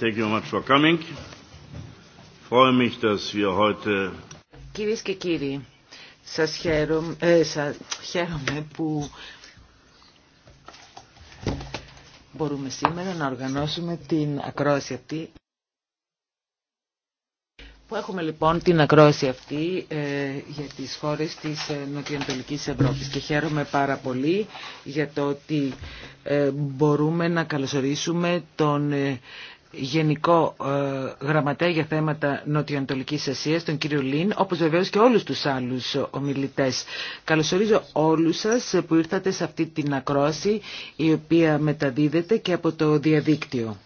Thank Κυρίες και κύριοι, σας χαίρομαι, ε, σας που μπορούμε σήμερα να οργανώσουμε την ακρόαση αυτή. Που έχουμε λοιπόν την ακρόαση αυτή ε, για τις χώρες της ε, Νοτιοανατολικής Ευρώπης και χαίρομαι πάρα πολύ για το ότι ε, μπορούμε να καλωσορίσουμε τον ε, Γενικό ε, Γραμματέα για θέματα Νοτιοανατολικής Ασίας, τον κύριο Λίν, όπως βεβαίως και όλους τους άλλους ομιλητές. Καλωσορίζω όλους σας που ήρθατε σε αυτή την ακρόαση, η οποία μεταδίδεται και από το διαδίκτυο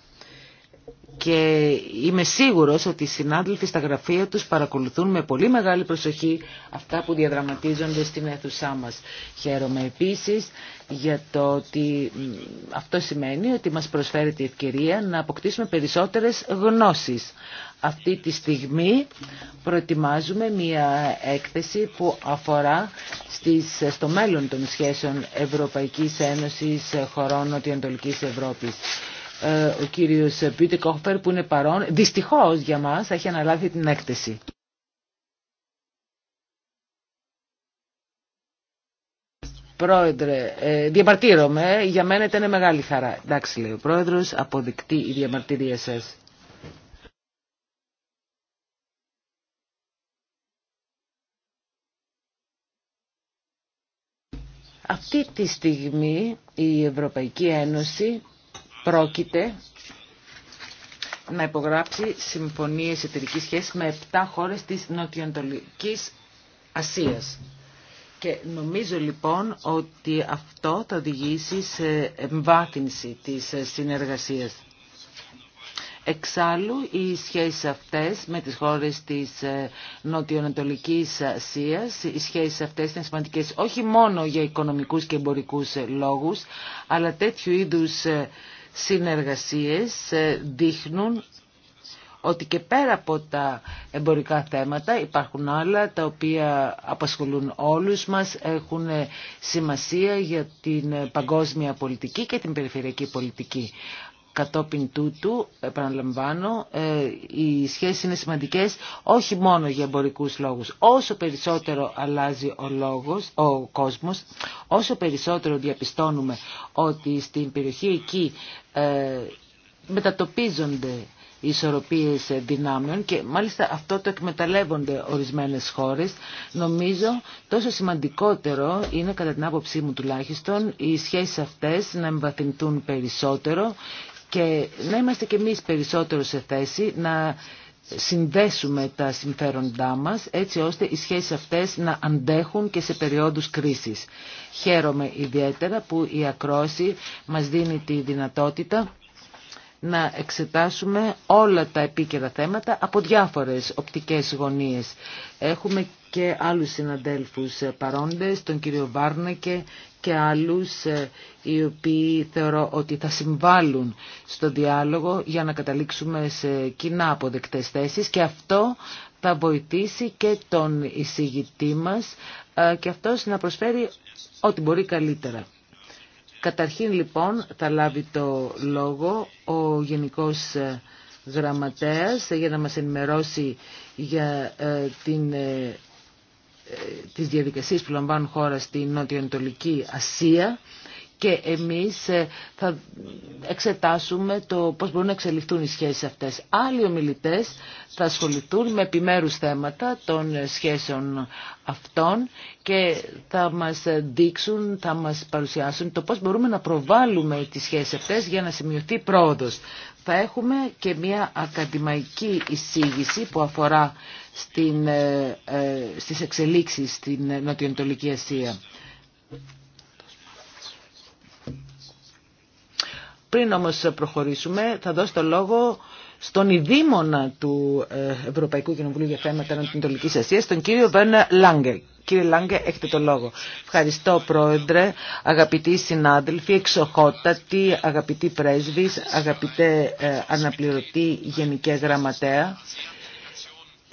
και είμαι σίγουρος ότι οι συνάδελφοι στα γραφεία τους παρακολουθούν με πολύ μεγάλη προσοχή αυτά που διαδραματίζονται στην αίθουσά μας. Χαίρομαι επίσης για το ότι αυτό σημαίνει ότι μας προσφέρει τη ευκαιρία να αποκτήσουμε περισσότερες γνώσεις. Αυτή τη στιγμή προετοιμάζουμε μία έκθεση που αφορά στο μέλλον των σχέσεων Ευρωπαϊκής Ένωσης χωρών Νοτιοανατολικής Ευρώπης. Ε, ο κύριος Πίτε Κόχπερ που είναι παρόν. Δυστυχώς για μας έχει αναλάβει την έκθεση. Πρόεδρε, ε, διαμαρτύρομαι. Για μένα ήταν μεγάλη χαρά. Εντάξει, λέει ο πρόεδρος, αποδεικτεί η διαμαρτυρία σας. Αυτή τη στιγμή η Ευρωπαϊκή Ένωση πρόκειται να υπογράψει συμφωνίες εταιρική σχέση με 7 χώρες της Νοτιοανατολικής Ασίας. Και νομίζω λοιπόν ότι αυτό θα οδηγήσει σε εμβάθυνση της συνεργασίας. Εξάλλου, οι σχέσεις αυτές με τις χώρες της ε, Νοτιοανατολικής Ασίας, οι σχέσεις αυτές είναι σημαντικές όχι μόνο για οικονομικούς και εμπορικούς ε, λόγους, αλλά τέτοιου είδους ε, συνεργασίες ε, δείχνουν ότι και πέρα από τα εμπορικά θέματα υπάρχουν άλλα τα οποία απασχολούν όλους μας, έχουν σημασία για την παγκόσμια πολιτική και την περιφερειακή πολιτική. Κατόπιν τούτου, επαναλαμβάνω, ε, οι σχέσεις είναι σημαντικές όχι μόνο για εμπορικούς λόγους. Όσο περισσότερο αλλάζει ο, λόγος, ο κόσμος, όσο περισσότερο διαπιστώνουμε ότι στην περιοχή εκεί ε, μετατοπίζονται ισορροπίες δυνάμεων και μάλιστα αυτό το εκμεταλλεύονται ορισμένες χώρες. Νομίζω τόσο σημαντικότερο είναι κατά την άποψή μου τουλάχιστον οι σχέσεις αυτές να εμβαθυντούν περισσότερο και να είμαστε κι εμείς περισσότερο σε θέση να συνδέσουμε τα συμφέροντά μας έτσι ώστε οι σχέσεις αυτές να αντέχουν και σε περιόδους κρίσης. Χαίρομαι ιδιαίτερα που η ακρόση μας δίνει τη δυνατότητα να εξετάσουμε όλα τα επίκαιρα θέματα από διάφορες οπτικές γωνίες. Έχουμε και άλλους συναντέλφους παρόντες, τον κύριο Βάρνεκε και άλλους ε, οι οποίοι θεωρώ ότι θα συμβάλλουν στο διάλογο για να καταλήξουμε σε κοινά αποδεκτές θέσεις και αυτό θα βοηθήσει και τον εισηγητή μας ε, και αυτός να προσφέρει ό,τι μπορεί καλύτερα. Καταρχήν λοιπόν θα λάβει το λόγο ο Γενικός Γραμματέας για να μας ενημερώσει για ε, την ε, ε, τις διαδικασίες που λαμβάνουν χώρα στη Νότιο-Ανατολική Ασία και εμείς ε, θα εξετάσουμε το πώς μπορούν να εξελιχθούν οι σχέσεις αυτές. Άλλοι ομιλητές θα ασχοληθούν με επιμέρους θέματα των σχέσεων αυτών και θα μας δείξουν, θα μας παρουσιάσουν το πώς μπορούμε να προβάλλουμε τις σχέσεις αυτές για να σημειωθεί πρόοδος. Θα έχουμε και μια ακαδημαϊκή εισήγηση που αφορά στην, ε, ε, στις εξελίξεις στην Νοτιοανατολική Ασία. Πριν όμως προχωρήσουμε θα δώσω το λόγο στον ειδήμονα του ε, Ευρωπαϊκού Κοινοβουλίου για θέματα Ανατολικής Ασίας, τον κύριο Βέρνα Λάγκε. Κύριε Λάγκε, έχετε το λόγο. Ευχαριστώ, Πρόεδρε, αγαπητοί συνάδελφοι, εξοχότατοι, αγαπητοί πρέσβεις, αγαπητέ ε, αναπληρωτή γενικέ γραμματέα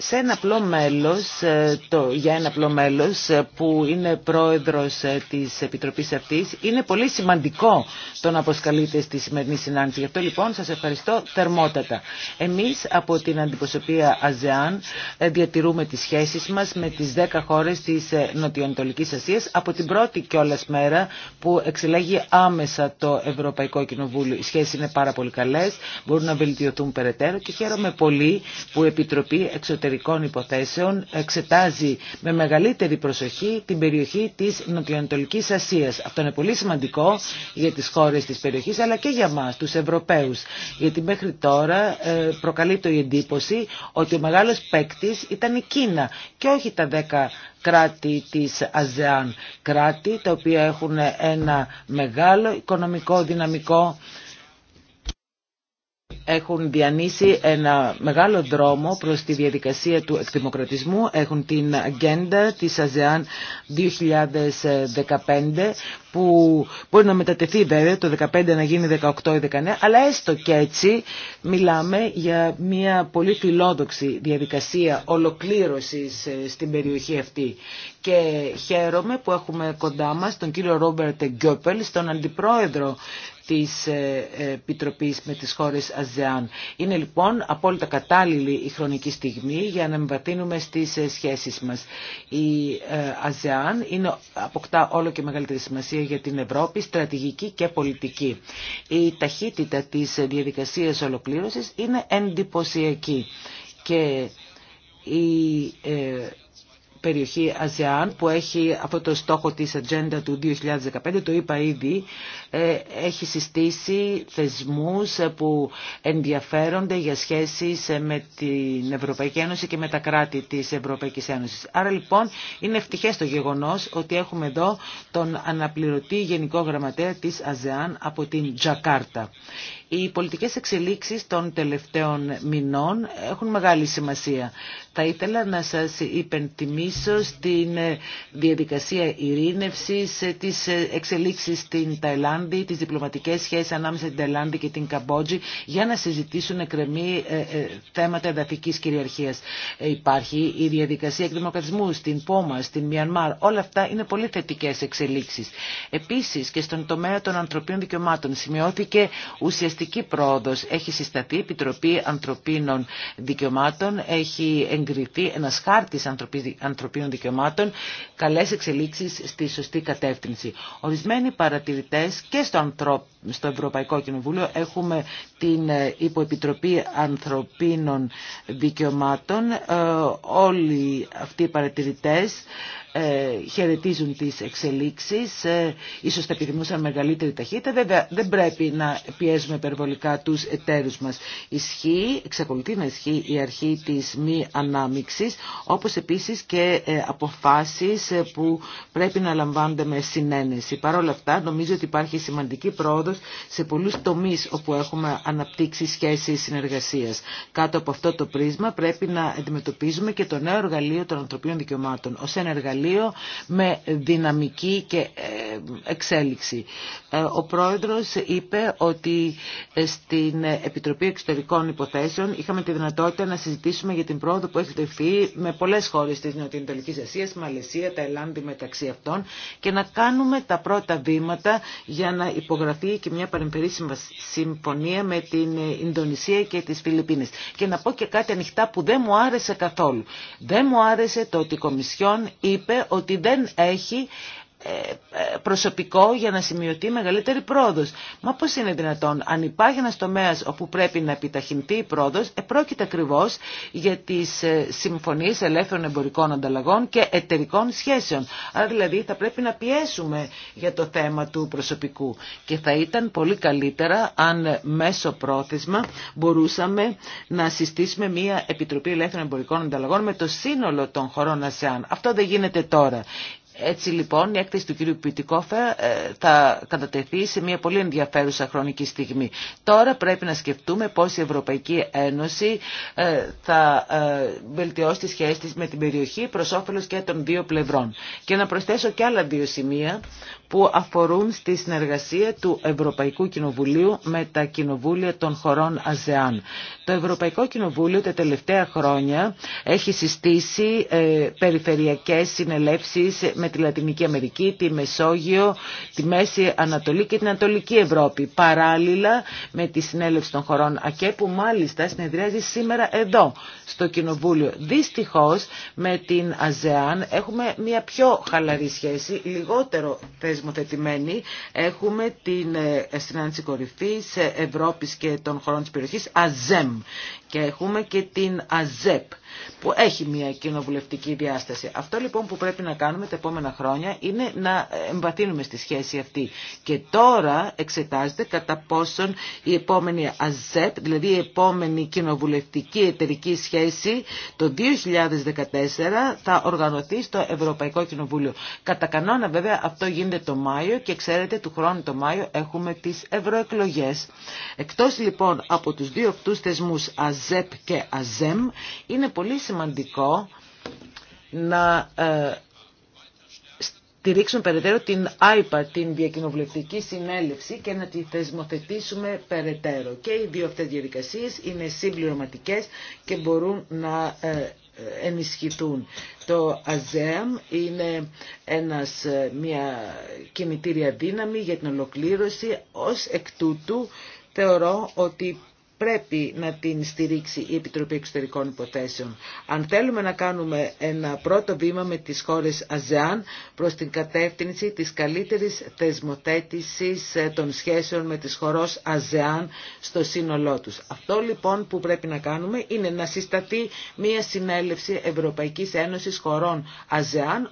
σε ένα απλό μέλος, ε, το, για ένα απλό μέλος ε, που είναι πρόεδρος ε, της Επιτροπής αυτής, είναι πολύ σημαντικό το να αποσκαλείτε στη σημερινή συνάντηση. Γι' αυτό λοιπόν σας ευχαριστώ θερμότατα. Εμείς από την αντιπροσωπεία ΑΖΕΑΝ διατηρούμε τις σχέσεις μας με τις 10 χώρες της Νοτιοανατολικής Ασίας από την πρώτη κιόλας μέρα που εξελέγει άμεσα το Ευρωπαϊκό Κοινοβούλιο. Οι σχέσεις είναι πάρα πολύ καλές, μπορούν να βελτιωθούν περαιτέρω και χαίρομαι πολύ που η Επιτροπή εξωτερικά. Εσωτερικών Υποθέσεων εξετάζει με μεγαλύτερη προσοχή την περιοχή της Νοτιοανατολικής Ασίας. Αυτό είναι πολύ σημαντικό για τις χώρες της περιοχής αλλά και για μας, τους Ευρωπαίους. Γιατί μέχρι τώρα ε, προκαλείται η εντύπωση ότι ο μεγάλος παίκτη ήταν η Κίνα και όχι τα 10 κράτη της ΑΖΕΑΝ. Κράτη τα οποία έχουν ένα μεγάλο οικονομικό δυναμικό έχουν διανύσει ένα μεγάλο δρόμο προς τη διαδικασία του εκδημοκρατισμού. Έχουν την αγκέντα της ΑΖΕΑΝ 2015 που μπορεί να μετατεθεί βέβαια το 2015 να γίνει 18 ή 19 αλλά έστω και έτσι μιλάμε για μια πολύ φιλόδοξη διαδικασία ολοκλήρωσης ε, στην περιοχή αυτή και χαίρομαι που έχουμε κοντά μας τον κύριο Ρόμπερτ Γκιόπελ, τον αντιπρόεδρο της ε, επιτροπή με τις χώρες ΑΖΕΑΝ. Είναι λοιπόν απόλυτα κατάλληλη η χρονική στιγμή για να εμβαθύνουμε στις ε, σχέσεις μας. Η ε, ΑΖΕΑΝ είναι, αποκτά όλο και μεγαλύτερη σημασία για την Ευρώπη, στρατηγική και πολιτική. Η ταχύτητα της διαδικασίας ολοκλήρωσης είναι εντυπωσιακή και η περιοχή ΑΖΕΑΝ που έχει αυτό το στόχο της ατζέντα του 2015, το είπα ήδη, ε, έχει συστήσει θεσμούς ε, που ενδιαφέρονται για σχέσεις ε, με την Ευρωπαϊκή Ένωση και με τα κράτη της Ευρωπαϊκής Ένωσης. Άρα λοιπόν είναι ευτυχές το γεγονός ότι έχουμε εδώ τον αναπληρωτή Γενικό Γραμματέα της ΑΖΕΑΝ από την Τζακάρτα. Οι πολιτικές εξελίξεις των τελευταίων μηνών έχουν μεγάλη σημασία. Θα ήθελα να σας υπενθυμίσω στην διαδικασία ειρήνευσης, τις εξελίξεις στην Ταϊλάνδη, τις διπλωματικές σχέσεις ανάμεσα στην Ταϊλάνδη και την Καμπότζη για να συζητήσουν εκκρεμή ε, ε, θέματα εδαφικής κυριαρχίας. Ε, υπάρχει η διαδικασία εκδημοκρατισμού στην Πόμα, στην Μιανμάρ. Όλα αυτά είναι πολύ θετικές εξελίξεις. Επίσης και στον τομέα των ανθρωπίνων δικαιωμάτων σημειώθηκε ουσιαστικά ουσιαστική πρόοδος. Έχει συσταθεί η Επιτροπή Ανθρωπίνων Δικαιωμάτων, έχει εγκριθεί ένας χάρτης ανθρωπίνων δικαιωμάτων, καλές εξελίξεις στη σωστή κατεύθυνση. Ορισμένοι παρατηρητές και στο ανθρώπινο στο Ευρωπαϊκό Κοινοβούλιο έχουμε την ε, Υποεπιτροπή Ανθρωπίνων Δικαιωμάτων. Ε, όλοι αυτοί οι παρατηρητές ε, χαιρετίζουν τις εξελίξεις, ίσως θα επιθυμούσαν μεγαλύτερη ταχύτητα. Βέβαια δεν πρέπει να πιέζουμε υπερβολικά τους εταίρους μας. Ισχύει, εξακολουθεί να ισχύει η αρχή της μη ανάμιξης όπως επίσης και αποφάσεις που πρέπει να λαμβάνονται με συνένεση. Παρ' όλα αυτά νομίζω ότι υπάρχει σημαντική πρόοδο σε πολλούς τομείς όπου έχουμε αναπτύξει σχέσεις συνεργασίας. Κάτω από αυτό το πρίσμα πρέπει να αντιμετωπίζουμε και το νέο εργαλείο των ανθρωπίνων δικαιωμάτων ως ένα εργαλείο με δυναμική και ε, εξέλιξη. Ε, ο πρόεδρος είπε ότι ε, στην Επιτροπή Εξωτερικών Υποθέσεων είχαμε τη δυνατότητα να συζητήσουμε για την πρόοδο που έχει τεθεί με πολλές χώρες της Νοτιοανατολικής Ασίας, Μαλαισία, Ταϊλάνδη μεταξύ αυτών και να κάνουμε τα πρώτα βήματα για να υπογραφεί και μια παρεμπερή συμφωνία με την Ινδονησία και τις Φιλιππίνες. Και να πω και κάτι ανοιχτά που δεν μου άρεσε καθόλου. Δεν μου άρεσε το ότι η Κομισιόν είπε ότι δεν έχει ε, ε, προσωπικό για να σημειωθεί μεγαλύτερη πρόοδος. Μα πώς είναι δυνατόν, αν υπάρχει ένας τομέας όπου πρέπει να επιταχυνθεί η πρόοδος, επρόκειται ακριβώς για τις ε, συμφωνίες ελεύθερων εμπορικών ανταλλαγών και εταιρικών σχέσεων. Άρα δηλαδή θα πρέπει να πιέσουμε για το θέμα του προσωπικού. Και θα ήταν πολύ καλύτερα αν μέσω πρόθεσμα μπορούσαμε να συστήσουμε μια Επιτροπή Ελεύθερων Εμπορικών Ανταλλαγών με το σύνολο των χωρών ΑΣΕΑΝ. Αυτό δεν γίνεται τώρα. Έτσι λοιπόν η έκθεση του κύριου Πιτικόφε ε, θα κατατεθεί σε μια πολύ ενδιαφέρουσα χρονική στιγμή. Τώρα πρέπει να σκεφτούμε πώς η Ευρωπαϊκή Ένωση ε, θα ε, βελτιώσει τις σχέσεις με την περιοχή προς όφελος και των δύο πλευρών. Και να προσθέσω και άλλα δύο σημεία που αφορούν στη συνεργασία του Ευρωπαϊκού Κοινοβουλίου με τα κοινοβούλια των χωρών ΑΖΕΑΝ. Το Ευρωπαϊκό Κοινοβούλιο τα τελευταία χρόνια έχει συστήσει ε, περιφερειακές συνελεύσεις με τη Λατινική Αμερική, τη Μεσόγειο, τη Μέση Ανατολή και την Ανατολική Ευρώπη, παράλληλα με τη συνέλευση των χωρών ΑΚΕ που μάλιστα συνεδριάζει σήμερα εδώ στο Κοινοβούλιο. Δυστυχώς με την ΑΖΕΑΝ έχουμε μια πιο χαλαρή σχέση, λιγότερο θεσμοθετημένη. Έχουμε την ε, συνάντηση κορυφής ε, Ευρώπης και των χωρών της περιοχής, ΑΖΕΜ. Και έχουμε και την ΑΖΕΠ, που έχει μια κοινοβουλευτική διάσταση. Αυτό λοιπόν που πρέπει να κάνουμε τα επόμενα χρόνια είναι να εμβαθύνουμε στη σχέση αυτή. Και τώρα εξετάζεται κατά πόσον η επόμενη ΑΖΕΠ, δηλαδή η επόμενη κοινοβουλευτική εταιρική σχέση το 2014 θα οργανωθεί στο Ευρωπαϊκό Κοινοβούλιο. Κατά κανόνα βέβαια αυτό γίνεται το Μάιο και ξέρετε του χρόνου το Μάιο έχουμε τις ευρωεκλογές. Εκτός λοιπόν από τους δύο αυτούς θεσμούς ΑΖΕΠ και ΑΖΕΜ είναι πολύ πολύ σημαντικό να ε, στηρίξουν περαιτέρω την ΆΙΠΑ, την Διακοινοβουλευτική Συνέλευση και να τη θεσμοθετήσουμε περαιτέρω. Και οι δύο αυτές διαδικασίες είναι συμπληρωματικές και μπορούν να ε, ενισχυθούν. Το ΑΖΕΑΜ είναι ένας, ε, μια κινητήρια δύναμη για την ολοκλήρωση ως εκ τούτου Θεωρώ ότι πρέπει να την στηρίξει η Επιτροπή Εξωτερικών Υποθέσεων. Αν θέλουμε να κάνουμε ένα πρώτο βήμα με τις χώρες ΑΖΕΑΝ προς την κατεύθυνση της καλύτερης θεσμοθέτησης ε, των σχέσεων με τις χωρές ΑΖΕΑΝ στο σύνολό τους. Αυτό λοιπόν που πρέπει να κάνουμε είναι να συσταθεί μια συνέλευση Ευρωπαϊκής Ένωσης χωρών ΑΖΕΑΝ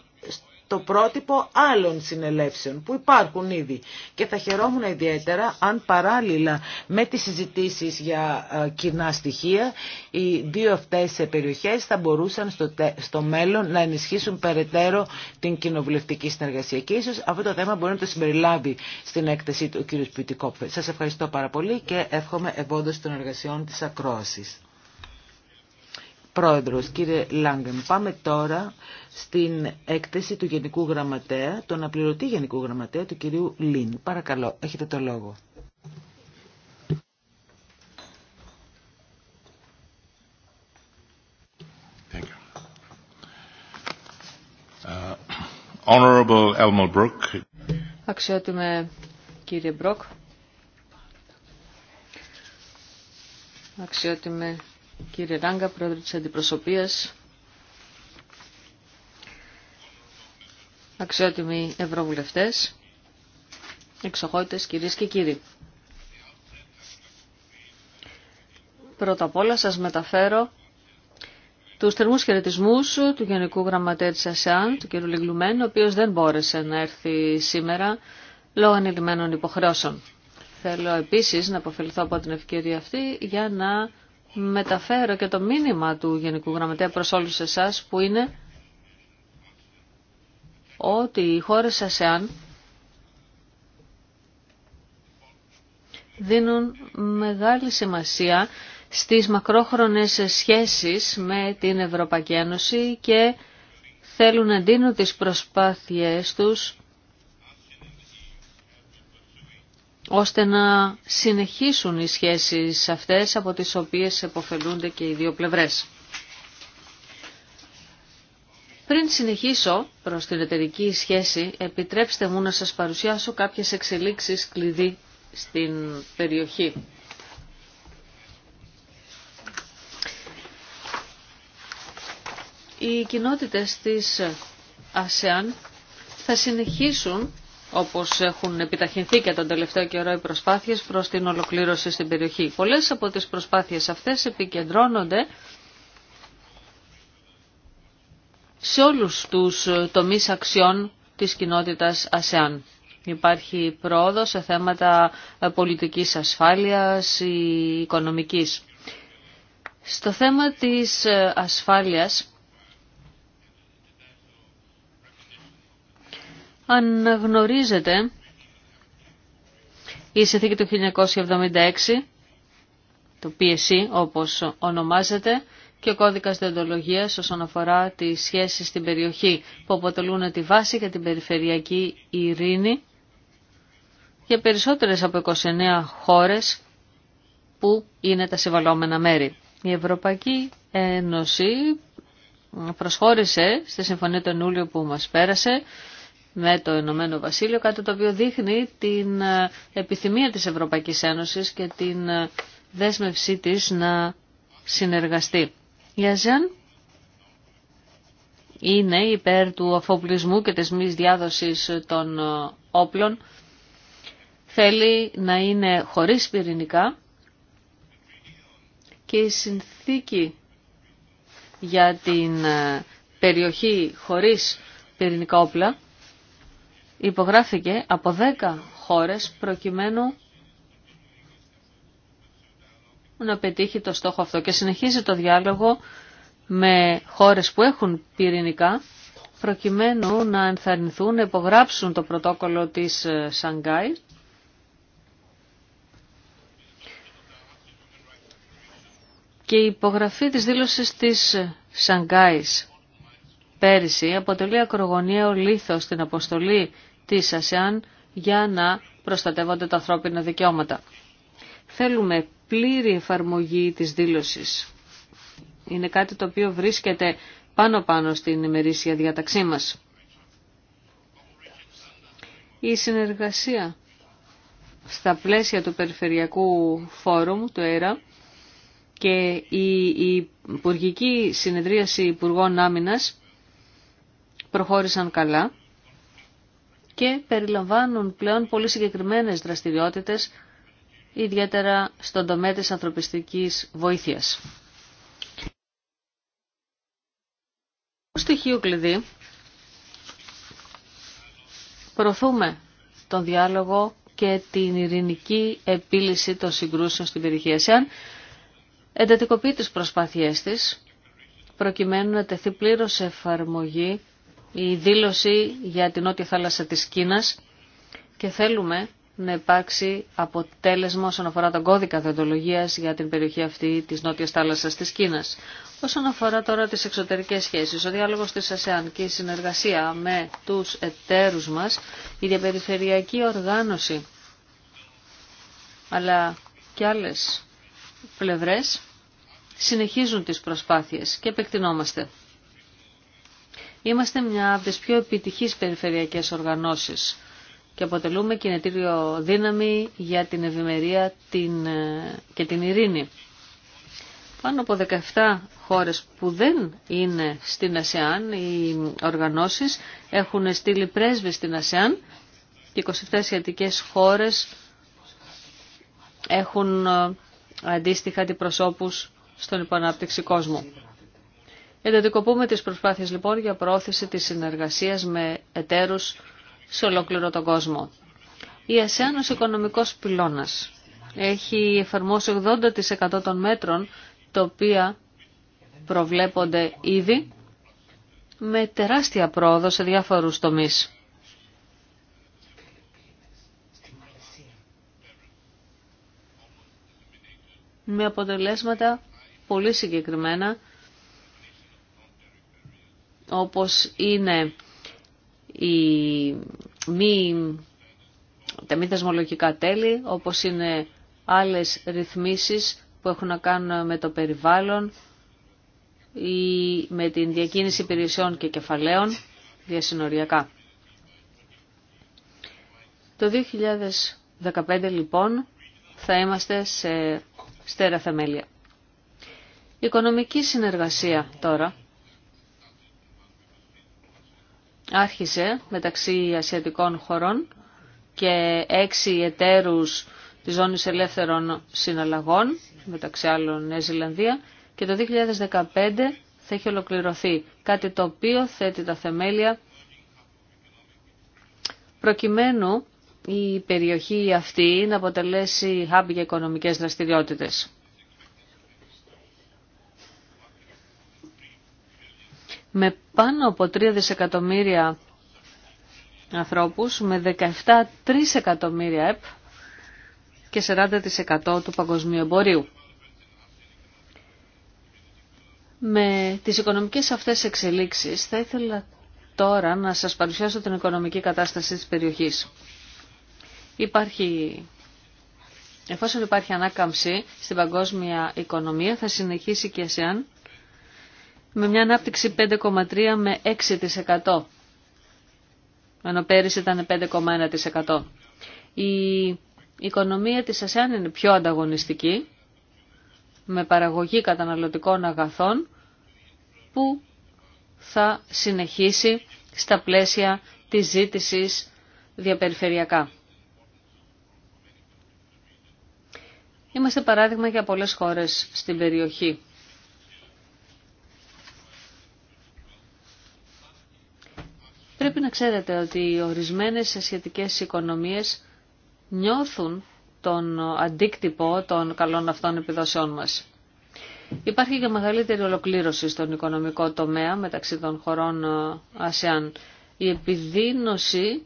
το πρότυπο άλλων συνελεύσεων που υπάρχουν ήδη. Και θα χαιρόμουν ιδιαίτερα αν παράλληλα με τις συζητήσεις για ε, κοινά στοιχεία οι δύο αυτές περιοχές θα μπορούσαν στο, μέλλον να ενισχύσουν περαιτέρω την κοινοβουλευτική συνεργασία. Και ίσως αυτό το θέμα μπορεί να το συμπεριλάβει στην έκθεσή του κ. Πιτικόπφε. Σας ευχαριστώ πάρα πολύ και εύχομαι ευόντως των εργασιών της ακρόασης. Πρόεδρος, κύριε Λάγκεν, πάμε τώρα στην έκθεση του Γενικού Γραμματέα, τον απληρωτή Γενικού Γραμματέα του κυρίου Λίν. Παρακαλώ, έχετε το λόγο. Uh, αξιότιμε κύριε Μπροκ, αξιότιμε κύριε Ράγκα, πρόεδρε της Αντιπροσωπείας, αξιότιμοι ευρωβουλευτές, εξοχότητες κυρίες και κύριοι. Πρώτα απ' όλα σας μεταφέρω τους θερμούς χαιρετισμού του Γενικού Γραμματέα της ΑΣΕΑΝ, του κ. Λιγλουμένου, ο οποίος δεν μπόρεσε να έρθει σήμερα λόγω ανηλυμένων υποχρεώσεων. Θέλω επίσης να αποφεληθώ από την ευκαιρία αυτή για να μεταφέρω και το μήνυμα του Γενικού Γραμματέα προς όλους εσάς που είναι ότι οι χώρες ΑΣΕΑΝ δίνουν μεγάλη σημασία στις μακρόχρονες σχέσεις με την Ευρωπαϊκή Ένωση και θέλουν να δίνουν τις προσπάθειές τους ώστε να συνεχίσουν οι σχέσεις αυτές από τις οποίες εποφελούνται και οι δύο πλευρές. Πριν συνεχίσω προς την εταιρική σχέση, επιτρέψτε μου να σας παρουσιάσω κάποιες εξελίξεις κλειδί στην περιοχή. Οι κοινότητες της ΑΣΕΑΝ θα συνεχίσουν όπως έχουν επιταχυνθεί και τον τελευταίο καιρό οι προσπάθειες προς την ολοκλήρωση στην περιοχή. Πολλές από τις προσπάθειες αυτές επικεντρώνονται σε όλους τους τομείς αξιών της κοινότητας ΑΣΕΑΝ. Υπάρχει πρόοδο σε θέματα πολιτικής ασφάλειας ή οικονομικής. Στο θέμα της ασφάλειας αναγνωρίζεται η συνθήκη του 1976, το PSC όπως ονομάζεται, και ο κώδικας διοντολογίας όσον αφορά τις σχέσεις στην περιοχή που αποτελούν τη βάση για την περιφερειακή ειρήνη για περισσότερες από 29 χώρες που είναι τα συμβαλόμενα μέρη. Η Ευρωπαϊκή Ένωση προσχώρησε στη Συμφωνία του Ιούλιο που μας πέρασε με το Ηνωμένο Βασίλειο, κάτι το οποίο δείχνει την ε, επιθυμία της Ευρωπαϊκής Ένωσης και την ε, δέσμευσή της να συνεργαστεί. Η Αζέν είναι υπέρ του αφοπλισμού και της μης διάδοσης των ε, όπλων. Θέλει να είναι χωρίς πυρηνικά και η συνθήκη για την περιοχή χωρίς πυρηνικά όπλα υπογράφηκε από 10 χώρες προκειμένου να πετύχει το στόχο αυτό και συνεχίζει το διάλογο με χώρες που έχουν πυρηνικά προκειμένου να ενθαρρυνθούν να υπογράψουν το πρωτόκολλο της ε, Σανγκάη και η υπογραφή της δήλωσης της Σανγκάης πέρυσι αποτελεί ακρογωνιαίο λίθο στην αποστολή τη ΑΣΕΑΝ για να προστατεύονται τα ανθρώπινα δικαιώματα. Θέλουμε πλήρη εφαρμογή της δήλωσης. Είναι κάτι το οποίο βρίσκεται πάνω-πάνω στην ημερήσια διάταξή μας. Η συνεργασία στα πλαίσια του Περιφερειακού Φόρουμ, του ΕΡΑ, και η Υπουργική Συνεδρίαση Υπουργών Άμυνας προχώρησαν καλά και περιλαμβάνουν πλέον πολύ συγκεκριμένες δραστηριότητες, ιδιαίτερα στον τομέα της ανθρωπιστικής βοήθειας. Το στοιχείο κλειδί προωθούμε τον διάλογο και την ειρηνική επίλυση των συγκρούσεων στην περιοχή ΑΣΕΑΝ, εντατικοποιεί τις προσπάθειές της, προκειμένου να τεθεί πλήρως εφαρμογή η δήλωση για την νότια θάλασσα της Κίνας και θέλουμε να υπάρξει αποτέλεσμα όσον αφορά τον κώδικα δεντολογίας για την περιοχή αυτή της νότιας θάλασσας της Κίνας. Όσον αφορά τώρα τις εξωτερικές σχέσεις, ο διάλογος της ΑΣΕΑΝ και η συνεργασία με τους εταίρους μας, η διαπεριφερειακή οργάνωση, αλλά και άλλες πλευρές, συνεχίζουν τις προσπάθειες και επεκτηνόμαστε. Είμαστε μια από τις πιο επιτυχείς περιφερειακές οργανώσεις και αποτελούμε κινητήριο δύναμη για την ευημερία την, ε, και την ειρήνη. Πάνω από 17 χώρες που δεν είναι στην ΑΣΕΑΝ, οι οργανώσεις έχουν στείλει πρέσβες στην Ασιαν και 27 ασιατικές χώρες έχουν ε, αντίστοιχα αντιπροσώπους στον υπονάπτυξη κόσμου. Εντατικοποιούμε τις προσπάθειες λοιπόν για προώθηση της συνεργασίας με εταίρους σε ολόκληρο τον κόσμο. Η ΑΣΕΑΝ οικονομικός πυλώνας έχει εφαρμόσει 80% των μέτρων τα οποία προβλέπονται ήδη με τεράστια πρόοδο σε διάφορους τομείς. Με αποτελέσματα πολύ συγκεκριμένα όπως είναι η μη, τα μη θεσμολογικά τέλη, όπως είναι άλλες ρυθμίσεις που έχουν να κάνουν με το περιβάλλον ή με την διακίνηση υπηρεσιών και κεφαλαίων διασυνοριακά. Το 2015 λοιπόν θα είμαστε σε στέρα θεμέλια. Η οικονομική συνεργασία τώρα άρχισε μεταξύ ασιατικών χωρών και έξι εταίρους της Ζώνης Ελεύθερων Συναλλαγών, μεταξύ άλλων Νέα Ζηλανδία, και το 2015 θα έχει ολοκληρωθεί. Κάτι το οποίο θέτει τα θεμέλια προκειμένου η περιοχή αυτή να αποτελέσει hub για οικονομικές δραστηριότητες. με πάνω από 3 δισεκατομμύρια ανθρώπους, με 17 3 εκατομμύρια ΕΠ και 40% του παγκοσμίου εμπορίου. Με τις οικονομικές αυτές εξελίξεις θα ήθελα τώρα να σας παρουσιάσω την οικονομική κατάσταση της περιοχής. Υπάρχει, εφόσον υπάρχει ανάκαμψη στην παγκόσμια οικονομία θα συνεχίσει και η με μια ανάπτυξη 5,3 με 6%. Ενώ πέρυσι ήταν 5,1%. Η οικονομία της ΑΣΕΑΝ είναι πιο ανταγωνιστική, με παραγωγή καταναλωτικών αγαθών, που θα συνεχίσει στα πλαίσια της ζήτησης διαπεριφερειακά. Είμαστε παράδειγμα για πολλές χώρες στην περιοχή Πρέπει να ξέρετε ότι οι ορισμένες ασιατικές οικονομίες νιώθουν τον αντίκτυπο των καλών αυτών επιδόσεών μας. Υπάρχει και μεγαλύτερη ολοκλήρωση στον οικονομικό τομέα μεταξύ των χωρών ε, ΑΣΕΑΝ. Η επιδείνωση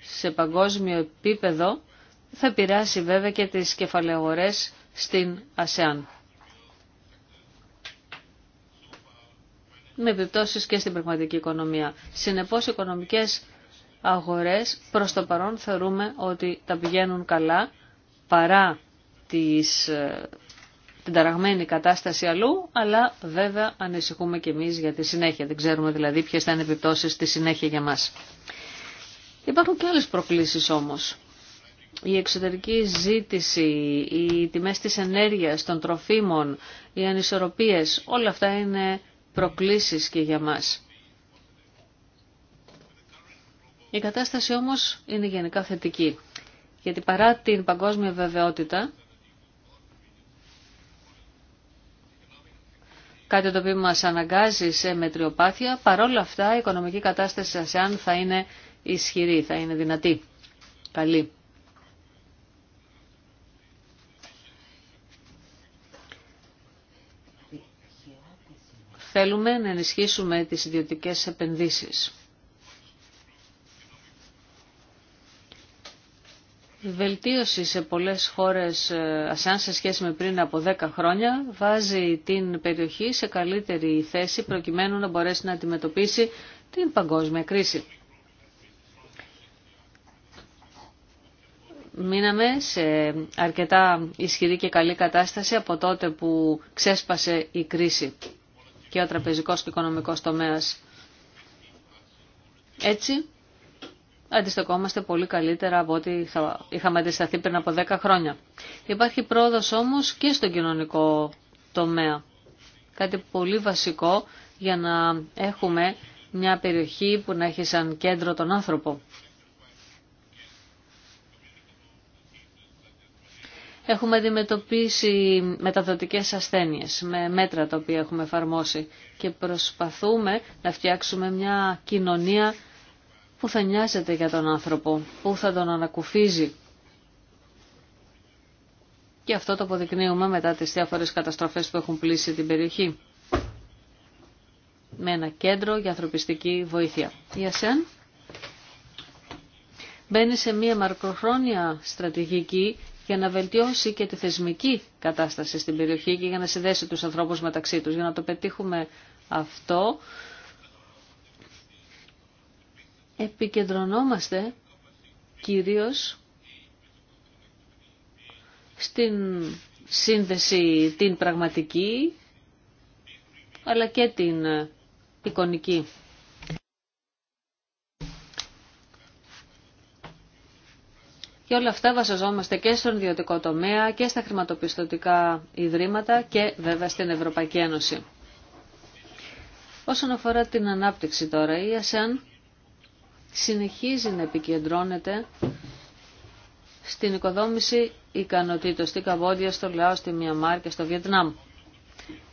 σε παγκόσμιο επίπεδο θα πειράσει βέβαια και τις κεφαλαιογορές στην ΑΣΕΑΝ. με επιπτώσει και στην πραγματική οικονομία. Συνεπώ οι οικονομικές αγορές προς το παρόν θεωρούμε ότι τα πηγαίνουν καλά παρά τις, ε, την ταραγμένη κατάσταση αλλού, αλλά βέβαια ανησυχούμε και εμείς για τη συνέχεια. Δεν ξέρουμε δηλαδή ποιες θα είναι επιπτώσεις στη συνέχεια για μας. Υπάρχουν και άλλες προκλήσεις όμως. Η εξωτερική ζήτηση, οι τιμές της ενέργειας, των τροφίμων, οι ανισορροπίες, όλα αυτά είναι προκλήσεις και για μας. Η κατάσταση όμως είναι γενικά θετική, γιατί παρά την παγκόσμια βεβαιότητα, κάτι το οποίο μας αναγκάζει σε μετριοπάθεια, παρόλα αυτά η οικονομική κατάσταση της ΑΣΕΑΝ θα είναι ισχυρή, θα είναι δυνατή, καλή. Θέλουμε να ενισχύσουμε τις ιδιωτικές επενδύσεις. Η βελτίωση σε πολλές χώρες, ε, σαν σε σχέση με πριν από 10 χρόνια, βάζει την περιοχή σε καλύτερη θέση προκειμένου να μπορέσει να αντιμετωπίσει την παγκόσμια κρίση. Μείναμε σε αρκετά ισχυρή και καλή κατάσταση από τότε που ξέσπασε η κρίση και ο τραπεζικός και οικονομικός τομέας. Έτσι, αντιστοκόμαστε πολύ καλύτερα από ό,τι είχαμε αντισταθεί πριν από 10 χρόνια. Υπάρχει πρόοδος όμως και στον κοινωνικό τομέα. Κάτι πολύ βασικό για να έχουμε μια περιοχή που να έχει σαν κέντρο τον άνθρωπο. Έχουμε αντιμετωπίσει μεταδοτικές ασθένειες με μέτρα τα οποία έχουμε εφαρμόσει και προσπαθούμε να φτιάξουμε μια κοινωνία που θα νοιάζεται για τον άνθρωπο, που θα τον ανακουφίζει. Και αυτό το αποδεικνύουμε μετά τις διάφορες καταστροφές που έχουν πλήσει την περιοχή. Με ένα κέντρο για ανθρωπιστική βοήθεια. Η ΑΣΕΝ μπαίνει σε μία μακροχρόνια στρατηγική για να βελτιώσει και τη θεσμική κατάσταση στην περιοχή και για να συνδέσει τους ανθρώπους μεταξύ τους. Για να το πετύχουμε αυτό, επικεντρωνόμαστε κυρίως στην σύνδεση την πραγματική αλλά και την εικονική. Και όλα αυτά βασιζόμαστε και στον ιδιωτικό τομέα και στα χρηματοπιστωτικά ιδρύματα και βέβαια στην Ευρωπαϊκή Ένωση. Όσον αφορά την ανάπτυξη τώρα, η ΑΣΕΑΝ συνεχίζει να επικεντρώνεται στην οικοδόμηση ικανοτήτων στην Καμπόδια, στο Λαό, στη Μιαμάρ και στο Βιετνάμ.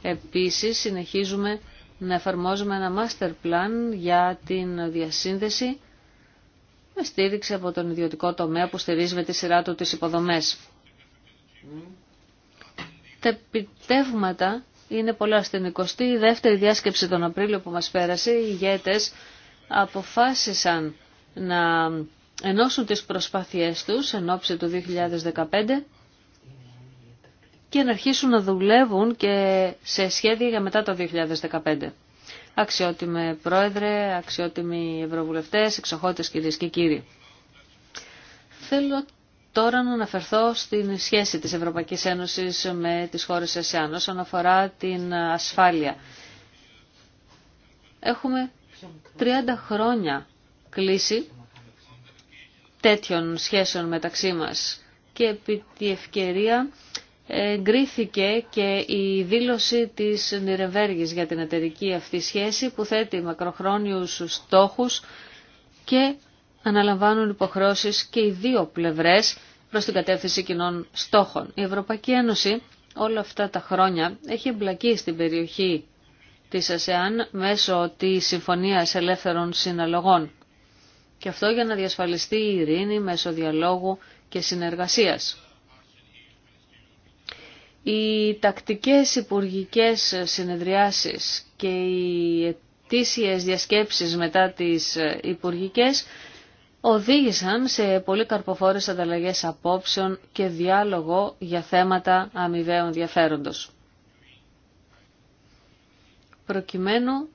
Επίσης συνεχίζουμε να εφαρμόζουμε ένα master plan για την διασύνδεση με στήριξη από τον ιδιωτικό τομέα που στηρίζει με τη σειρά του τις υποδομές. Τα επιτεύγματα είναι πολλά. Στην 22η διάσκεψη τον Απρίλιο που μας πέρασε, οι ηγέτες αποφάσισαν να ενώσουν τις προσπάθειές τους εν ώψη του 2015 και να αρχίσουν να δουλεύουν και σε σχέδια για μετά το 2015 αξιότιμε πρόεδρε, αξιότιμοι ευρωβουλευτές, εξοχότες κυρίες και κύριοι. Θέλω τώρα να αναφερθώ στην σχέση της Ευρωπαϊκής Ένωσης με τις χώρες ΕΣΕΑΝ όσον αφορά την ασφάλεια. Έχουμε 30 χρόνια κλίση τέτοιων σχέσεων μεταξύ μας και επί τη ευκαιρία εγκρίθηκε και η δήλωση της Νιρεβέργης για την εταιρική αυτή σχέση που θέτει μακροχρόνιους στόχους και αναλαμβάνουν υποχρεώσεις και οι δύο πλευρές προς την κατεύθυνση κοινών στόχων. Η Ευρωπαϊκή Ένωση όλα αυτά τα χρόνια έχει εμπλακεί στην περιοχή της ΑΣΕΑΝ μέσω της Συμφωνίας Ελεύθερων Συναλλογών. Και αυτό για να διασφαλιστεί η ειρήνη μέσω διαλόγου και συνεργασίας. Οι τακτικές υπουργικές συνεδριάσεις και οι ετήσιες διασκέψεις μετά τις υπουργικές οδήγησαν σε πολύ καρποφόρες ανταλλαγές απόψεων και διάλογο για θέματα αμοιβαίων ενδιαφέροντος. Προκειμένου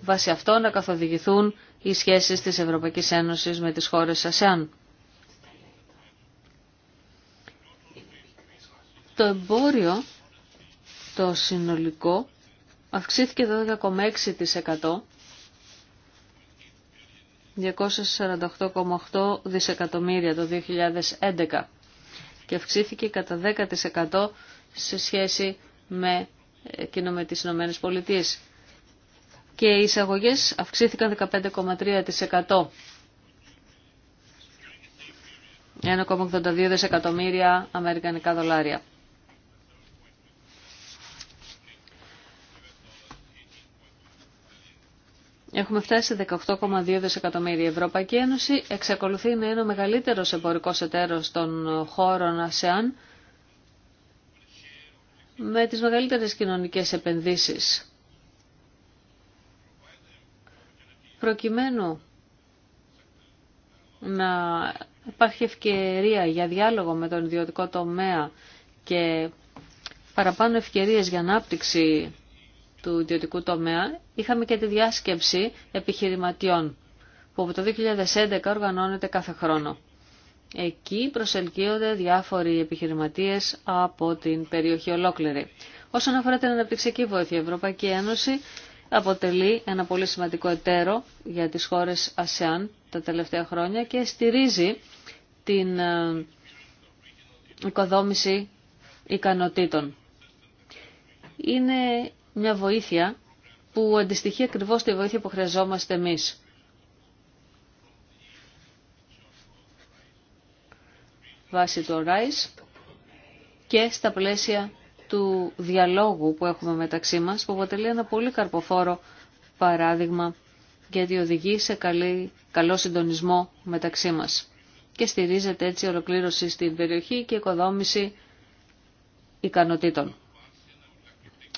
βάσει αυτό να καθοδηγηθούν οι σχέσεις της Ευρωπαϊκής Ένωσης με τις χώρες ΑΣΕΑΝ. Το εμπόριο, το συνολικό, αυξήθηκε 12,6%. 248,8 δισεκατομμύρια το 2011 και αυξήθηκε κατά 10% σε σχέση με ε, εκείνο με τις Ηνωμένες Πολιτείες. Και οι εισαγωγές αυξήθηκαν 15,3%. 1,82 δισεκατομμύρια αμερικανικά δολάρια. Έχουμε φτάσει σε 18,2 δισεκατομμύρια. Η Ευρωπαϊκή Ένωση εξακολουθεί να είναι ο μεγαλύτερος εμπορικός εταίρος των χώρων ΑΣΕΑΝ με τις μεγαλύτερες κοινωνικές επενδύσεις. Προκειμένου να υπάρχει ευκαιρία για διάλογο με τον ιδιωτικό τομέα και παραπάνω ευκαιρίες για ανάπτυξη του ιδιωτικού τομέα, είχαμε και τη διάσκεψη επιχειρηματιών, που από το 2011 οργανώνεται κάθε χρόνο. Εκεί προσελκύονται διάφοροι επιχειρηματίες από την περιοχή ολόκληρη. Όσον αφορά την αναπτυξιακή βοήθεια, η Ευρωπαϊκή Ένωση αποτελεί ένα πολύ σημαντικό εταίρο για τις χώρες ΑΣΕΑΝ τα τελευταία χρόνια και στηρίζει την ε, οικοδόμηση ικανοτήτων. Είναι μια βοήθεια που αντιστοιχεί ακριβώς τη βοήθεια που χρειαζόμαστε εμείς. Βάσει το RISE και στα πλαίσια του διαλόγου που έχουμε μεταξύ μας, που αποτελεί ένα πολύ καρποφόρο παράδειγμα γιατί οδηγεί σε καλή, καλό συντονισμό μεταξύ μας και στηρίζεται έτσι η ολοκλήρωση στην περιοχή και η οικοδόμηση ικανοτήτων.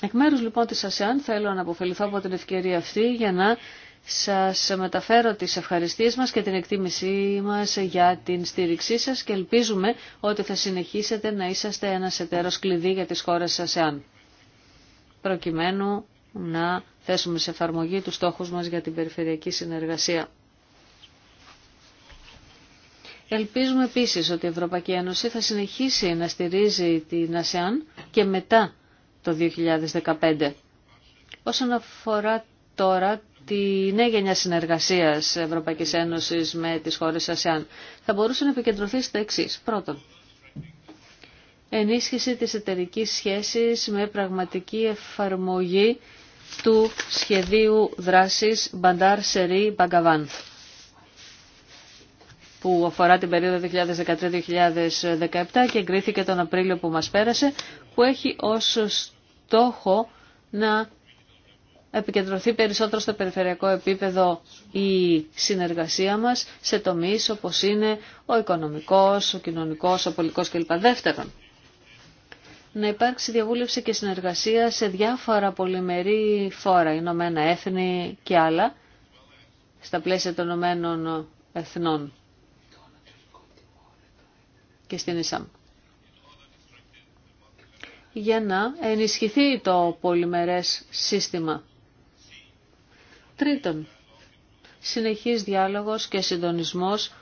Εκ μέρους λοιπόν της ΑΣΕΑΝ θέλω να αποφεληθώ από την ευκαιρία αυτή για να σας μεταφέρω τις ευχαριστίες μας και την εκτίμησή μας για την στήριξή σας και ελπίζουμε ότι θα συνεχίσετε να είσαστε ένας εταίρος κλειδί για τις χώρες της ΑΣΕΑΝ προκειμένου να θέσουμε σε εφαρμογή τους στόχους μας για την περιφερειακή συνεργασία. Ελπίζουμε επίσης ότι η Ευρωπαϊκή Ένωση θα συνεχίσει να στηρίζει την ΑΣΕΑΝ και μετά το 2015. Όσον αφορά τώρα τη νέα γενιά συνεργασίας Ευρωπαϊκής Ένωσης με τις χώρες ΑΣΙΑΝ, θα μπορούσε να επικεντρωθεί στα εξή. Πρώτον, ενίσχυση της εταιρική σχέσης με πραγματική εφαρμογή του σχεδίου δράσης Μπαντάρ Seri Μπαγκαβάν που αφορά την περίοδο 2013-2017 και εγκρίθηκε τον Απρίλιο που μας πέρασε, που έχει ως στόχο να επικεντρωθεί περισσότερο στο περιφερειακό επίπεδο η συνεργασία μας σε τομείς όπως είναι ο οικονομικός, ο κοινωνικός, ο πολιτικός κλπ. Δεύτερον, να υπάρξει διαβούλευση και συνεργασία σε διάφορα πολυμερή φόρα, Ηνωμένα Έθνη και άλλα, στα πλαίσια των Ηνωμένων Εθνών και στην ΙΣΑΜ για να ενισχυθεί το πολυμερές σύστημα. Τρίτον, συνεχής διάλογος και συντονισμός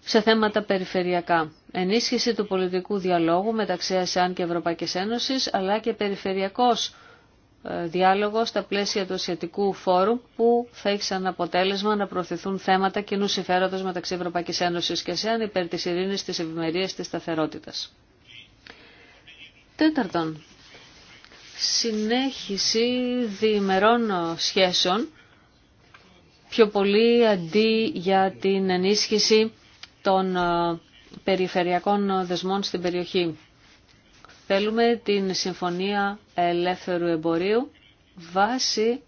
σε θέματα περιφερειακά. Ενίσχυση του πολιτικού διαλόγου μεταξύ ΑΣΕΑΝ και Ευρωπαϊκής Ένωσης, αλλά και περιφερειακός ε, διάλογος στα πλαίσια του Ασιατικού Φόρου που θα έχει σαν αποτέλεσμα να προωθηθούν θέματα κοινού συμφέροντος μεταξύ Ευρωπαϊκής Ένωσης και Ασάν, υπέρ της ειρήνης, της ευημερίας, της σταθερότητας. Τέταρτον, συνέχιση διημερών σχέσεων, πιο πολύ αντί για την ενίσχυση των ε, περιφερειακών δεσμών στην περιοχή. Θέλουμε την Συμφωνία Ελεύθερου Εμπορίου βάσει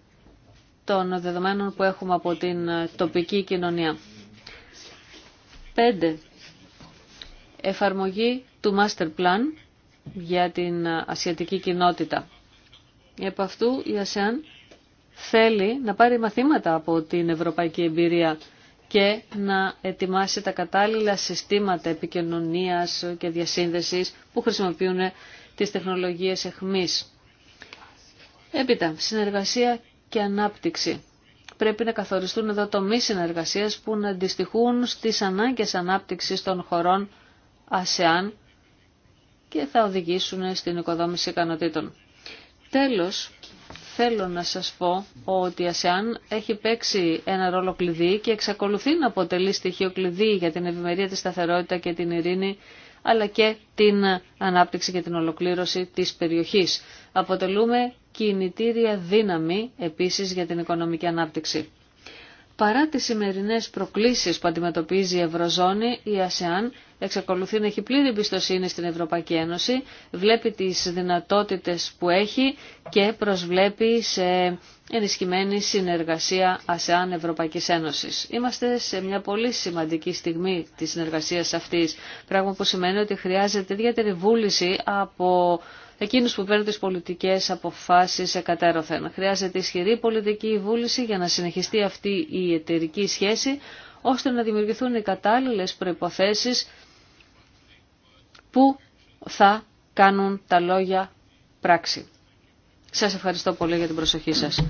των δεδομένων που έχουμε από την ε, τοπική κοινωνία. 5. Εφαρμογή του Master Plan για την ασιατική κοινότητα. Επ' αυτού η ΑΣΕΑΝ θέλει να πάρει μαθήματα από την ευρωπαϊκή εμπειρία και να ετοιμάσει τα κατάλληλα συστήματα επικοινωνίας και διασύνδεσης που χρησιμοποιούν τις τεχνολογίες εχμής. Έπειτα, συνεργασία και ανάπτυξη. Πρέπει να καθοριστούν εδώ τομεί συνεργασίας που να αντιστοιχούν στις ανάγκες ανάπτυξης των χωρών ΑΣΕΑΝ και θα οδηγήσουν στην οικοδόμηση ικανοτήτων. Τέλος, θέλω να σας πω ότι η ΑΣΕΑΝ έχει παίξει ένα ρόλο κλειδί και εξακολουθεί να αποτελεί στοιχείο κλειδί για την ευημερία, τη σταθερότητα και την ειρήνη, αλλά και την ανάπτυξη και την ολοκλήρωση της περιοχής. Αποτελούμε κινητήρια δύναμη επίσης για την οικονομική ανάπτυξη. Παρά τις σημερινές προκλήσεις που αντιμετωπίζει η Ευρωζώνη, η ΑΣΕΑΝ εξακολουθεί να έχει πλήρη εμπιστοσύνη στην Ευρωπαϊκή Ένωση, βλέπει τις δυνατότητες που έχει και προσβλέπει σε ενισχυμένη συνεργασία ΑΣΕΑΝ Ευρωπαϊκής Ένωσης. Είμαστε σε μια πολύ σημαντική στιγμή της συνεργασίας αυτής, πράγμα που σημαίνει ότι χρειάζεται ιδιαίτερη βούληση από εκείνους που παίρνουν τις πολιτικές αποφάσεις κατέρωθεν. Χρειάζεται ισχυρή πολιτική βούληση για να συνεχιστεί αυτή η εταιρική σχέση, ώστε να δημιουργηθούν οι κατάλληλες προϋποθέσεις που θα κάνουν τα λόγια πράξη. Σας ευχαριστώ πολύ για την προσοχή σας.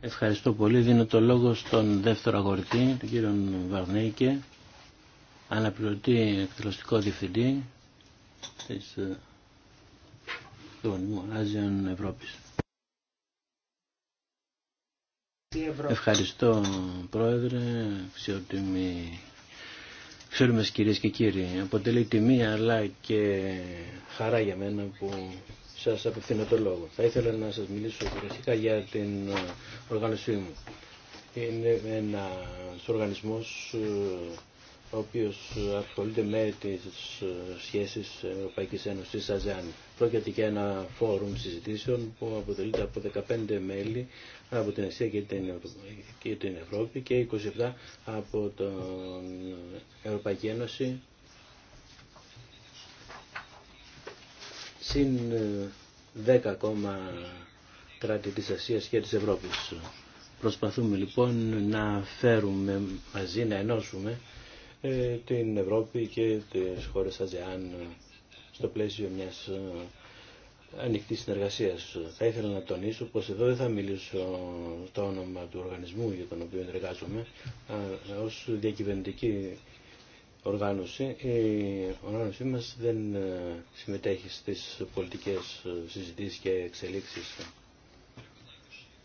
Ευχαριστώ πολύ. Δίνω το λόγο στον δεύτερο αγορητή, τον κύριο Βαρνέικε, αναπληρωτή εκτελεστικό διευθυντή της ε, Asian Ευρώπης. Ευχαριστώ Πρόεδρε, αξιότιμοι φίλοι κυρίες και κύριοι. Αποτελεί τιμή αλλά και χαρά για μένα που σας απευθύνω το λόγο. Θα ήθελα να σας μιλήσω αρχικά για την οργάνωσή μου. Είναι ένας οργανισμός ε, ο οποίος ασχολείται με τις ε, σχέσεις Ευρωπαϊκής Ένωσης ΑΖΕΑΝ. Πρόκειται για ένα φόρουμ συζητήσεων που αποτελείται από 15 μέλη από την Ασία και την Ευρώπη και 27 από την Ευρωπαϊκή Ένωση. Συν 10 ε, ακόμα κράτη της Ασίας και της Ευρώπης. Προσπαθούμε λοιπόν να φέρουμε μαζί, να ενώσουμε ε, την Ευρώπη και τις χώρες ΑΖΕΑΝ στο πλαίσιο μιας ε, ανοιχτή συνεργασία. Θα ήθελα να τονίσω πως εδώ δεν θα μιλήσω το όνομα του οργανισμού για τον οποίο εργάζομαι, ως διακυβερνητική οργάνωση. Η οργάνωσή μας δεν ε, συμμετέχει στις πολιτικές συζητήσει και εξελίξεις.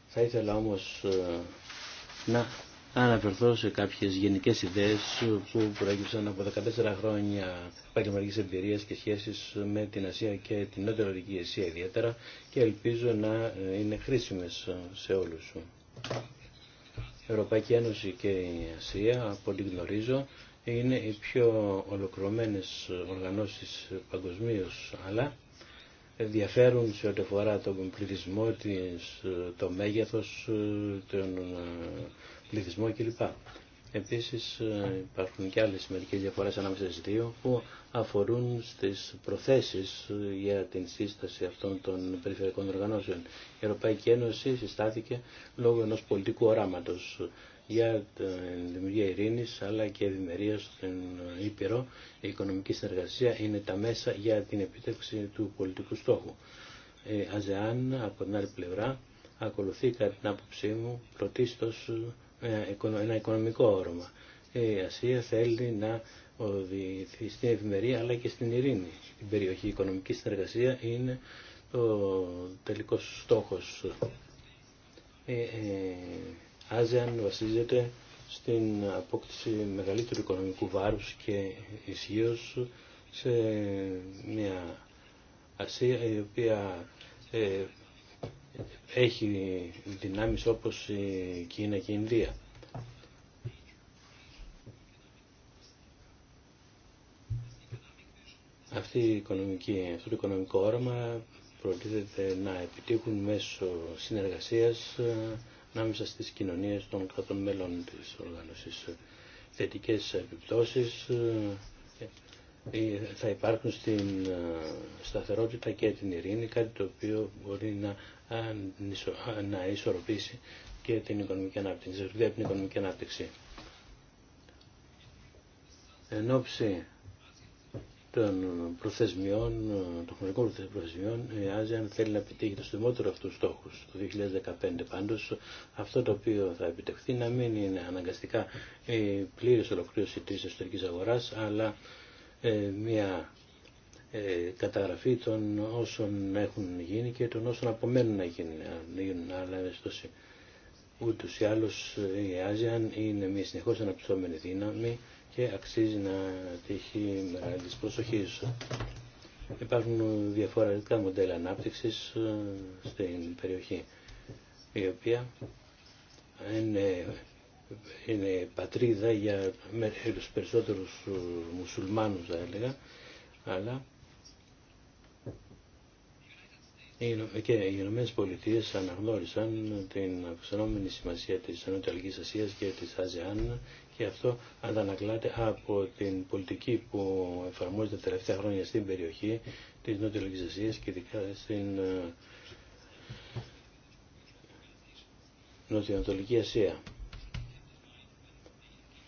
Θα ήθελα όμω να αναφερθώ σε κάποιες γενικές ιδέες που προέκυψαν από 14 χρόνια επαγγελματική εμπειρία και σχέσεις με την Ασία και την Νότια Ασία ιδιαίτερα και ελπίζω να ε, είναι χρήσιμες σε όλους. Η Ευρωπαϊκή Ένωση και η Ασία, από ό,τι γνωρίζω, είναι οι πιο ολοκληρωμένες οργανώσεις παγκοσμίω, αλλά διαφέρουν σε ό,τι αφορά τον πληθυσμό της, ε, το μέγεθος, ε, των πληθυσμό κλπ. Επίσης ε, υπάρχουν και άλλες μερικές διαφορές ανάμεσα στις δύο που αφορούν στις προθέσεις ε, για την σύσταση αυτών των περιφερειακών οργανώσεων. Η Ευρωπαϊκή Ένωση συστάθηκε λόγω ενός πολιτικού οράματος για την δημιουργία ειρήνης αλλά και ευημερία στην Ήπειρο. Η οικονομική συνεργασία είναι τα μέσα για την επίτευξη του πολιτικού στόχου. Η ε, ΑΖΕΑΝ από την άλλη πλευρά ακολουθεί κατά την άποψή μου πρωτίστως ε, ένα οικονομικό όρομα. Ε, η Ασία θέλει να οδηγηθεί στην ευημερία αλλά και στην ειρήνη. Η περιοχή η οικονομική συνεργασία είναι ο τελικός στόχος. Ε, Άζιαν ε, βασίζεται στην απόκτηση μεγαλύτερου οικονομικού βάρους και ισχύω σε μια Ασία η οποία έχει δυνάμεις όπως η Κίνα και η Ινδία. Αυτή η οικονομική, αυτό το οικονομικό όραμα προτίθεται να επιτύχουν μέσω συνεργασίας ε, ανάμεσα στις κοινωνίες των κρατών μέλων της οργάνωσης. Θετικές επιπτώσεις ε, ε, θα υπάρχουν στην ε, σταθερότητα και την ειρήνη, κάτι το οποίο μπορεί να, να ισορροπήσει και την οικονομική ανάπτυξη, την οικονομική ανάπτυξη. Εν όψη των προθεσμιών, των χρονικών προθεσμιών, η Άζια θέλει να επιτύχει το στιγμότερο αυτούς στόχου το 2015 πάντως, αυτό το οποίο θα επιτευχθεί να μην είναι αναγκαστικά η πλήρης ολοκλήρωση τη εσωτερικής αγορά, αλλά ε, μια ε, καταγραφή των όσων έχουν γίνει και των όσων απομένουν να γίνουν. Αλλά ούτως ή άλλως η Άζιαν είναι μια συνεχώς αναπτυσσόμενη δύναμη και αξίζει να τύχει μεγάλη προσοχή. Υπάρχουν διαφορετικά μοντέλα ανάπτυξης ε, στην περιοχή η οποία είναι είναι πατρίδα για τους περισσότερους ε, μουσουλμάνους θα έλεγα, αλλά και οι Ηνωμένες Πολιτείες αναγνώρισαν την αυξανόμενη σημασία της Ανατολικής Ασίας και της Αζιάν και αυτό αντανακλάται από την πολιτική που εφαρμόζεται τελευταία χρόνια στην περιοχή της Νοτιολογικής Ασίας και ειδικά στην ε, Νοτιοανατολική Ασία.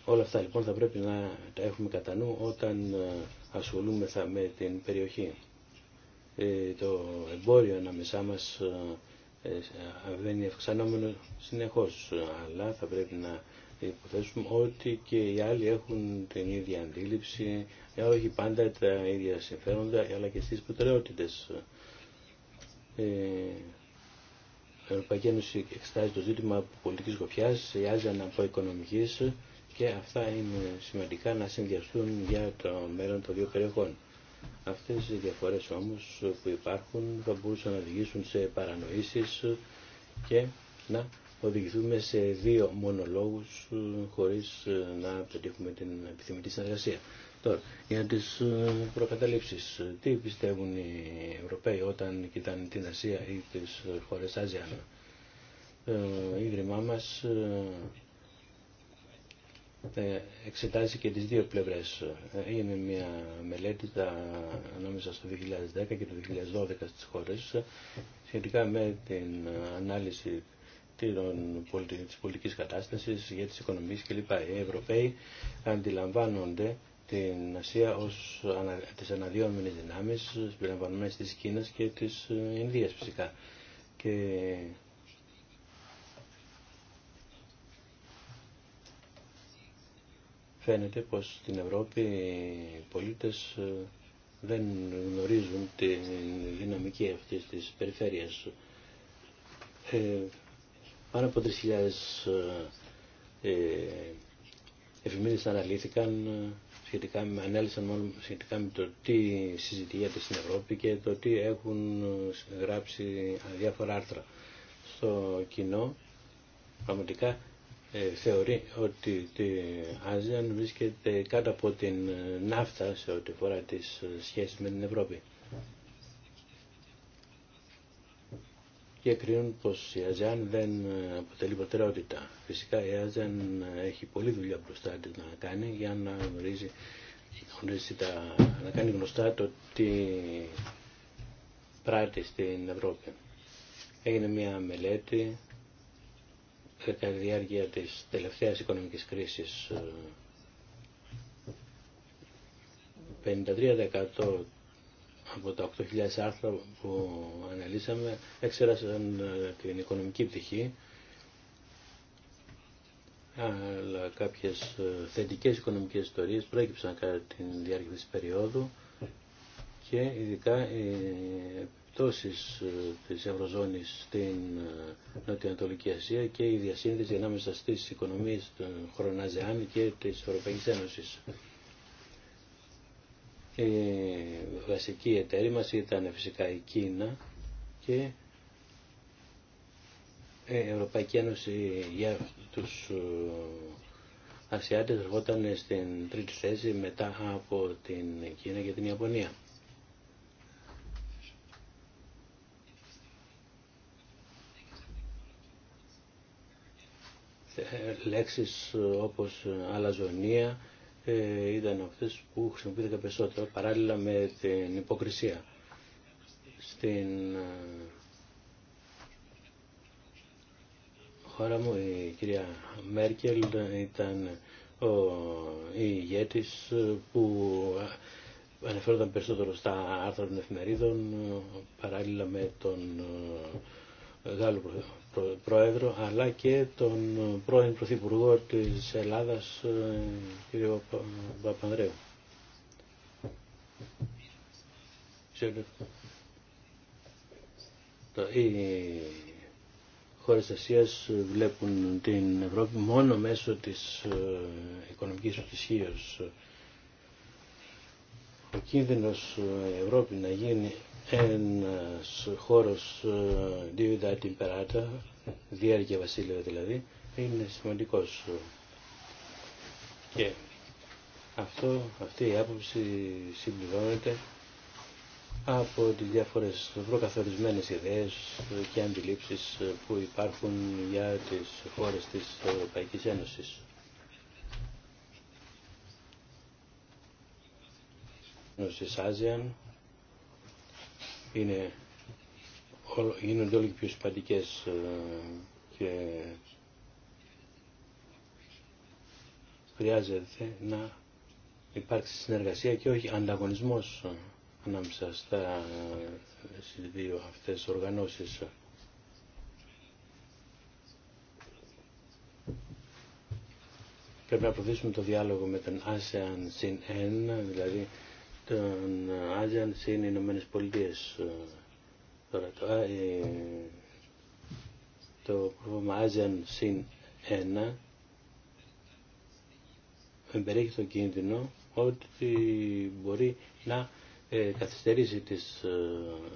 Όλα αυτά λοιπόν θα πρέπει να τα έχουμε κατά νου όταν ε, ασχολούμεθα με την περιοχή. Ε, το εμπόριο ανάμεσά μας ε, βαίνει αυξανόμενο συνεχώς, αλλά θα πρέπει να υποθέσουμε ότι και οι άλλοι έχουν την ίδια αντίληψη, όχι πάντα τα ίδια συμφέροντα, αλλά και στις προτεραιότητες. Ε, η Ευρωπαϊκή Ένωση εξετάζει το ζήτημα πολιτικής πολιτική η Άζια από οικονομικής, και αυτά είναι σημαντικά να συνδυαστούν για το μέλλον των δύο περιοχών. Αυτές οι διαφορές όμως που υπάρχουν θα μπορούσαν να οδηγήσουν σε παρανοήσεις και να οδηγηθούμε σε δύο μονολόγους ε, χωρίς ε, να πετύχουμε την επιθυμητή συνεργασία. Τώρα, για τις ε, προκαταλήψεις, τι πιστεύουν οι Ευρωπαίοι όταν κοιτάνε την Ασία ή τις χώρες Άζιαν. Το Ίδρυμά μας ε, εξετάζει και τις δύο πλευρές. Έγινε μια μελέτη τα, στο 2010 και το 2012 στις χώρες σχετικά με την ανάλυση της πολιτικής κατάστασης για τις οικονομίες κλπ. Οι Ευρωπαίοι αντιλαμβάνονται την Ασία ως τις αναδυόμενες δυνάμεις, συμπεριλαμβανομένες της Κίνας και της ε, Ινδίας φυσικά. Και φαίνεται πως στην Ευρώπη οι πολίτες ε, δεν γνωρίζουν τη δυναμική αυτής της περιφέρειας. Ε, πάνω από 3.000 ε, ε, εφημερίδες αναλύθηκαν ε, σχετικά με, ανέλησαν μόνο σχετικά με το τι συζητιέται στην Ευρώπη και το τι έχουν γράψει διάφορα άρθρα. Στο κοινό πραγματικά ε, θεωρεί ότι η ΑΖΕΑΝ βρίσκεται κάτω από την ε, ναύτα σε ό,τι φορά τις ε, σχέσεις με την Ευρώπη. και κρίνουν πως η ΑΖΕΑΝ δεν αποτελεί προτεραιότητα. Φυσικά η ΑΖΕΑΝ έχει πολλή δουλειά μπροστά της να κάνει για να γνωρίζει, τα, να κάνει γνωστά το τι πράττει στην Ευρώπη. Έγινε μια μελέτη κατά τη διάρκεια της τελευταίας οικονομικής κρίσης 53% ε, από τα 8.000 άρθρα που αναλύσαμε εξέρασαν ε, την οικονομική πτυχή αλλά κάποιες ε, θετικές οικονομικές ιστορίες πρόκειψαν κατά τη διάρκεια της περίοδου και ειδικά επιπτώσεις ε, της Ευρωζώνης στην ε, Νοτιοανατολική Ασία και η διασύνδεση ανάμεσα στις οικονομίες των Χροναζεάν και της Ευρωπαϊκής Ένωσης. Η βασική εταίρη μας ήταν φυσικά η Κίνα και η Ευρωπαϊκή Ένωση για τους ε, Ασιάτες ερχόταν στην τρίτη θέση μετά από την Κίνα και την Ιαπωνία. Ε, λέξεις ε, όπως ε, αλαζονία ήταν αυτές που χρησιμοποιήθηκαν περισσότερο παράλληλα με την υποκρισία. Στην χώρα μου η κυρία Μέρκελ ήταν ο ηγέτης που αναφέρονταν περισσότερο στα άρθρα των εφημερίδων παράλληλα με τον Γάλλο Πρόεδρο αλλά και τον πρώην Πρωθυπουργό της Ελλάδας ε, κ. Παπανδρέου. Οι χώρες Ασίας βλέπουν την Ευρώπη μόνο μέσω της ε, οικονομικής ισχύω. Ο κίνδυνος ε, Ευρώπη να γίνει ένας χώρος ε, δίδα την περάτα, διάρκεια βασίλειο δηλαδή, είναι σημαντικός. Και αυτό, αυτή η άποψη συμπληρώνεται από τις διάφορες προκαθορισμένες ιδέες και αντιλήψεις που υπάρχουν για τις χώρες της Ευρωπαϊκής Ένωσης. Ένωσης Άζιαν είναι, γίνονται όλο και πιο σημαντικές ε, και χρειάζεται να υπάρξει συνεργασία και όχι ανταγωνισμός ε, ανάμεσα στα ε, δύο αυτές οργανώσεις. Πρέπει να προωθήσουμε το διάλογο με τον ASEAN συν δηλαδή των Άζιαν στις Ηνωμένες Πολιτείες. Ε, τώρα το, ε, το πρόγραμμα Άζιαν συν 1 εμπεριέχει το κίνδυνο ότι μπορεί να ε, καθυστερήσει τις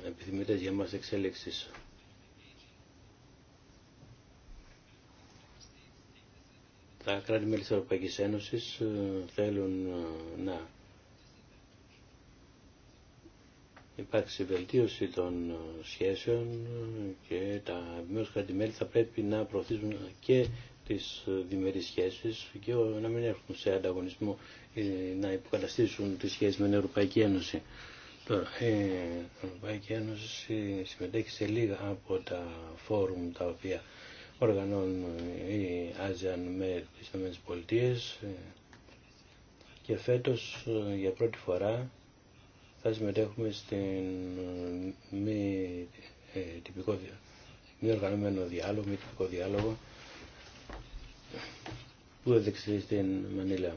επιθυμητές για μας εξέλιξης. Τα κράτη-μέλη της Ευρωπαϊκής Ένωσης θέλουν να υπάρξει βελτίωση των ε, σχέσεων ε, και τα επιμέρους μέλη θα πρέπει να προωθήσουν και τις ε, διμερείς σχέσεις και να μην έρχονται σε ανταγωνισμό να υποκαταστήσουν τις σχέσεις με την Ευρωπαϊκή Ένωση. Τώρα, η Ευρωπαϊκή Ένωση συμμετέχει σε λίγα από τα φόρουμ τα οποία οργανώνουν η Άζιαν με τις ΗΠΑ και φέτος για πρώτη φορά θα συμμετέχουμε στην ε, μη, ε, τυπικό, μη οργανωμένο διάλογο, μη τυπικό διάλογο που έδειξε στην Μανίλα.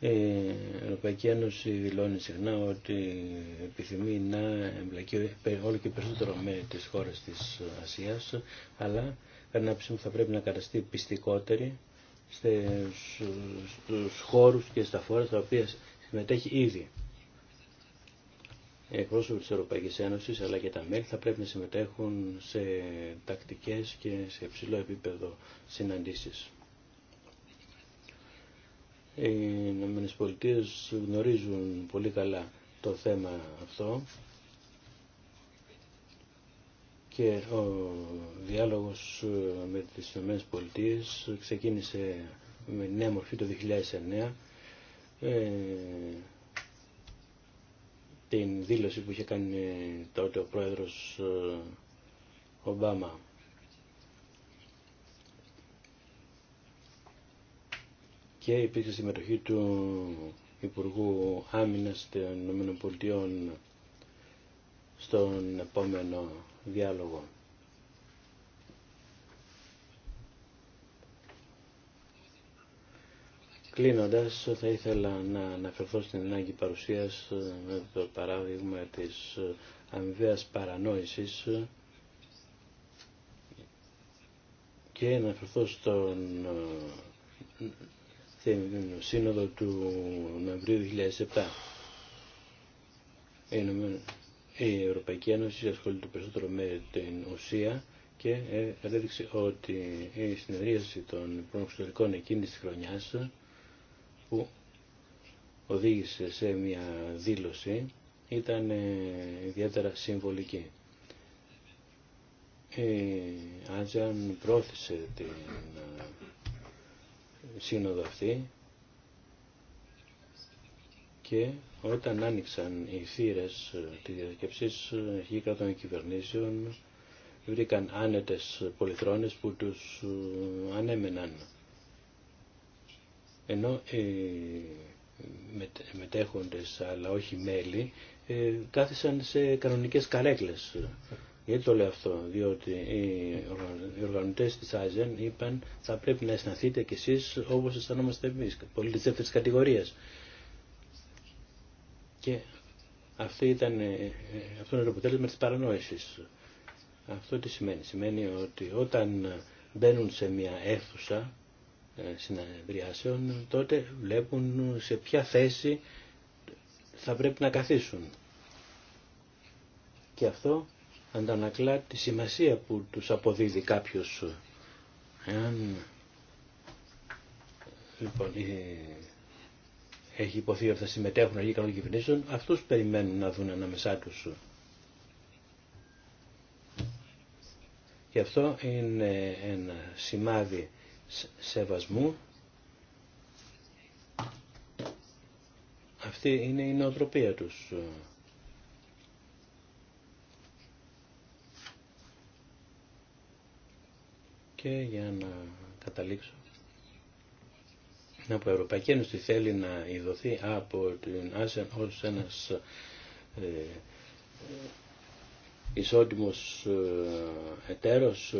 Ε, η Ευρωπαϊκή Ένωση δηλώνει συχνά ότι επιθυμεί να εμπλακεί όλο και περισσότερο με τις χώρες της Ασίας, αλλά θα πρέπει να καταστεί πιστικότερη στους χώρους και στα φόρα στα οποία συμμετέχει ήδη. Οι εκπρόσωποι της Ευρωπαϊκής Ένωσης αλλά και τα μέλη θα πρέπει να συμμετέχουν σε τακτικές και σε υψηλό επίπεδο συναντήσεις. Οι ΗΠΑ γνωρίζουν πολύ καλά το θέμα αυτό και ο διάλογος ε, με τις ΗΠΑ ξεκίνησε με νέα μορφή το 2009 ε, την δήλωση που είχε κάνει ε, τότε ο πρόεδρος Ομπάμα. Και υπήρξε συμμετοχή του Υπουργού Άμυνας των ΗΠΑ στον επόμενο διάλογο. Κλείνοντας, θα ήθελα να αναφερθώ στην ανάγκη παρουσίας με το παράδειγμα της αμοιβαίας παρανόησης και να αναφερθώ στον στην σύνοδο του Νοεμβρίου 2007. Η Ευρωπαϊκή Ένωση ασχολείται περισσότερο με την ουσία και ε, έδειξε ότι η συνεδρίαση των προεξωτερικών εκείνης της χρονιάς που οδήγησε σε μια δήλωση ήταν ε, ιδιαίτερα συμβολική. Η Άτζαν πρόθεσε την ε, σύνοδο αυτή και όταν άνοιξαν οι θύρες ε, τη διασκεψής ε, αρχικά των κυβερνήσεων βρήκαν άνετες πολυθρόνες που τους ε, ανέμεναν. Ενώ οι μετέχοντες αλλά όχι μέλη κάθισαν σε κανονικές καρέκλες. Γιατί το λέω αυτό, διότι οι οργανωτές της Αζεν είπαν θα πρέπει να αισθανθείτε κι εσείς όπως αισθανόμαστε εμείς, πολίτες δεύτερης κατηγορίας. Και αυτή ήταν, ε, ε, αυτό είναι το αποτέλεσμα της παρανόησης. Αυτό τι σημαίνει. Σημαίνει ότι όταν ε, μπαίνουν σε μια αίθουσα συνεδριάσεων, τότε βλέπουν σε ποια θέση θα πρέπει να καθίσουν. Και αυτό αντανακλά τη σημασία που τους αποδίδει κάποιος. Εάν λοιπόν, έχει υποθεί ότι θα συμμετέχουν αρχικά των κυβερνήσεων, αυτούς περιμένουν να δουν ανάμεσά τους. Και αυτό είναι ένα σημάδι σεβασμού. Αυτή είναι η νοοτροπία τους. Και για να καταλήξω από η Ευρωπαϊκή Ένωση θέλει να ειδωθεί από την Άσεν ως ένας ε, ισότιμος ε, εταίρος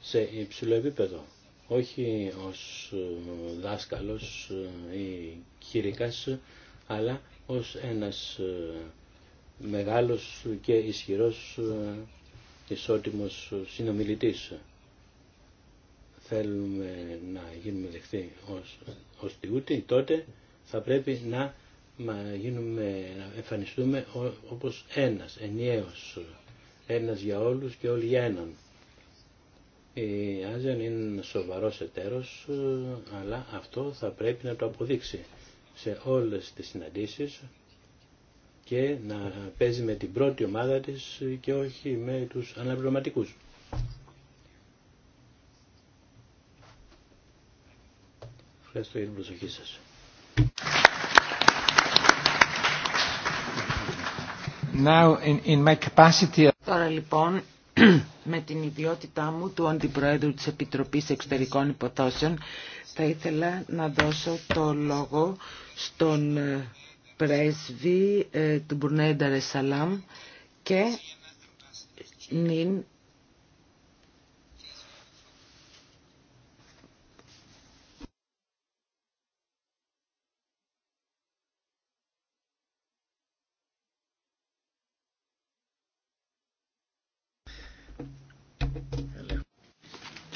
σε υψηλό επίπεδο. Όχι ως ε, δάσκαλος ε, ή κήρυκας, αλλά ως ένας μεγάλος και ισχυρός ισότιμος συνομιλητής θέλουμε να γίνουμε δεχτοί ως, ως τη ούτη, τότε θα πρέπει να, γίνουμε, να εμφανιστούμε όπως ένας, ενιαίος, ένας για όλους και όλοι για έναν. Η άζεν είναι σοβαρός εταίρος, αλλά αυτό θα πρέπει να το αποδείξει σε όλες τις συναντήσεις και να παίζει με την πρώτη ομάδα της και όχι με τους αναπληρωματικούς. Ευχαριστώ για την προσοχή σα. Τώρα λοιπόν με την ιδιότητά μου του Αντιπροέδρου της Επιτροπής Εξωτερικών Υποθώσεων θα ήθελα να δώσω το λόγο στον ε, πρέσβη ε, του Μπουρνέντα Ρεσαλάμ και νυν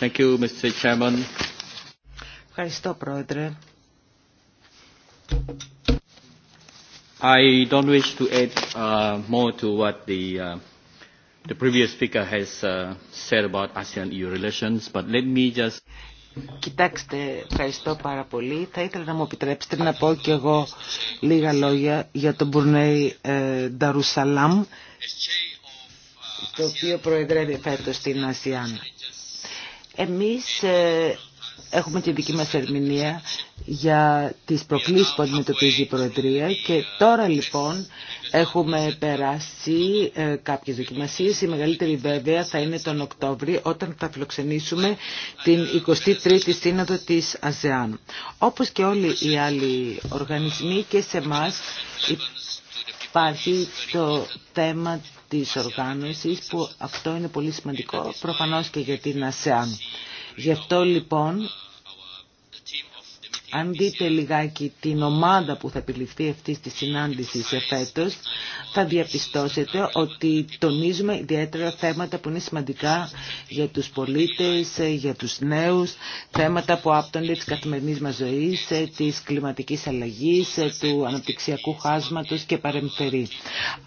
Thank you, Mr. Chairman. Ευχαριστώ, Πρόεδρε. I don't wish to add uh, more to what the, uh, the previous speaker has uh, said about ASEAN-EU relations, but let me just... Κοιτάξτε, ευχαριστώ πάρα πολύ. Θα ήθελα να μου επιτρέψετε να πω και εγώ λίγα λόγια για τον Μπουρνέι ε, Νταρουσαλάμ, το οποίο προεδρεύει φέτος στην ASEAN. Εμείς ε, έχουμε τη δική μας ερμηνεία για τις προκλήσεις που αντιμετωπίζει η Προεδρία και τώρα λοιπόν έχουμε περάσει ε, κάποιες δοκιμασίες. Η μεγαλύτερη βέβαια θα είναι τον Οκτώβριο όταν θα φιλοξενήσουμε την 23η Σύνοδο της ΑΖΕΑΝ. Όπως και όλοι οι άλλοι οργανισμοί και σε εμά υπάρχει το θέμα Τη οργάνωση που αυτό είναι πολύ σημαντικό προφανώς και για την ΑΣΕΑΝ. Γι' αυτό λοιπόν αν δείτε λιγάκι την ομάδα που θα επιληφθεί αυτή τη συνάντηση φέτο, θα διαπιστώσετε ότι τονίζουμε ιδιαίτερα θέματα που είναι σημαντικά για τους πολίτες, για τους νέους, θέματα που άπτονται της καθημερινής μας ζωής, της κλιματικής αλλαγής, του αναπτυξιακού χάσματος και παρεμφερή.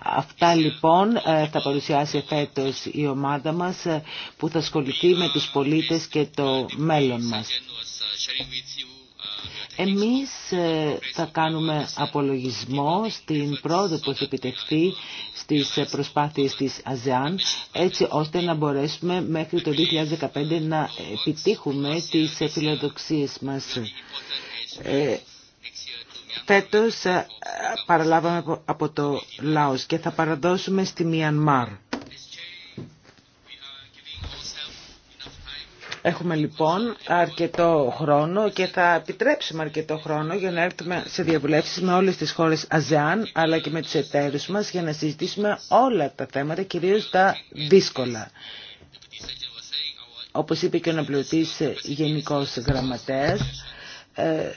Αυτά λοιπόν ε, θα παρουσιάσει φέτος η ομάδα μας ε, που θα ασχοληθεί με τους πολίτες και το μέλλον μας. Εμείς ε, θα κάνουμε απολογισμό στην πρόοδο που έχει επιτευχθεί στις ε, προσπάθειες της ΑΖΕΑΝ έτσι ώστε να μπορέσουμε μέχρι το 2015 να επιτύχουμε τις ε, φιλοδοξίες μας. Φέτος παραλάβαμε από το Λάος και θα παραδώσουμε στη Μιανμάρ. Έχουμε λοιπόν αρκετό χρόνο και θα επιτρέψουμε αρκετό χρόνο για να έρθουμε σε διαβουλεύσεις με όλες τις χώρες ΑΖΕΑΝ αλλά και με τις εταίρους μας για να συζητήσουμε όλα τα θέματα, κυρίως τα δύσκολα. Όπως είπε και ο αναπληρωτής ε, γενικός γραμματέας, ε,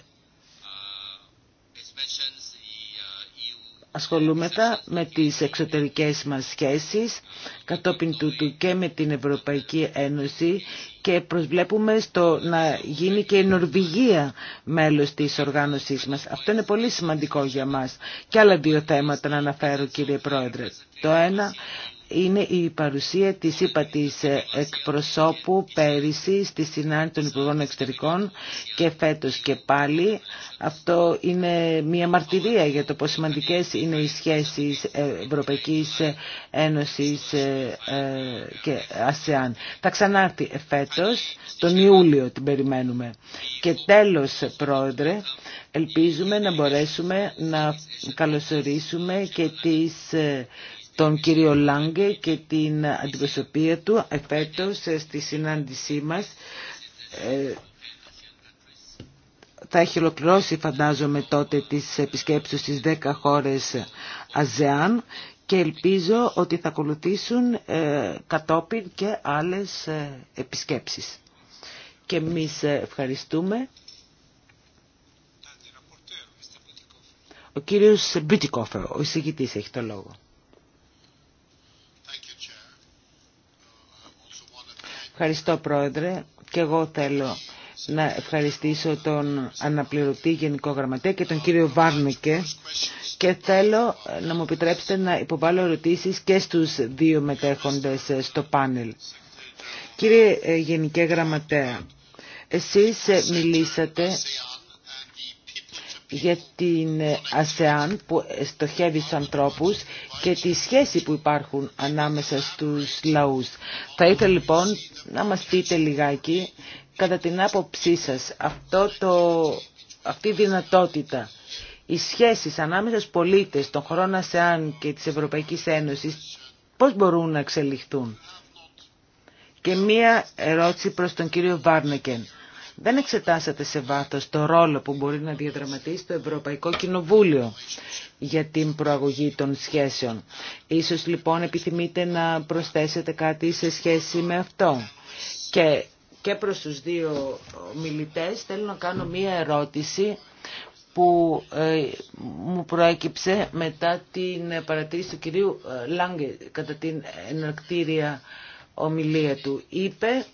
ασχολούμεθα με τις εξωτερικές μας σχέσεις κατόπιν τούτου και με την Ευρωπαϊκή Ένωση και προσβλέπουμε στο να γίνει και η Νορβηγία μέλος της οργάνωσής μας. Αυτό είναι πολύ σημαντικό για μας. Και άλλα δύο θέματα να αναφέρω κύριε Πρόεδρε. Το ένα είναι η παρουσία της είπα της ε, εκπροσώπου πέρυσι στη συνάντηση των Υπουργών Εξωτερικών και φέτος και πάλι. Αυτό είναι μια μαρτυρία για το πόσο σημαντικές είναι οι σχέσεις ε, Ευρωπαϊκής Ένωσης ε, και ΑΣΕΑΝ. Θα ξανάρθει φέτος, τον Ιούλιο την περιμένουμε. Και τέλος, Πρόεδρε, ελπίζουμε να μπορέσουμε να καλωσορίσουμε και τις τον κύριο Λάγκε και την αντιπροσωπεία του εφέτος ε, στη συνάντησή μας. Ε, θα έχει ολοκληρώσει φαντάζομαι τότε τις επισκέψεις στις 10 χώρες ΑΖΕΑΝ και ελπίζω ότι θα ακολουθήσουν ε, κατόπιν και άλλες επισκέψεις. Και εμεί ευχαριστούμε. Ο κύριος Μπιτικόφερ, ο εισηγητής, έχει το λόγο. Ευχαριστώ Πρόεδρε και εγώ θέλω να ευχαριστήσω τον αναπληρωτή Γενικό Γραμματέα και τον κύριο Βάρνικε και θέλω να μου επιτρέψετε να υποβάλω ερωτήσεις και στους δύο μετέχοντες στο πάνελ. Κύριε ε, Γενικέ Γραμματέα, εσείς ε, μιλήσατε για την ΑΣΕΑΝ που στοχεύει στους ανθρώπους και τη σχέση που υπάρχουν ανάμεσα στους λαούς. Θα ήθελα λοιπόν να μας πείτε λιγάκι κατά την άποψή σας αυτό το, αυτή η δυνατότητα οι σχέσεις ανάμεσα στους πολίτες των χωρών ΑΣΕΑΝ και της Ευρωπαϊκής Ένωσης πώς μπορούν να εξελιχθούν. Και μία ερώτηση προς τον κύριο Βάρνεκεν δεν εξετάσατε σε βάθος το ρόλο που μπορεί να διαδραματίσει το Ευρωπαϊκό Κοινοβούλιο για την προαγωγή των σχέσεων. Ίσως λοιπόν επιθυμείτε να προσθέσετε κάτι σε σχέση με αυτό. Και, και προς τους δύο μιλητές θέλω να κάνω μία ερώτηση που ε, μου προέκυψε μετά την παρατήρηση του κυρίου ε, Λάγκε κατά την εναρκτήρια ομιλία του. Είπε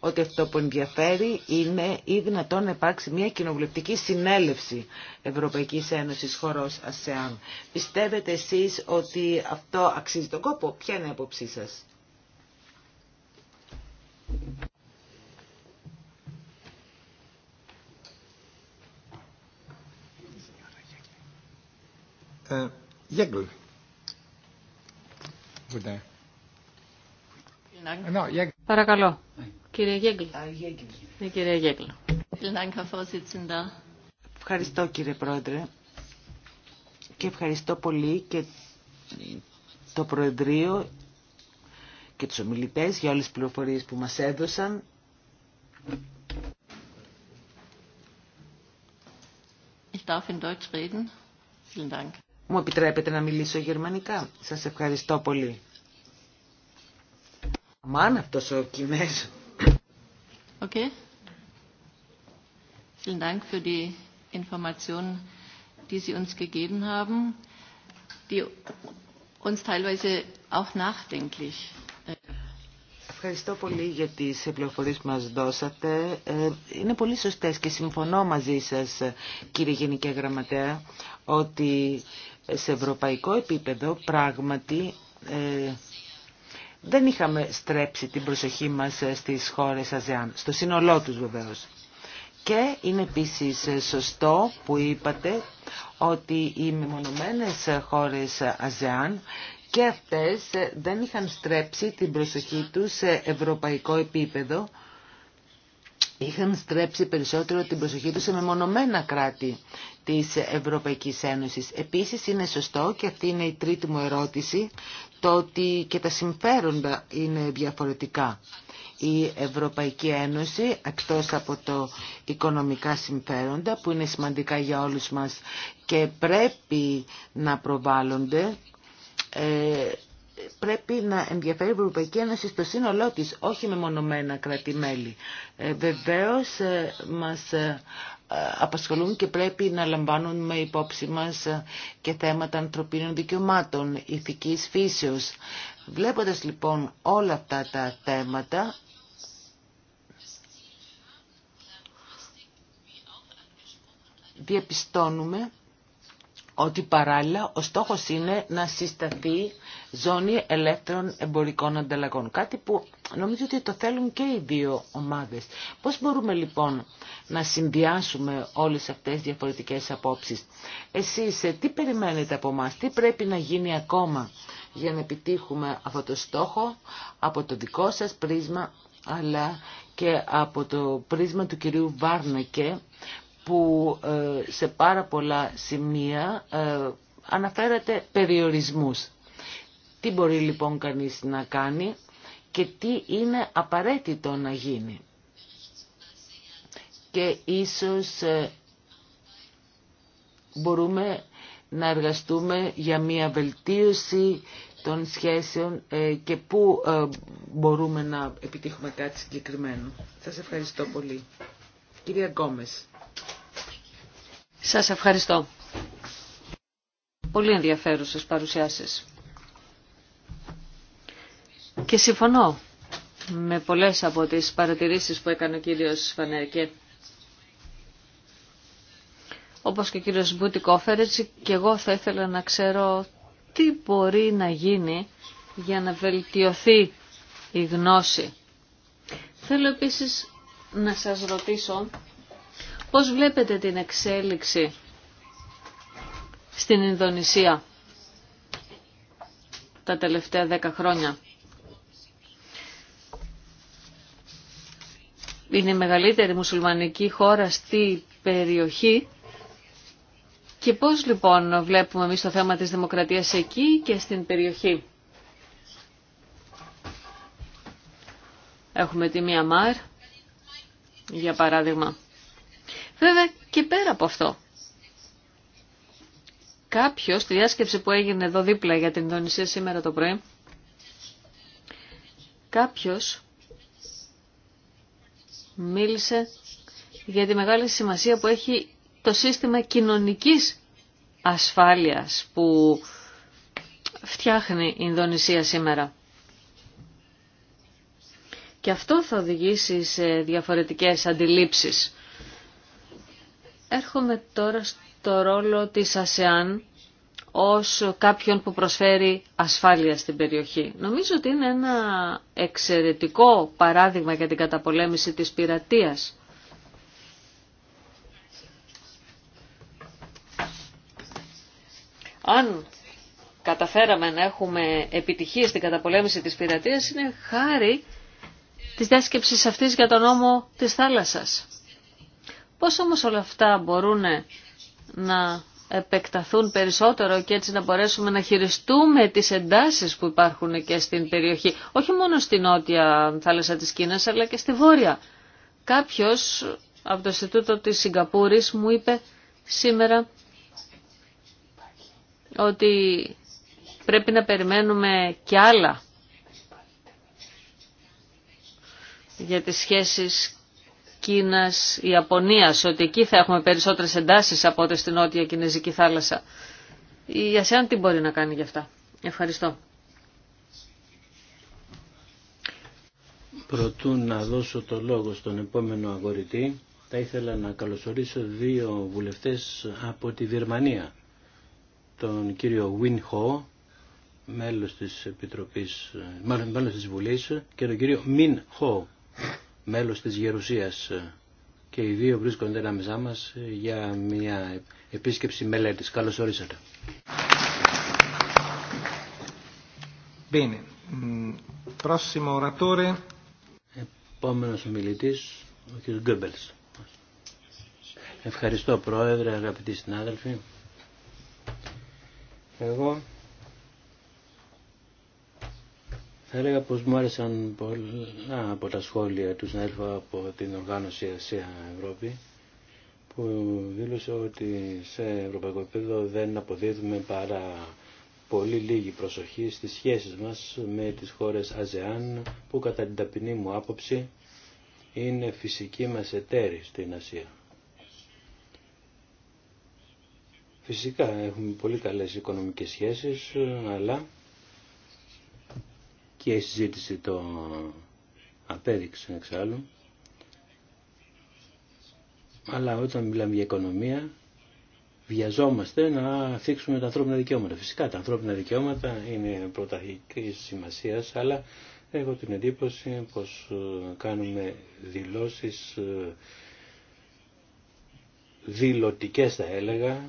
ότι αυτό που ενδιαφέρει είναι ή δυνατόν να υπάρξει μια κοινοβουλευτική συνέλευση Ευρωπαϊκής Ένωσης χωρός ΑΣΕΑΝ. Πιστεύετε εσείς ότι αυτό αξίζει τον κόπο. Ποια είναι η άποψή σας. Ε, Παρακαλώ. Κύριε Γέγκλη. Ναι, ευχαριστώ κύριε Πρόεδρε και ευχαριστώ πολύ και το Προεδρείο και τους ομιλητές για όλες τις πληροφορίες που μας έδωσαν. Μου επιτρέπετε να μιλήσω γερμανικά. Σας ευχαριστώ πολύ. Αμάν αυτός ο Κινέζ. Okay. Vielen Dank für die Informationen, die Sie uns gegeben haben, die uns teilweise auch nachdenklich äh, Ευχαριστώ πολύ για τις πληροφορίες που μας δώσατε. Ε, είναι πολύ σωστές και συμφωνώ μαζί σας, κύριε Γενική Γραμματέα, ότι σε ευρωπαϊκό επίπεδο πράγματι ε, δεν είχαμε στρέψει την προσοχή μας ε, στις χώρες ΑΖΕΑΝ, στο σύνολό τους βεβαίως. Και είναι επίσης ε, σωστό που είπατε ότι οι μεμονωμένες χώρες ΑΖΕΑΝ και αυτές ε, δεν είχαν στρέψει την προσοχή τους σε ευρωπαϊκό επίπεδο είχαν στρέψει περισσότερο την προσοχή τους σε μεμονωμένα κράτη της Ευρωπαϊκής Ένωσης. Επίσης είναι σωστό και αυτή είναι η τρίτη μου ερώτηση το ότι και τα συμφέροντα είναι διαφορετικά. Η Ευρωπαϊκή Ένωση, εκτός από το οικονομικά συμφέροντα που είναι σημαντικά για όλους μας και πρέπει να προβάλλονται, ε, πρέπει να ενδιαφέρει η Ευρωπαϊκή Ένωση στο σύνολό της, όχι με μονομένα κράτη-μέλη. Ε, βεβαίως ε, μας ε, απασχολούν και πρέπει να λαμβάνουν με υπόψη μας ε, και θέματα ανθρωπίνων δικαιωμάτων, ηθικής φύσεως. Βλέποντας λοιπόν όλα αυτά τα θέματα, διαπιστώνουμε ότι παράλληλα ο στόχος είναι να συσταθεί ζώνη ελεύθερων εμπορικών ανταλλαγών. Κάτι που νομίζω ότι το θέλουν και οι δύο ομάδες. Πώς μπορούμε λοιπόν να συνδυάσουμε όλες αυτές τις διαφορετικές απόψεις. Εσείς ε, τι περιμένετε από εμά, τι πρέπει να γίνει ακόμα για να επιτύχουμε αυτό το στόχο από το δικό σας πρίσμα αλλά και από το πρίσμα του κυρίου Βάρνακε που ε, σε πάρα πολλά σημεία ε, αναφέρατε περιορισμούς. Τι μπορεί λοιπόν κανείς να κάνει και τι είναι απαραίτητο να γίνει. Και ίσως ε, μπορούμε να εργαστούμε για μια βελτίωση των σχέσεων ε, και πού ε, μπορούμε να επιτύχουμε κάτι συγκεκριμένο. Σας ευχαριστώ πολύ. Κυρία Γκόμες. Σας ευχαριστώ. Πολύ ενδιαφέρουσες παρουσιάσεις. Και συμφωνώ με πολλές από τις παρατηρήσεις που έκανε ο κύριος Φανερκέ. Όπως και ο κύριος Μπούτι Κόφερετς, και εγώ θα ήθελα να ξέρω τι μπορεί να γίνει για να βελτιωθεί η γνώση. Θέλω επίσης να σας ρωτήσω πώς βλέπετε την εξέλιξη στην Ινδονησία τα τελευταία δέκα χρόνια. είναι η μεγαλύτερη μουσουλμανική χώρα στη περιοχή. Και πώς λοιπόν βλέπουμε εμείς το θέμα της δημοκρατίας εκεί και στην περιοχή. Έχουμε τη Μιαμάρ, για παράδειγμα. Βέβαια και πέρα από αυτό. Κάποιος, στη διάσκεψη που έγινε εδώ δίπλα για την Ινδονησία σήμερα το πρωί, κάποιος μίλησε για τη μεγάλη σημασία που έχει το σύστημα κοινωνικής ασφάλειας που φτιάχνει η Ινδονησία σήμερα. Και αυτό θα οδηγήσει σε διαφορετικές αντιλήψεις. Έρχομαι τώρα στο ρόλο της ΑΣΕΑΝ ως κάποιον που προσφέρει ασφάλεια στην περιοχή. Νομίζω ότι είναι ένα εξαιρετικό παράδειγμα για την καταπολέμηση της πειρατείας. Αν καταφέραμε να έχουμε επιτυχίες στην καταπολέμηση της πειρατείας είναι χάρη της διάσκεψης αυτής για τον νόμο της θάλασσας. Πώς όμως όλα αυτά μπορούν να επεκταθούν περισσότερο και έτσι να μπορέσουμε να χειριστούμε τις εντάσεις που υπάρχουν και στην περιοχή. Όχι μόνο στη νότια θάλασσα της Κίνας αλλά και στη βόρεια. Κάποιος από το Ινστιτούτο της Σιγκαπούρης μου είπε σήμερα ότι πρέπει να περιμένουμε και άλλα για τις σχέσεις Κίνας, Ιαπωνία, Ιαπωνίας, ότι εκεί θα έχουμε περισσότερες εντάσεις από ό,τι στην Νότια Κινέζικη θάλασσα. Η ΑΣΕΑΝ τι μπορεί να κάνει γι' αυτά. Ευχαριστώ. Προτού να δώσω το λόγο στον επόμενο αγορητή, θα ήθελα να καλωσορίσω δύο βουλευτές από τη Βερμανία. Τον κύριο Βιν Χο, μέλος της, Επιτροπής, και τον κύριο Μιν Χο μέλος της Γερουσίας και οι δύο βρίσκονται ανάμεσά μας για μια επίσκεψη μελέτης. Καλώς ορίσατε. Bene. Mm, prossimo oratore. Επόμενος ομιλητής, ο κ. Γκέμπελς. Ευχαριστώ Πρόεδρε, αγαπητοί συνάδελφοι. Εγώ Θα έλεγα πως μου άρεσαν πολλά από τα σχόλια του έρθω από την οργάνωση Ασία Ευρώπη που δήλωσε ότι σε ευρωπαϊκό επίπεδο δεν αποδίδουμε παρά πολύ λίγη προσοχή στις σχέσεις μας με τις χώρες ΑΖΕΑΝ που κατά την ταπεινή μου άποψη είναι φυσική μας εταίροι στην Ασία. Φυσικά έχουμε πολύ καλές οικονομικές σχέσεις αλλά και η συζήτηση το απέδειξε εξάλλου. Αλλά όταν μιλάμε για οικονομία, βιαζόμαστε να θίξουμε τα ανθρώπινα δικαιώματα. Φυσικά τα ανθρώπινα δικαιώματα είναι πρωταρχική σημασία, αλλά έχω την εντύπωση πως ε, κάνουμε δηλώσεις ε, δηλωτικές θα έλεγα,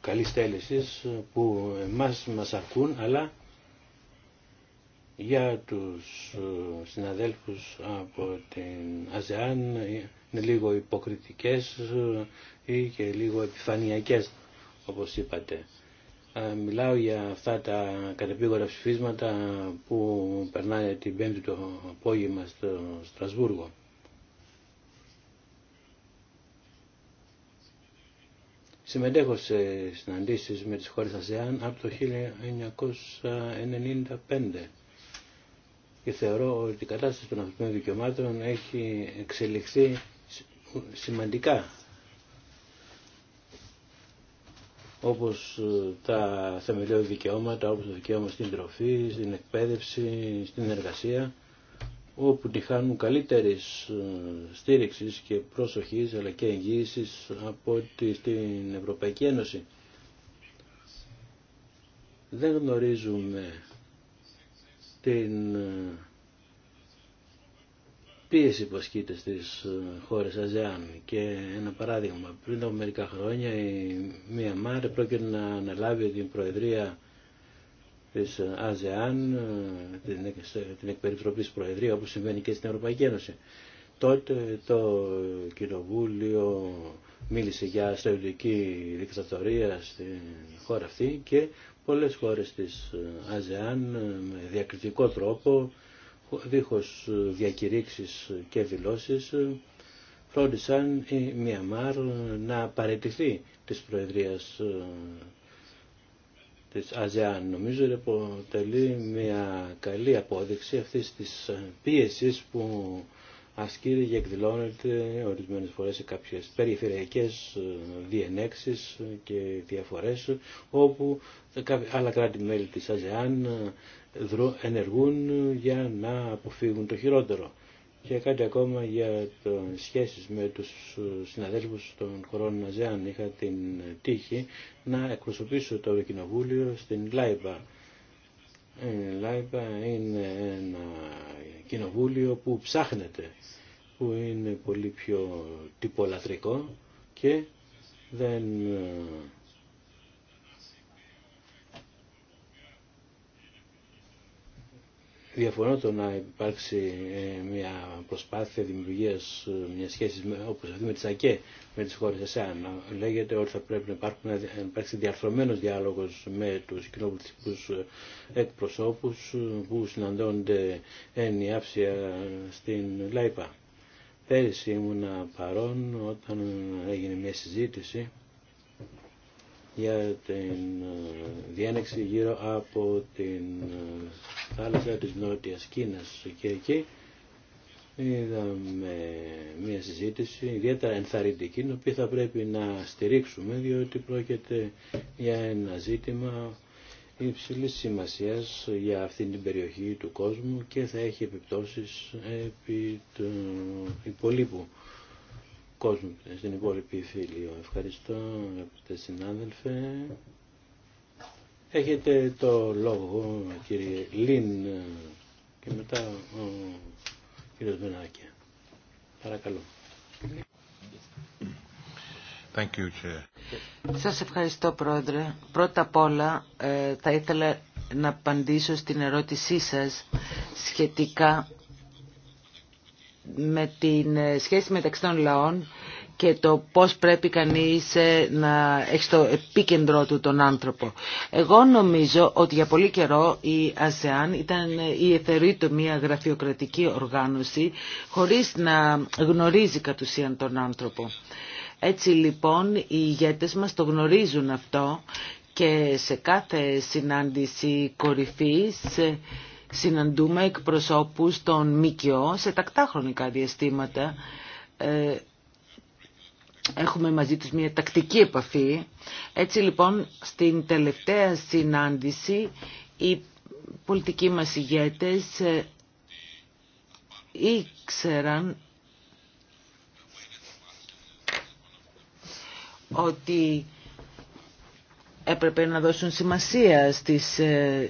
καλή τέλεσης ε, που εμάς μας ακούν αλλά για τους ε, συναδέλφους από την ΑΖΕΑΝ είναι λίγο υποκριτικές ε, ή και λίγο επιφανειακές όπως είπατε. Ε, μιλάω για αυτά τα κατεπίγορα ψηφίσματα που περνάνε την πέμπτη το απόγευμα στο Στρασβούργο. Συμμετέχω σε συναντήσεις με τις χώρες ΑΖΕΑΝ από το 1995 και θεωρώ ότι η κατάσταση των ανθρωπίνων δικαιωμάτων έχει εξελιχθεί σημαντικά όπως ε, τα θεμελιώδη δικαιώματα, όπως το δικαίωμα στην τροφή, στην εκπαίδευση, στην εργασία, όπου τη χάνουν ε, στήριξης και προσοχής αλλά και εγγύηση από ότι στην Ευρωπαϊκή Ένωση. Δεν γνωρίζουμε την ε, πίεση που ασκείται στις ε, χώρες ΑΖΕΑΝ και ένα παράδειγμα πριν από μερικά χρόνια η Μιαμάρ πρόκειται να αναλάβει την Προεδρία της ΑΖΕΑΝ ε, την της Προεδρία όπως συμβαίνει και στην Ευρωπαϊκή Ένωση τότε το κοινοβούλιο μίλησε για στρατιωτική δικτατορία στην χώρα αυτή και πολλές χώρες της ε, ΑΖΕΑΝ ε, με διακριτικό τρόπο, δίχως ε, διακηρύξεις και δηλώσεις, φρόντισαν η Μιαμάρ να παραιτηθεί της Προεδρίας της ΑΖΕΑΝ. Νομίζω ότι αποτελεί μια καλή απόδειξη αυτής της πίεσης που ασκείται και εκδηλώνεται ορισμένες φορές σε κάποιες περιφερειακές ε, διενέξεις και διαφορές όπου άλλα κράτη-μέλη της ΑΖΕΑΝ ε, ενεργούν για να αποφύγουν το χειρότερο. Και κάτι ακόμα για το σχέσεις με τους ε, συναδέλφους των χωρών ΑΖΕΑΝ. Είχα την τύχη να εκπροσωπήσω το Ευρωκοινοβούλιο στην Λάιμπα ε, ΛΑΙΠΑ είναι ένα κοινοβούλιο που ψάχνεται, που είναι πολύ πιο τυπολατρικό και δεν ε, διαφωνώ το να υπάρξει ε, μια προσπάθεια δημιουργίας ε, μια σχέση όπως αυτή με τις ΑΚΕ, με τις χώρες ΕΣΑΝ. Λέγεται ότι θα πρέπει να, υπάρξει διαρθρωμένος διάλογος με τους κοινοβουλευτικούς ε, εκπροσώπους που συναντώνται εν ιάψια στην ΛΑΙΠΑ. Πέρυσι ήμουνα παρόν όταν έγινε μια συζήτηση για την ε, διένεξη γύρω από την ε, θάλασσα της Νότιας Κίνας και εκεί είδαμε μια συζήτηση ιδιαίτερα ενθαρρυντική την οποία θα πρέπει να στηρίξουμε διότι πρόκειται για ένα ζήτημα υψηλή σημασίας για αυτήν την περιοχή του κόσμου και θα έχει επιπτώσεις επί του υπολείπου κόσμου, στην υπόλοιπη φίλη. Ευχαριστώ, αγαπητέ συνάδελφε. Έχετε το λόγο, κύριε Λίν, και μετά ο κύριος Μενάκια. Παρακαλώ. Thank you, Chair. Σας ευχαριστώ, Πρόεδρε. Πρώτα απ' όλα ε, θα ήθελα να απαντήσω στην ερώτησή σας σχετικά με την ε, σχέση μεταξύ των λαών και το πώς πρέπει κανείς ε, να έχει στο επίκεντρό του τον άνθρωπο. Εγώ νομίζω ότι για πολύ καιρό η ΑΣΕΑΝ ήταν ε, η εθερήτω μια γραφειοκρατική οργάνωση χωρίς να γνωρίζει κατ' ουσίαν τον άνθρωπο. Έτσι λοιπόν οι ηγέτες μας το γνωρίζουν αυτό και σε κάθε συνάντηση κορυφής συναντούμε εκπροσώπους των ΜΚΟ σε τακτά χρονικά διαστήματα. Ε, έχουμε μαζί τους μια τακτική επαφή. Έτσι λοιπόν στην τελευταία συνάντηση οι πολιτικοί μας ηγέτες ε, ήξεραν ότι έπρεπε να δώσουν σημασία στις ε,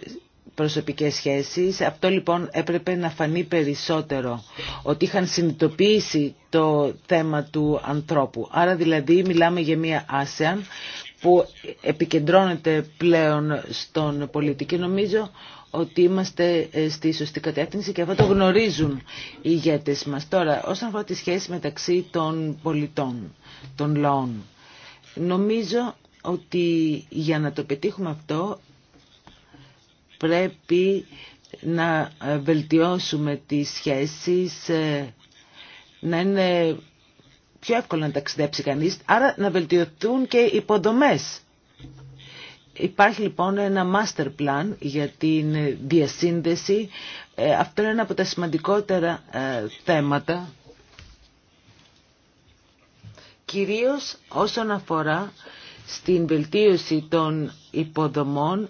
προσωπικές σχέσεις. Αυτό λοιπόν έπρεπε να φανεί περισσότερο, ότι είχαν συνειδητοποιήσει το θέμα του ανθρώπου. Άρα δηλαδή μιλάμε για μια άσεα που επικεντρώνεται πλέον στον πολίτη και νομίζω ότι είμαστε ε, στη σωστή κατεύθυνση και αυτό το γνωρίζουν οι ηγέτες μας. Τώρα, όσον αφορά τη σχέση μεταξύ των πολιτών, των λαών, νομίζω ότι για να το πετύχουμε αυτό Πρέπει να βελτιώσουμε τις σχέσεις, ε, να είναι πιο εύκολο να ταξιδέψει κανείς, άρα να βελτιωθούν και οι υποδομές. Υπάρχει λοιπόν ένα master plan για την διασύνδεση. Ε, αυτό είναι ένα από τα σημαντικότερα ε, θέματα, κυρίως όσον αφορά στην βελτίωση των υποδομών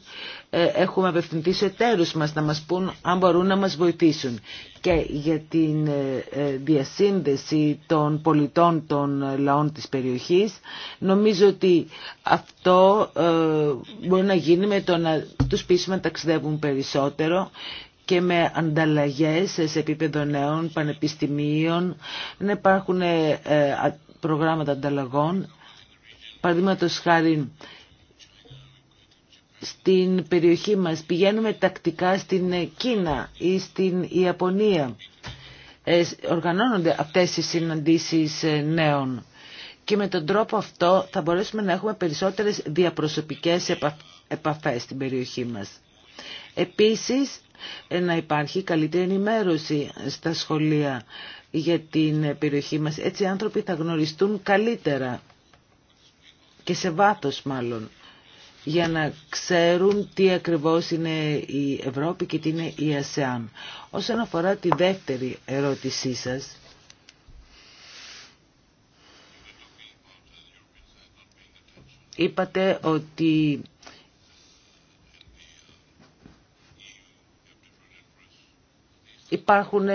ε, έχουμε απευθυνθεί σε τέρους μας να μας πούν αν μπορούν να μας βοηθήσουν. Και για την ε, ε, διασύνδεση των πολιτών των λαών της περιοχής νομίζω ότι αυτό μπορεί να γίνει με το να τους πείσουμε να ταξιδεύουν περισσότερο και με ανταλλαγές σε επίπεδο νέων, πανεπιστημίων, να υπάρχουν προγράμματα ανταλλαγών. Παραδείγματο χάρη στην περιοχή μας. Πηγαίνουμε τακτικά στην Κίνα ή στην Ιαπωνία. Ε, οργανώνονται αυτές οι συναντήσεις ε, νέων. Και με τον τρόπο αυτό θα μπορέσουμε να έχουμε περισσότερες διαπροσωπικές επαφές στην περιοχή μας. Επίσης, ε, να υπάρχει καλύτερη ενημέρωση στα σχολεία για την περιοχή μας. Έτσι οι άνθρωποι θα γνωριστούν καλύτερα και σε βάθος μάλλον για να ξέρουν τι ακριβώς είναι η Ευρώπη και τι είναι η ΑΣΕΑΝ. Όσον αφορά τη δεύτερη ερώτησή σας, είπατε ότι υπάρχουν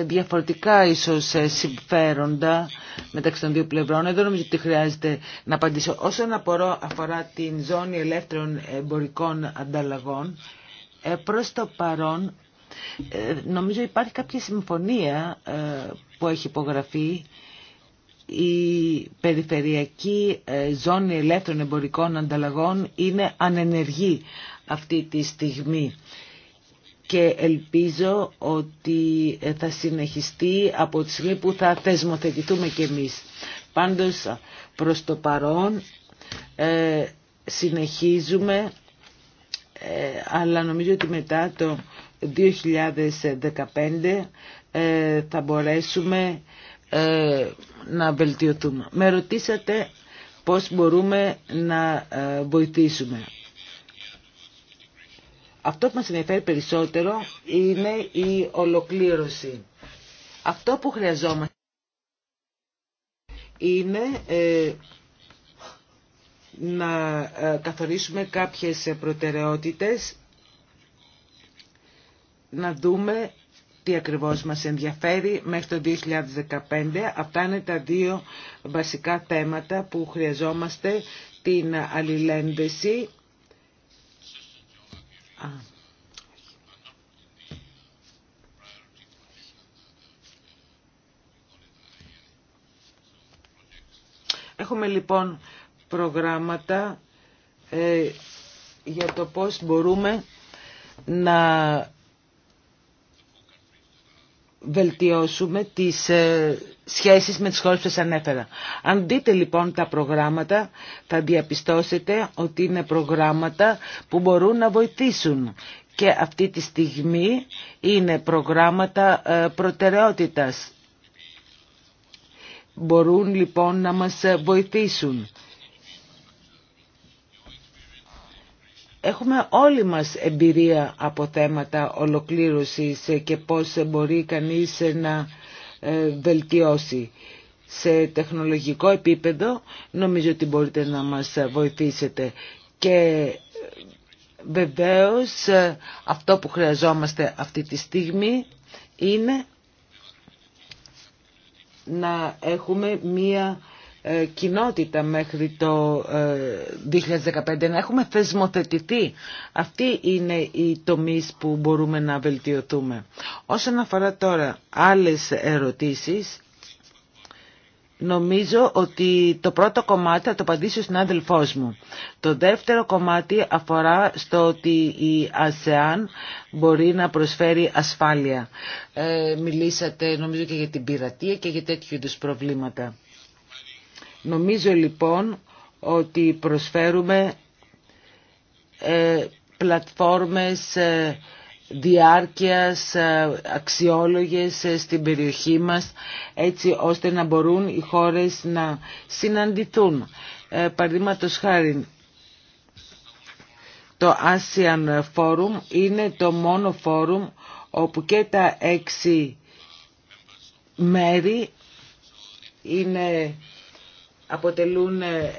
διαφορετικά ίσως ε, συμφέροντα μεταξύ των δύο πλευρών. Εδώ νομίζω ότι χρειάζεται να απαντήσω. Όσον αφορά την ζώνη ελεύθερων εμπορικών ανταλλαγών, ε, προς το παρόν ε, νομίζω υπάρχει κάποια συμφωνία που έχει υπογραφεί η περιφερειακή ζώνη ελεύθερων εμπορικών ανταλλαγών είναι ανενεργή αυτή τη στιγμή και ελπίζω ότι ε, θα συνεχιστεί από τη στιγμή που θα θεσμοθετηθούμε κι εμείς. Πάντως προς το παρόν ε, συνεχίζουμε ε, αλλά νομίζω ότι μετά το 2015 θα μπορέσουμε να βελτιωθούμε. Με ρωτήσατε πώς μπορούμε να βοηθήσουμε. Αυτό που μας ενδιαφέρει περισσότερο είναι η ολοκλήρωση. Αυτό που χρειαζόμαστε είναι ε, να ε, καθορίσουμε κάποιες προτεραιότητες, να δούμε τι ακριβώς μας ενδιαφέρει μέχρι το 2015. Αυτά είναι τα δύο βασικά θέματα που χρειαζόμαστε την αλληλένδεση Έχουμε λοιπόν προγράμματα ε, για το πώς μπορούμε να βελτιώσουμε τις ε, σχέσεις με τις χώρες που σας ανέφερα. Αν δείτε λοιπόν τα προγράμματα θα διαπιστώσετε ότι είναι προγράμματα που μπορούν να βοηθήσουν και αυτή τη στιγμή είναι προγράμματα ε, προτεραιότητας. Μπορούν λοιπόν να μας ε, βοηθήσουν Έχουμε όλοι μας εμπειρία από θέματα ολοκλήρωσης και πώς μπορεί κανείς να ε, βελτιώσει. Σε τεχνολογικό επίπεδο νομίζω ότι μπορείτε να μας βοηθήσετε και ε, βεβαίως ε, αυτό που χρειαζόμαστε αυτή τη στιγμή είναι να έχουμε μία ε, κοινότητα μέχρι το 2015, ε, να έχουμε θεσμοθετηθεί. Αυτή είναι η τομή που μπορούμε να βελτιωθούμε. Όσον αφορά τώρα άλλες ερωτήσεις, Νομίζω ότι το πρώτο κομμάτι θα το απαντήσει ο αδελφό μου. Το δεύτερο κομμάτι αφορά στο ότι η ΑΣΕΑΝ μπορεί να προσφέρει ασφάλεια. Ε, μιλήσατε νομίζω και για την πειρατεία και για τέτοιου τους προβλήματα. Νομίζω λοιπόν ότι προσφέρουμε ε, πλατφόρμες ε, διάρκειας ε, αξιόλογες στην περιοχή μας έτσι ώστε να μπορούν οι χώρες να συναντηθούν. Ε, Παραδείγματος χάρη το Asian Forum είναι το μόνο φόρουμ όπου και τα έξι μέρη είναι αποτελούν ε,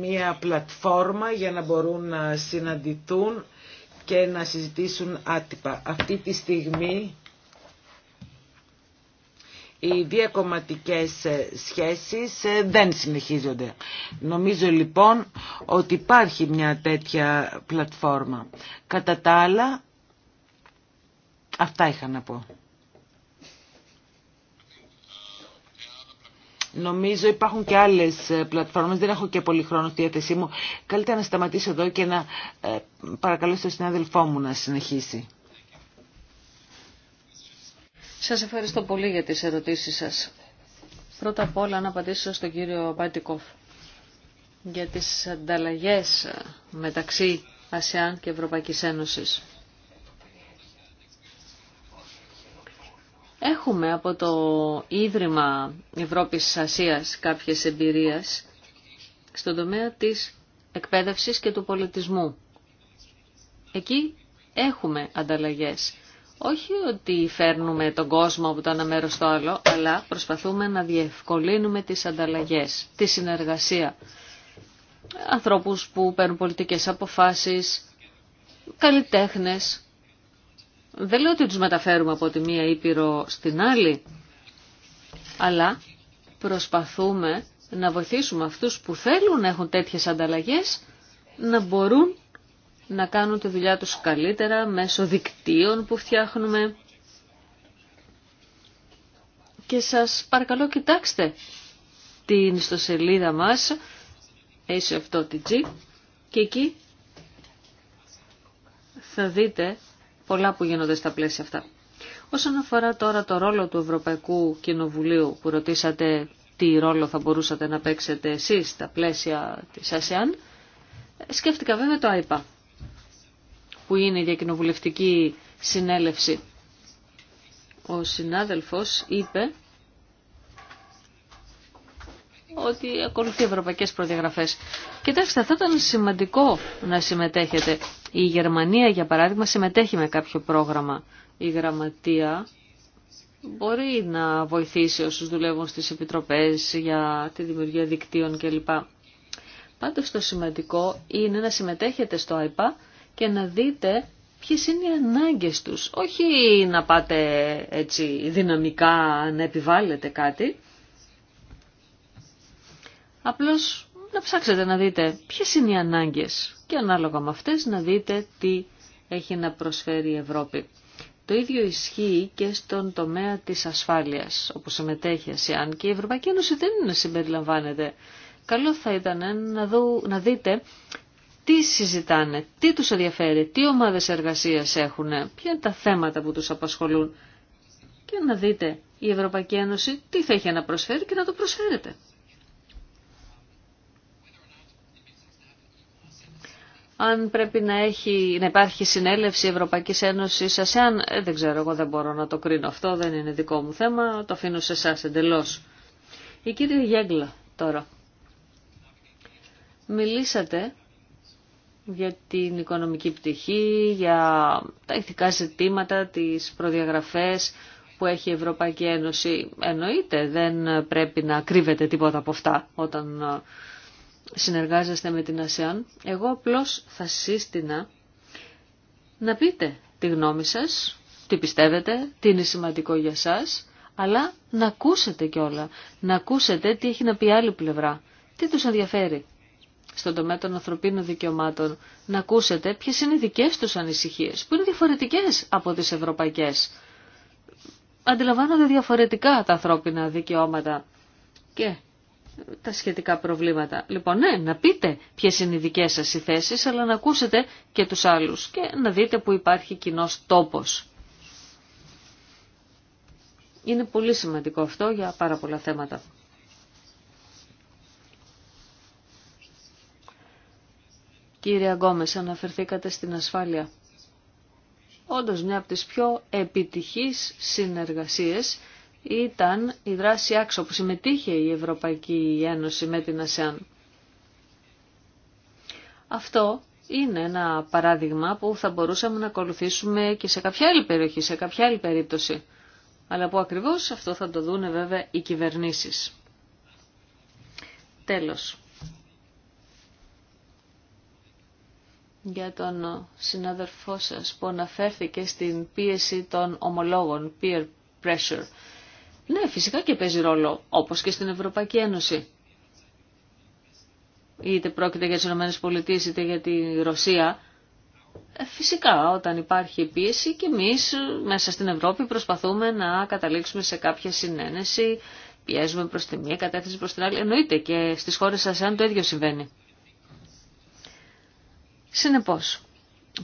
μία πλατφόρμα για να μπορούν να συναντηθούν και να συζητήσουν άτυπα. Αυτή τη στιγμή οι διακομματικές ε, σχέσεις ε, δεν συνεχίζονται. Νομίζω λοιπόν ότι υπάρχει μια τέτοια πλατφόρμα. Κατά τα άλλα, αυτά είχα να πω. Νομίζω υπάρχουν και άλλες ε, πλατφόρμες, δεν έχω και πολύ χρόνο στη διάθεσή μου. Καλύτερα να σταματήσω εδώ και να ε, παρακαλέσω στον συνάδελφό μου να συνεχίσει. Σας ευχαριστώ πολύ για τις ερωτήσεις σας. Πρώτα απ' όλα να απαντήσω στον κύριο Μπάτικοφ για τις ανταλλαγές μεταξύ Ασιαν και Ευρωπαϊκής Ένωσης. Έχουμε από το Ίδρυμα Ευρώπης Ασίας κάποιες εμπειρίες στον τομέα της εκπαίδευσης και του πολιτισμού. Εκεί έχουμε ανταλλαγές. Όχι ότι φέρνουμε τον κόσμο από το ένα μέρος στο άλλο, αλλά προσπαθούμε να διευκολύνουμε τις ανταλλαγές, τη συνεργασία. Ανθρώπους που παίρνουν πολιτικές αποφάσεις, καλλιτέχνες, δεν λέω ότι τους μεταφέρουμε από τη μία ήπειρο στην άλλη, αλλά προσπαθούμε να βοηθήσουμε αυτούς που θέλουν να έχουν τέτοιες ανταλλαγές να μπορούν να κάνουν τη δουλειά τους καλύτερα μέσω δικτύων που φτιάχνουμε. Και σας παρακαλώ κοιτάξτε την ιστοσελίδα μας ACF.tg και εκεί θα δείτε πολλά που γίνονται στα πλαίσια αυτά. Όσον αφορά τώρα το ρόλο του Ευρωπαϊκού Κοινοβουλίου που ρωτήσατε τι ρόλο θα μπορούσατε να παίξετε εσείς στα πλαίσια της ΑΣΙΑΝ, σκέφτηκα βέβαια το ΑΕΠΑ, που είναι η διακοινοβουλευτική συνέλευση. Ο συνάδελφος είπε ότι ακολουθεί ευρωπαϊκές προδιαγραφέ. Κοιτάξτε, θα ήταν σημαντικό να συμμετέχετε. Η Γερμανία, για παράδειγμα, συμμετέχει με κάποιο πρόγραμμα. Η γραμματεία μπορεί να βοηθήσει όσους δουλεύουν στις επιτροπές για τη δημιουργία δικτύων κλπ. Πάντως το σημαντικό είναι να συμμετέχετε στο ΑΙΠΑ και να δείτε ποιε είναι οι ανάγκες τους. Όχι να πάτε έτσι δυναμικά να επιβάλλετε κάτι, Απλώς να ψάξετε να δείτε ποιες είναι οι ανάγκες και ανάλογα με αυτές να δείτε τι έχει να προσφέρει η Ευρώπη. Το ίδιο ισχύει και στον τομέα της ασφάλειας, όπου συμμετέχει ΑΣΙΑΝ και η Ευρωπαϊκή Ένωση δεν συμπεριλαμβάνεται. Καλό θα ήταν να, να δείτε τι συζητάνε, τι τους ενδιαφέρει, τι ομάδες εργασίας έχουν, ποια είναι τα θέματα που τους απασχολούν και να δείτε η Ευρωπαϊκή Ένωση τι θα έχει να προσφέρει και να το προσφέρετε. αν πρέπει να, έχει, να υπάρχει συνέλευση Ευρωπαϊκής Ένωσης ΑΣΕΑΝ, ε, δεν ξέρω, εγώ δεν μπορώ να το κρίνω αυτό, δεν είναι δικό μου θέμα, το αφήνω σε εσά εντελώς. Η κύριε Γέγκλα τώρα. Μιλήσατε για την οικονομική πτυχή, για τα ηθικά ζητήματα, τις προδιαγραφές που έχει η Ευρωπαϊκή Ένωση. Εννοείται, δεν πρέπει να κρύβεται τίποτα από αυτά όταν συνεργάζεστε με την ΑΣΕΑΝ, εγώ απλώ θα σύστηνα να πείτε τη γνώμη σας, τι πιστεύετε, τι είναι σημαντικό για σας, αλλά να ακούσετε κιόλα, να ακούσετε τι έχει να πει άλλη πλευρά, τι τους ενδιαφέρει στον τομέα των ανθρωπίνων δικαιωμάτων, να ακούσετε ποιες είναι οι δικές τους ανησυχίες, που είναι διαφορετικές από τις ευρωπαϊκές. Αντιλαμβάνονται διαφορετικά τα ανθρώπινα δικαιώματα και τα σχετικά προβλήματα. Λοιπόν, ναι, να πείτε ποιες είναι οι δικές σας οι θέσεις, αλλά να ακούσετε και τους άλλους και να δείτε που υπάρχει κοινό τόπος. Είναι πολύ σημαντικό αυτό για πάρα πολλά θέματα. Κύριε Αγκόμες, αναφερθήκατε στην ασφάλεια. Όντως μια από τις πιο επιτυχείς συνεργασίες ήταν η δράση άξο που συμμετείχε η Ευρωπαϊκή Ένωση με την ΑΣΕΑΝ. Αυτό είναι ένα παράδειγμα που θα μπορούσαμε να ακολουθήσουμε και σε κάποια άλλη περιοχή, σε κάποια άλλη περίπτωση. Αλλά που ακριβώς αυτό θα το δούνε βέβαια οι κυβερνήσεις. Τέλος. Για τον συνάδελφό σας που αναφέρθηκε στην πίεση των ομολόγων, peer pressure. Ναι, φυσικά και παίζει ρόλο, όπως και στην Ευρωπαϊκή Ένωση. Είτε πρόκειται για τις ΗΠΑ είτε για τη Ρωσία. Ε, φυσικά, όταν υπάρχει πίεση και εμείς ε, μέσα στην Ευρώπη προσπαθούμε να καταλήξουμε σε κάποια συνένεση, πιέζουμε προς τη μία κατεύθυνση προς την άλλη. Εννοείται και στις χώρες σας αν το ίδιο συμβαίνει. Συνεπώς,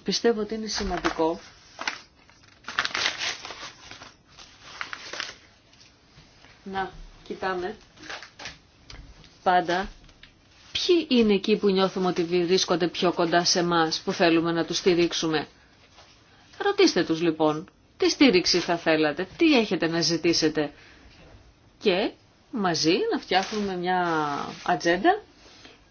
πιστεύω ότι είναι σημαντικό να κοιτάμε πάντα ποιοι είναι εκεί που νιώθουμε ότι βρίσκονται πιο κοντά σε εμά που θέλουμε να τους στηρίξουμε. Ρωτήστε τους λοιπόν τι στήριξη θα θέλατε, τι έχετε να ζητήσετε και μαζί να φτιάχνουμε μια ατζέντα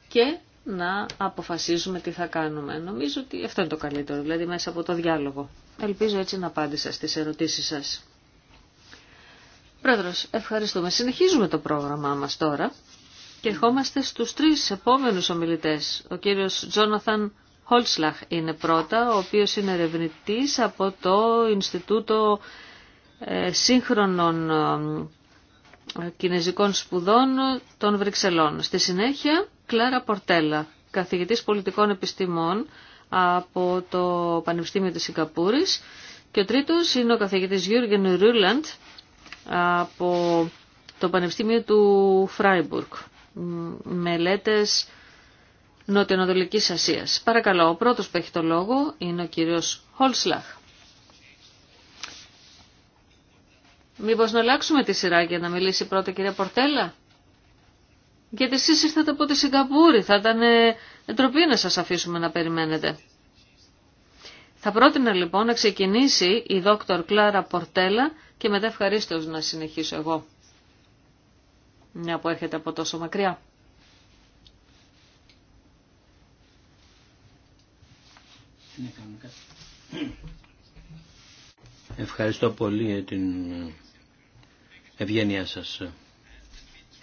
και να αποφασίζουμε τι θα κάνουμε. Νομίζω ότι αυτό είναι το καλύτερο, δηλαδή μέσα από το διάλογο. Ελπίζω έτσι να απάντησα στις ερωτήσεις σας. Πρόεδρος, ευχαριστούμε. Συνεχίζουμε το πρόγραμμά μας τώρα και ερχόμαστε στους τρεις επόμενους ομιλητές. Ο κύριος Τζόναθαν Χόλσλαχ είναι πρώτα, ο οποίος είναι ερευνητή από το Ινστιτούτο ε, Σύγχρονων ε, Κινέζικων Σπουδών των Βρυξελών. Στη συνέχεια, Κλάρα Πορτέλα, καθηγητής πολιτικών επιστημών από το Πανεπιστήμιο της Σιγκαπούρης. Και ο τρίτος είναι ο καθηγητής Γιούργεν Ρούλαντ, από το Πανεπιστήμιο του Φράιμπουργκ. Μελέτες Νοτιοανατολικής Ασίας. Παρακαλώ, ο πρώτος που έχει το λόγο είναι ο κύριος Χολσλαχ. Μήπως να αλλάξουμε τη σειρά για να μιλήσει πρώτα κυρία Πορτέλα. Γιατί εσείς ήρθατε από τη Σιγκαπούρη, θα ήταν ε, ντροπή να σας αφήσουμε να περιμένετε. Θα πρότεινα λοιπόν να ξεκινήσει η δόκτωρ Κλάρα Πορτέλα και μετά ευχαρίστω να συνεχίσω εγώ. Μια που έρχεται από τόσο μακριά. Ευχαριστώ πολύ για την ευγένειά σας.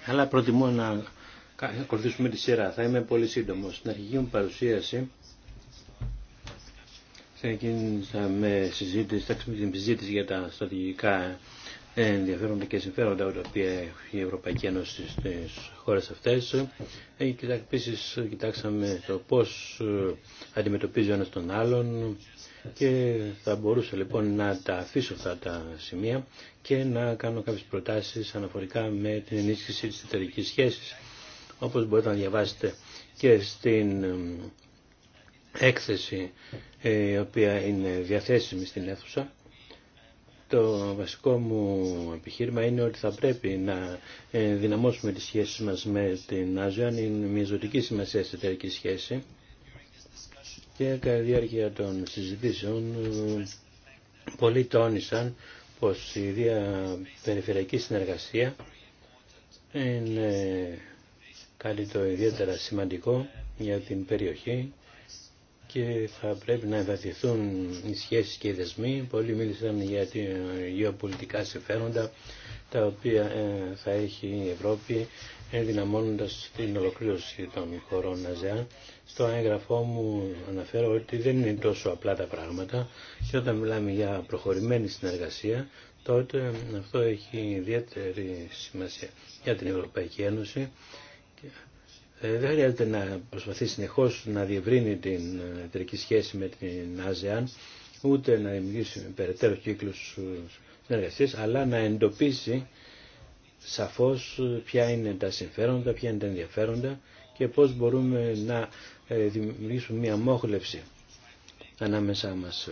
Αλλά προτιμώ να ακολουθήσουμε τη σειρά. Θα είμαι πολύ σύντομος. Στην αρχική μου παρουσίαση Ξεκίνησαμε συζήτηση, την συζήτηση για τα στρατηγικά ενδιαφέροντα και συμφέροντα τα οποία έχει η Ευρωπαϊκή Ένωση στις χώρες αυτές. Ε, επίσης κοιτάξαμε το πώς ε, αντιμετωπίζει ο ένας τον άλλον και θα μπορούσα λοιπόν να τα αφήσω αυτά τα σημεία και να κάνω κάποιες προτάσεις αναφορικά με την ενίσχυση της εταιρικής σχέσης όπως μπορείτε να διαβάσετε και στην έκθεση ε, η οποία είναι διαθέσιμη στην αίθουσα. Το βασικό μου επιχείρημα είναι ότι θα πρέπει να ε, δυναμώσουμε τις σχέσεις μας με την Αζιάν Είναι μια ζωτική σημασία σε εταιρική σχέση. Και κατά τη διάρκεια των συζητήσεων ε, πολλοί τόνισαν πως η ίδια συνεργασία είναι κάτι το ιδιαίτερα σημαντικό για την περιοχή και θα πρέπει να ευαθυνθούν οι σχέσεις και οι δεσμοί. Πολλοί μίλησαν για τα γεωπολιτικά συμφέροντα τα οποία ε, θα έχει η Ευρώπη ενδυναμώνοντας την ολοκλήρωση των χωρών ΑΖΕΑ. Στο έγγραφό μου αναφέρω ότι δεν είναι τόσο απλά τα πράγματα και όταν μιλάμε για προχωρημένη συνεργασία τότε αυτό έχει ιδιαίτερη σημασία για την Ευρωπαϊκή Ένωση ε, δεν χρειάζεται να προσπαθεί συνεχώς να διευρύνει την ε, εταιρική σχέση με την ASEAN, ούτε να δημιουργήσει περαιτέρω κύκλους ε, συνεργασίας, αλλά να εντοπίσει σαφώς ποια είναι τα συμφέροντα, ποια είναι τα ενδιαφέροντα και πώς μπορούμε να δημιουργήσουμε μια μόχλευση ανάμεσά μας.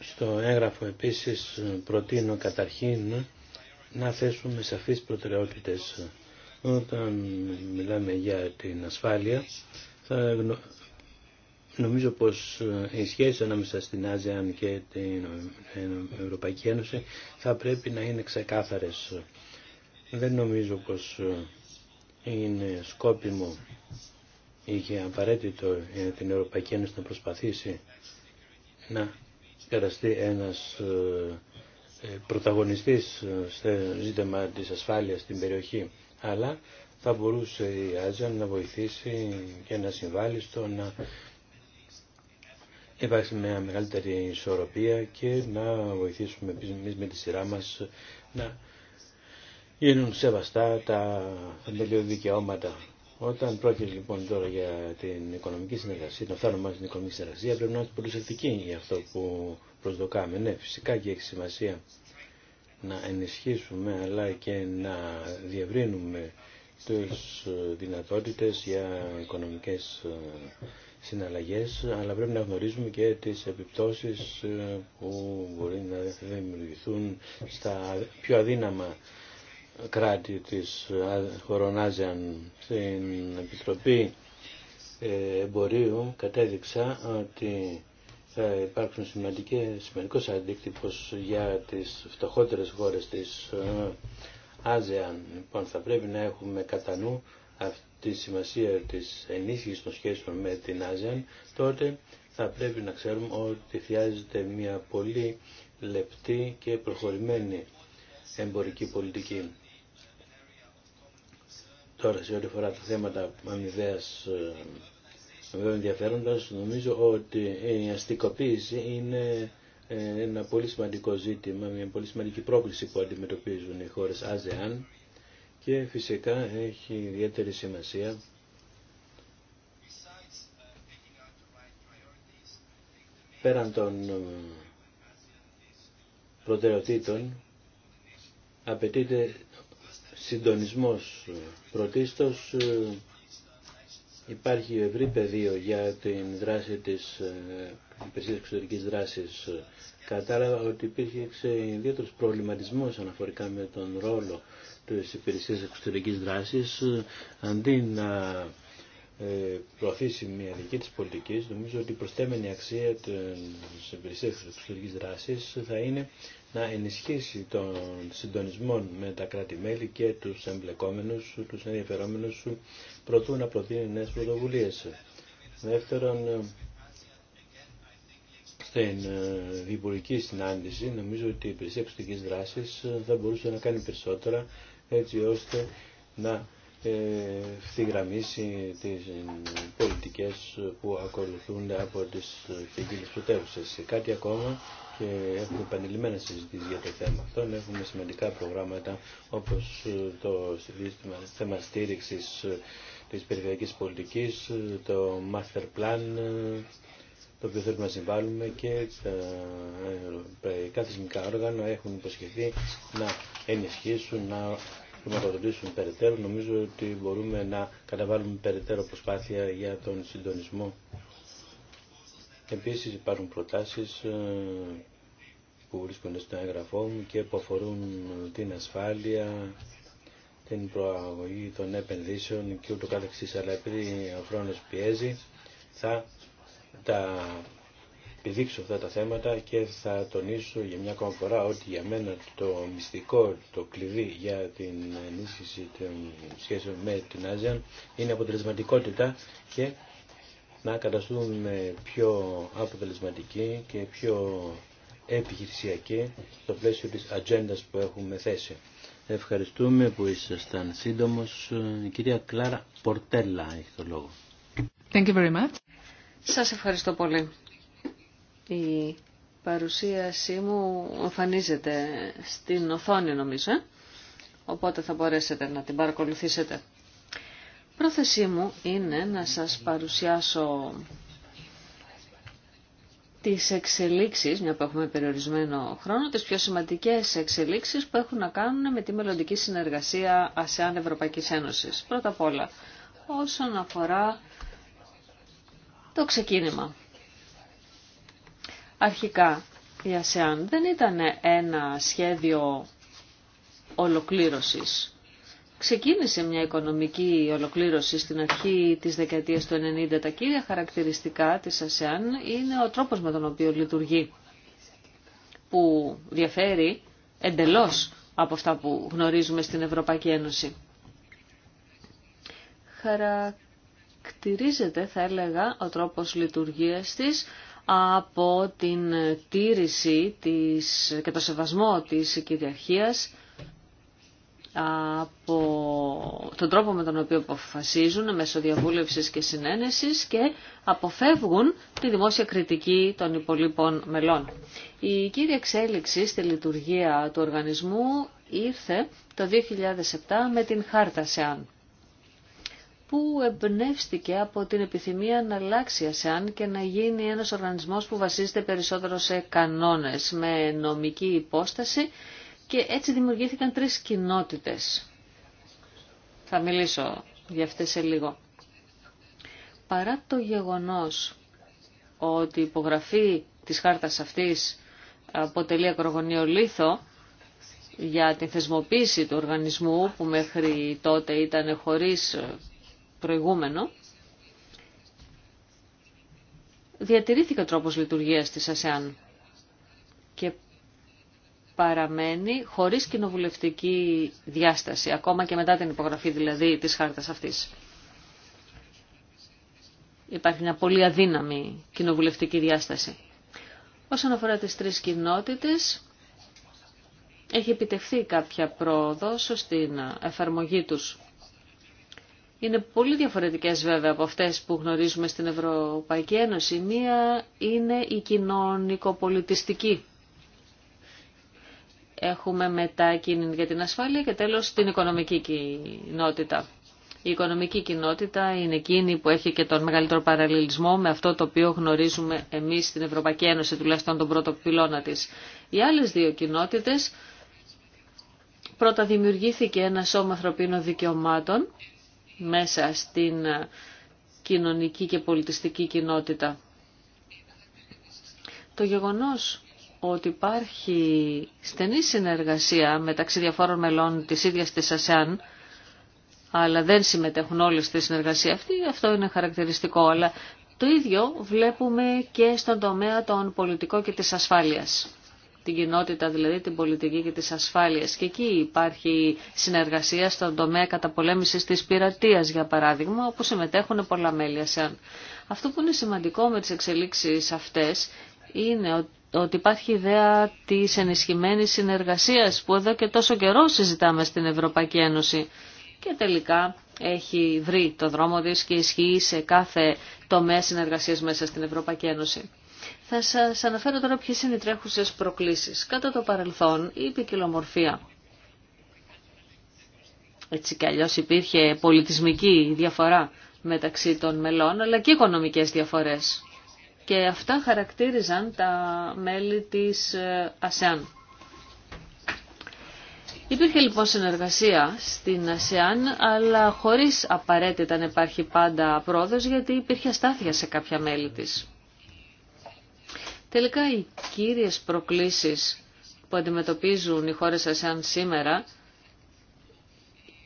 Στο έγγραφο επίσης προτείνω καταρχήν να θέσουμε σαφείς προτεραιότητες όταν μιλάμε για την ασφάλεια, θα νομίζω πως ε, οι σχέση ανάμεσα στην Άζιαν και την Ευρωπαϊκή Ένωση θα πρέπει να είναι ξεκάθαρες. Δεν νομίζω πως ε, είναι σκόπιμο ή και απαραίτητο για την Ευρωπαϊκή Ένωση να προσπαθήσει να καταστεί ένας ε, πρωταγωνιστής στο ζήτημα της ασφάλειας στην περιοχή αλλά θα μπορούσε η Άζα να βοηθήσει και να συμβάλλει στο να υπάρξει μια μεγαλύτερη ισορροπία και να βοηθήσουμε εμείς με τη σειρά μας να γίνουν σεβαστά τα θεμελιώδη δικαιώματα. Όταν πρόκειται λοιπόν τώρα για την οικονομική συνεργασία, να φτάνουμε στην οικονομική συνεργασία, πρέπει να είμαστε προσεκτικοί για αυτό που προσδοκάμε. Ναι, φυσικά και έχει σημασία να ενισχύσουμε αλλά και να διευρύνουμε τις δυνατότητες για οικονομικές ε, συναλλαγές, αλλά πρέπει να γνωρίζουμε και τις επιπτώσεις ε, που μπορεί να δημιουργηθούν στα πιο αδύναμα κράτη της ε, χωρών Άζιαν στην Επιτροπή Εμπορίου κατέδειξα ότι θα υπάρξουν σημαντικός αντίκτυπος για τις φτωχότερες χώρες της ΑΖΕΑΝ. Ε, λοιπόν, θα πρέπει να έχουμε κατά νου αυτή τη σημασία της ενίσχυσης των σχέσεων με την ΑΖΕΑΝ, τότε θα πρέπει να ξέρουμε ότι χρειάζεται μια πολύ λεπτή και προχωρημένη εμπορική πολιτική. Τώρα, σε ό,τι αφορά τα θέματα αμοιβαίας ε, ενδιαφέροντας, νομίζω ότι η αστικοποίηση είναι ε, ένα πολύ σημαντικό ζήτημα, μια πολύ σημαντική πρόκληση που αντιμετωπίζουν οι χώρες ΑΖΕΑΝ και φυσικά έχει ιδιαίτερη σημασία πέραν των ε, προτεραιοτήτων απαιτείται συντονισμός ε, πρωτίστως Υπάρχει ευρύ πεδίο για την δράση της ε, υπηρεσίας εξωτερικής δράσης. Κατάλαβα ότι υπήρχε ιδιαίτερο προβληματισμός αναφορικά με τον ρόλο της υπηρεσίας εξωτερικής δράσης αντί να ε, προωθήσει μια δική της πολιτικής, νομίζω ότι η προστέμενη αξία της υπηρεσίας εξωτερικής δράσης θα είναι να ενισχύσει τον συντονισμό με τα κράτη-μέλη και τους εμπλεκόμενους, τους ενδιαφερόμενους, προτού να προτείνει νέες πρωτοβουλίες. Δεύτερον, στην ε, υπουργική συνάντηση, νομίζω ότι η υπηρεσία εξωτικής δράσης ε, θα μπορούσε να κάνει περισσότερα, έτσι ώστε να φτυγραμμίσει ε, τις πολιτικές που ακολουθούν από τις φυγγύλες πρωτεύουσες. Κάτι ακόμα και έχουμε επανειλημμένε συζητήσει για το θέμα αυτό. Ναι, έχουμε σημαντικά προγράμματα όπω ε, το θέμα στήριξη ε, τη περιφερειακή πολιτική, ε, το master plan, το οποίο θέλουμε να συμβάλλουμε και τα ευρωπαϊκά θεσμικά όργανα έχουν υποσχεθεί να ενισχύσουν, να χρηματοδοτήσουν περαιτέρω. Νομίζω ότι μπορούμε να καταβάλουμε περαιτέρω προσπάθεια για τον συντονισμό. Επίσης υπάρχουν προτάσεις που βρίσκονται στο έγγραφό μου και που αφορούν ε, την ασφάλεια, την προαγωγή των επενδύσεων και ούτω καθεξής. Αλλά επειδή ο χρόνο πιέζει θα τα επιδείξω αυτά τα θέματα και θα τονίσω για μια ακόμα φορά ότι για μένα το μυστικό, το κλειδί για την ενίσχυση των σχέσεων με την Άζια είναι αποτελεσματικότητα και να καταστούμε πιο αποτελεσματικοί και πιο επιχειρησιακή στο πλαίσιο της ατζέντα που έχουμε θέσει. Ευχαριστούμε που ήσασταν σύντομο. Η κυρία Κλάρα Πορτέλα έχει το λόγο. Thank Σας ευχαριστώ πολύ. Η παρουσίασή μου εμφανίζεται στην οθόνη νομίζω, ε. οπότε θα μπορέσετε να την παρακολουθήσετε. Πρόθεσή μου είναι να σας παρουσιάσω τις εξελίξεις, μια που έχουμε περιορισμένο χρόνο, τις πιο σημαντικές εξελίξεις που έχουν να κάνουν με τη μελλοντική συνεργασία ΑΣΕΑΝ Ευρωπαϊκής Ένωσης. Πρώτα απ' όλα, όσον αφορά το ξεκίνημα. Αρχικά, η ΑΣΕΑΝ δεν ήταν ένα σχέδιο ολοκλήρωσης ξεκίνησε μια οικονομική ολοκλήρωση στην αρχή της δεκαετίας του 90. Τα κύρια χαρακτηριστικά της ΑΣΕΑΝ είναι ο τρόπος με τον οποίο λειτουργεί, που διαφέρει εντελώς από αυτά που γνωρίζουμε στην Ευρωπαϊκή Ένωση. Χαρακτηρίζεται, θα έλεγα, ο τρόπος λειτουργίας της από την τήρηση της, και το σεβασμό της κυριαρχίας, από τον τρόπο με τον οποίο αποφασίζουν μέσω διαβούλευσης και συνένεσης και αποφεύγουν τη δημόσια κριτική των υπολείπων μελών. Η κύρια εξέλιξη στη λειτουργία του οργανισμού ήρθε το 2007 με την χάρτα ΣΕΑΝ που εμπνεύστηκε από την επιθυμία να αλλάξει ΑΣΕΑΝ και να γίνει ένας οργανισμός που βασίζεται περισσότερο σε κανόνες με νομική υπόσταση και έτσι δημιουργήθηκαν τρεις κοινότητες. Θα μιλήσω για αυτές σε λίγο. Παρά το γεγονός ότι η υπογραφή της χάρτας αυτής αποτελεί ακρογωνίο λίθο για την θεσμοποίηση του οργανισμού που μέχρι τότε ήταν χωρίς προηγούμενο, διατηρήθηκε ο τρόπος λειτουργίας της ΑΣΕΑΝ και παραμένει χωρίς κοινοβουλευτική διάσταση, ακόμα και μετά την υπογραφή δηλαδή της χάρτας αυτής. Υπάρχει μια πολύ αδύναμη κοινοβουλευτική διάσταση. Όσον αφορά τις τρεις κοινότητες, έχει επιτευχθεί κάποια πρόοδος στην εφαρμογή τους. Είναι πολύ διαφορετικές βέβαια από αυτές που γνωρίζουμε στην Ευρωπαϊκή Ένωση. Μία είναι η κοινωνικοπολιτιστική Έχουμε μετά εκείνη για την ασφάλεια και τέλος την οικονομική κοινότητα. Η οικονομική κοινότητα είναι εκείνη που έχει και τον μεγαλύτερο παραλληλισμό με αυτό το οποίο γνωρίζουμε εμείς στην Ευρωπαϊκή Ένωση, τουλάχιστον τον πρώτο πυλώνα της. Οι άλλες δύο κοινότητες, πρώτα δημιουργήθηκε ένα σώμα ανθρωπίνων δικαιωμάτων μέσα στην κοινωνική και πολιτιστική κοινότητα. Το γεγονός ότι υπάρχει στενή συνεργασία μεταξύ διαφόρων μελών της ίδιας της ΑΣΕΑΝ, αλλά δεν συμμετέχουν όλοι στη συνεργασία αυτή, αυτό είναι χαρακτηριστικό, αλλά το ίδιο βλέπουμε και στον τομέα των πολιτικών και της ασφάλειας. Την κοινότητα δηλαδή, την πολιτική και της ασφάλειας. Και εκεί υπάρχει συνεργασία στον τομέα καταπολέμησης της πειρατείας, για παράδειγμα, όπου συμμετέχουν πολλά μέλη ΑΣΕΑΝ. Αυτό που είναι σημαντικό με τις εξελίξεις αυτές είναι ότι ότι υπάρχει ιδέα της ενισχυμένης συνεργασίας που εδώ και τόσο καιρό συζητάμε στην Ευρωπαϊκή Ένωση και τελικά έχει βρει το δρόμο της και ισχύει σε κάθε τομέα συνεργασίας μέσα στην Ευρωπαϊκή Ένωση. Θα σας αναφέρω τώρα ποιε είναι οι τρέχουσες προκλήσεις. Κατά το παρελθόν η ποικιλομορφία. Έτσι κι αλλιώς υπήρχε πολιτισμική διαφορά μεταξύ των μελών, αλλά και οικονομικές διαφορές και αυτά χαρακτήριζαν τα μέλη της ε, ΑΣΕΑΝ. Υπήρχε λοιπόν συνεργασία στην ΑΣΕΑΝ, αλλά χωρίς απαραίτητα να υπάρχει πάντα πρόοδος, γιατί υπήρχε αστάθεια σε κάποια μέλη της. Τελικά οι κύριες προκλήσεις που αντιμετωπίζουν οι χώρες ΑΣΕΑΝ σήμερα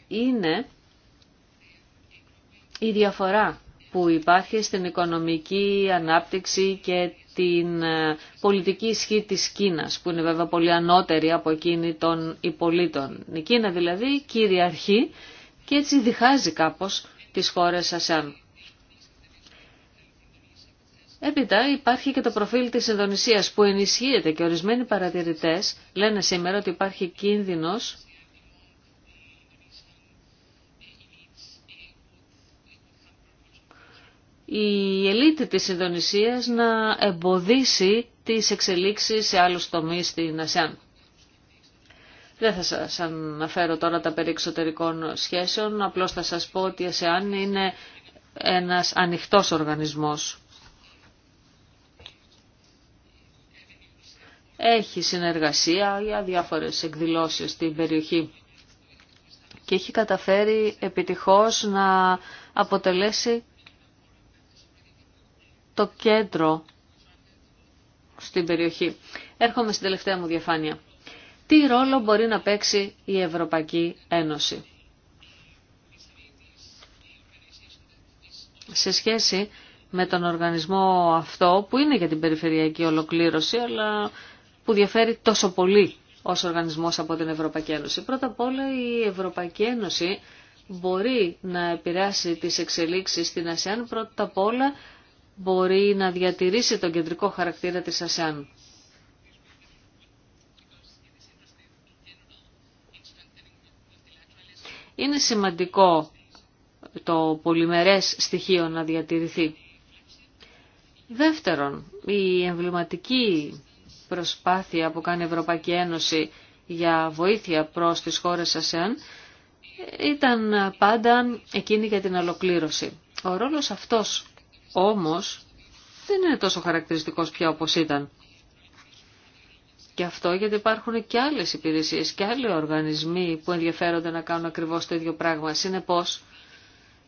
είναι η διαφορά που υπάρχει στην οικονομική ανάπτυξη και την ε, πολιτική ισχύ της Κίνας, που είναι βέβαια πολύ ανώτερη από εκείνη των υπολίτων. Η Κίνα δηλαδή κυριαρχεί και έτσι διχάζει κάπως τις χώρες ΑΣΑΝ. Έπειτα υπάρχει και το προφίλ της Ινδονησίας που ενισχύεται και ορισμένοι παρατηρητές λένε σήμερα ότι υπάρχει κίνδυνος η ελίτη της Ινδονησίας να εμποδίσει τις εξελίξεις σε άλλους τομείς στην ΑΣΕΑΝ. Δεν θα σας αναφέρω τώρα τα περί εξωτερικών σχέσεων, απλώς θα σας πω ότι η ΑΣΕΑΝ είναι ένας ανοιχτός οργανισμός. Έχει συνεργασία για διάφορες εκδηλώσεις στην περιοχή και έχει καταφέρει επιτυχώς να αποτελέσει το κέντρο στην περιοχή. Έρχομαι στην τελευταία μου διαφάνεια. Τι ρόλο μπορεί να παίξει η Ευρωπαϊκή Ένωση. Σε σχέση με τον οργανισμό αυτό που είναι για την περιφερειακή ολοκλήρωση αλλά που διαφέρει τόσο πολύ ως οργανισμός από την Ευρωπαϊκή Ένωση. Πρώτα απ' όλα η Ευρωπαϊκή Ένωση μπορεί να επηρεάσει τις εξελίξεις στην Ασία... πρώτα απ' όλα μπορεί να διατηρήσει τον κεντρικό χαρακτήρα της ΑΣΕΑΝ. Είναι σημαντικό το πολυμερές στοιχείο να διατηρηθεί. Δεύτερον, η εμβληματική προσπάθεια που κάνει η Ευρωπαϊκή Ένωση για βοήθεια προς τις χώρες ΑΣΕΑΝ ήταν πάντα εκείνη για την ολοκλήρωση. Ο ρόλος αυτός όμως δεν είναι τόσο χαρακτηριστικός πια όπως ήταν. Και αυτό γιατί υπάρχουν και άλλες υπηρεσίες και άλλοι οργανισμοί που ενδιαφέρονται να κάνουν ακριβώς το ίδιο πράγμα. Συνεπώς,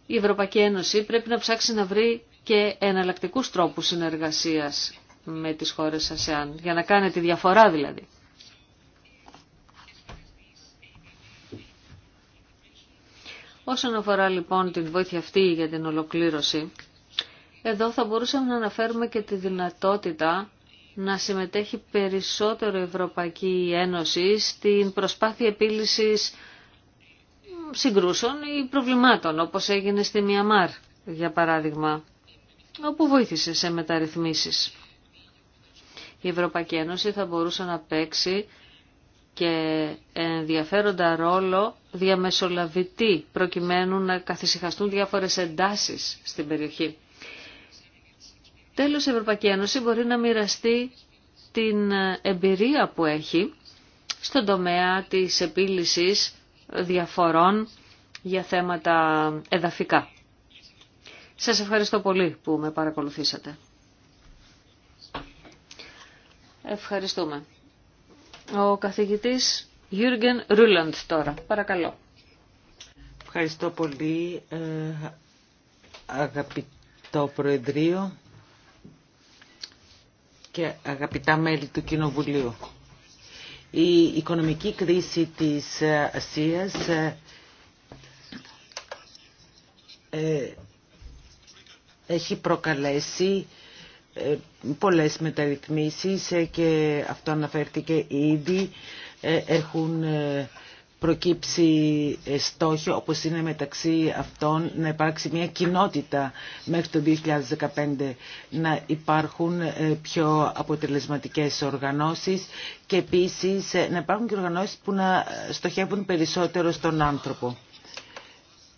η Ευρωπαϊκή Ένωση πρέπει να ψάξει να βρει και εναλλακτικού τρόπους συνεργασίας με τις χώρες ΑΣΕΑΝ, για να κάνει τη διαφορά δηλαδή. Όσον αφορά λοιπόν την βοήθεια αυτή για την ολοκλήρωση, εδώ θα μπορούσαμε να αναφέρουμε και τη δυνατότητα να συμμετέχει περισσότερο η Ευρωπαϊκή Ένωση στην προσπάθεια επίλυσης συγκρούσεων ή προβλημάτων, όπως έγινε στη Μιαμάρ, για παράδειγμα, όπου βοήθησε σε μεταρρυθμίσεις. Η Ευρωπαϊκή Ένωση θα μπορούσε να παίξει και ενδιαφέροντα ρόλο διαμεσολαβητή, προκειμένου να καθησυχαστούν διάφορες εντάσεις στην περιοχή. Τέλος, η Ευρωπαϊκή Ένωση μπορεί να μοιραστεί την εμπειρία που έχει στον τομέα της επίλυσης διαφορών για θέματα εδαφικά. Σας ευχαριστώ πολύ που με παρακολουθήσατε. Ευχαριστούμε. Ο καθηγητής Γιούργεν Ρούλαντ τώρα. Παρακαλώ. Ευχαριστώ πολύ ε, το Προεδρείο και αγαπητά μέλη του Κοινοβουλίου. Η οικονομική κρίση της ε, Ασίας ε, ε, έχει προκαλέσει πολλές μεταρρυθμίσεις και αυτό αναφέρθηκε ήδη. Έχουν προκύψει ε, στόχο όπως είναι μεταξύ αυτών να υπάρξει μια κοινότητα μέχρι το 2015 να υπάρχουν ε, πιο αποτελεσματικές οργανώσεις και επίσης ε, να υπάρχουν και οργανώσεις που να στοχεύουν περισσότερο στον άνθρωπο.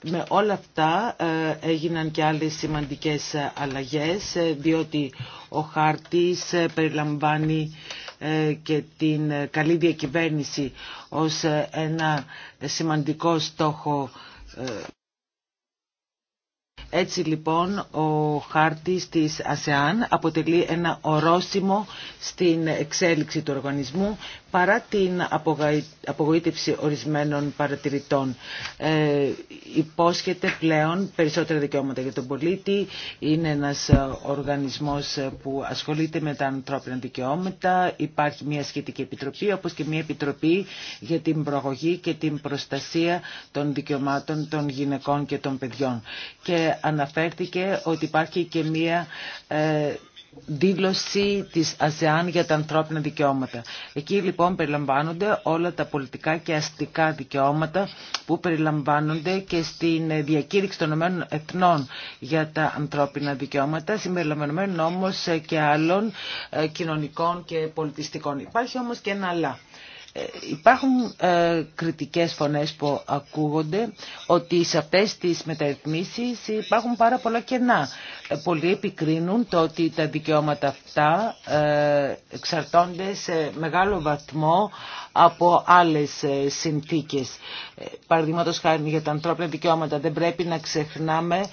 Με όλα αυτά έγιναν και άλλες σημαντικές αλλαγές διότι ο χάρτης περιλαμβάνει ε, και την ε, καλή διακυβέρνηση ως ε, ένα σημαντικό στόχο έτσι λοιπόν ο χάρτης της ΑΣΕΑΝ αποτελεί ένα ορόσημο στην εξέλιξη του οργανισμού παρά την απογοήτευση ορισμένων παρατηρητών. Ε, υπόσχεται πλέον περισσότερα δικαιώματα για τον πολίτη. Είναι ένας ε, οργανισμός ε, που ασχολείται με τα ανθρώπινα δικαιώματα. Υπάρχει μια σχετική επιτροπή όπως και μια επιτροπή για την προγωγή και την προστασία των δικαιωμάτων των γυναικών και των παιδιών. Και αναφέρθηκε ότι υπάρχει και μία ε, δήλωση της ΑΣΕΑΝ για τα ανθρώπινα δικαιώματα. Εκεί λοιπόν περιλαμβάνονται όλα τα πολιτικά και αστικά δικαιώματα που περιλαμβάνονται και στην διακήρυξη των Ηνωμένων Εθνών για τα ανθρώπινα δικαιώματα, συμπεριλαμβανομένων όμως και άλλων ε, κοινωνικών και πολιτιστικών. Υπάρχει όμως και ένα αλλά. Ε, υπάρχουν ε, κριτικές φωνές που ακούγονται ότι σε αυτές τις μεταρρυθμίσεις υπάρχουν πάρα πολλά κενά πολλοί επικρίνουν το ότι τα δικαιώματα αυτά ε, εξαρτώνται σε μεγάλο βαθμό από άλλες ε, συνθήκες. Ε, Παραδείγματο χάρη για τα ανθρώπινα δικαιώματα δεν πρέπει να ξεχνάμε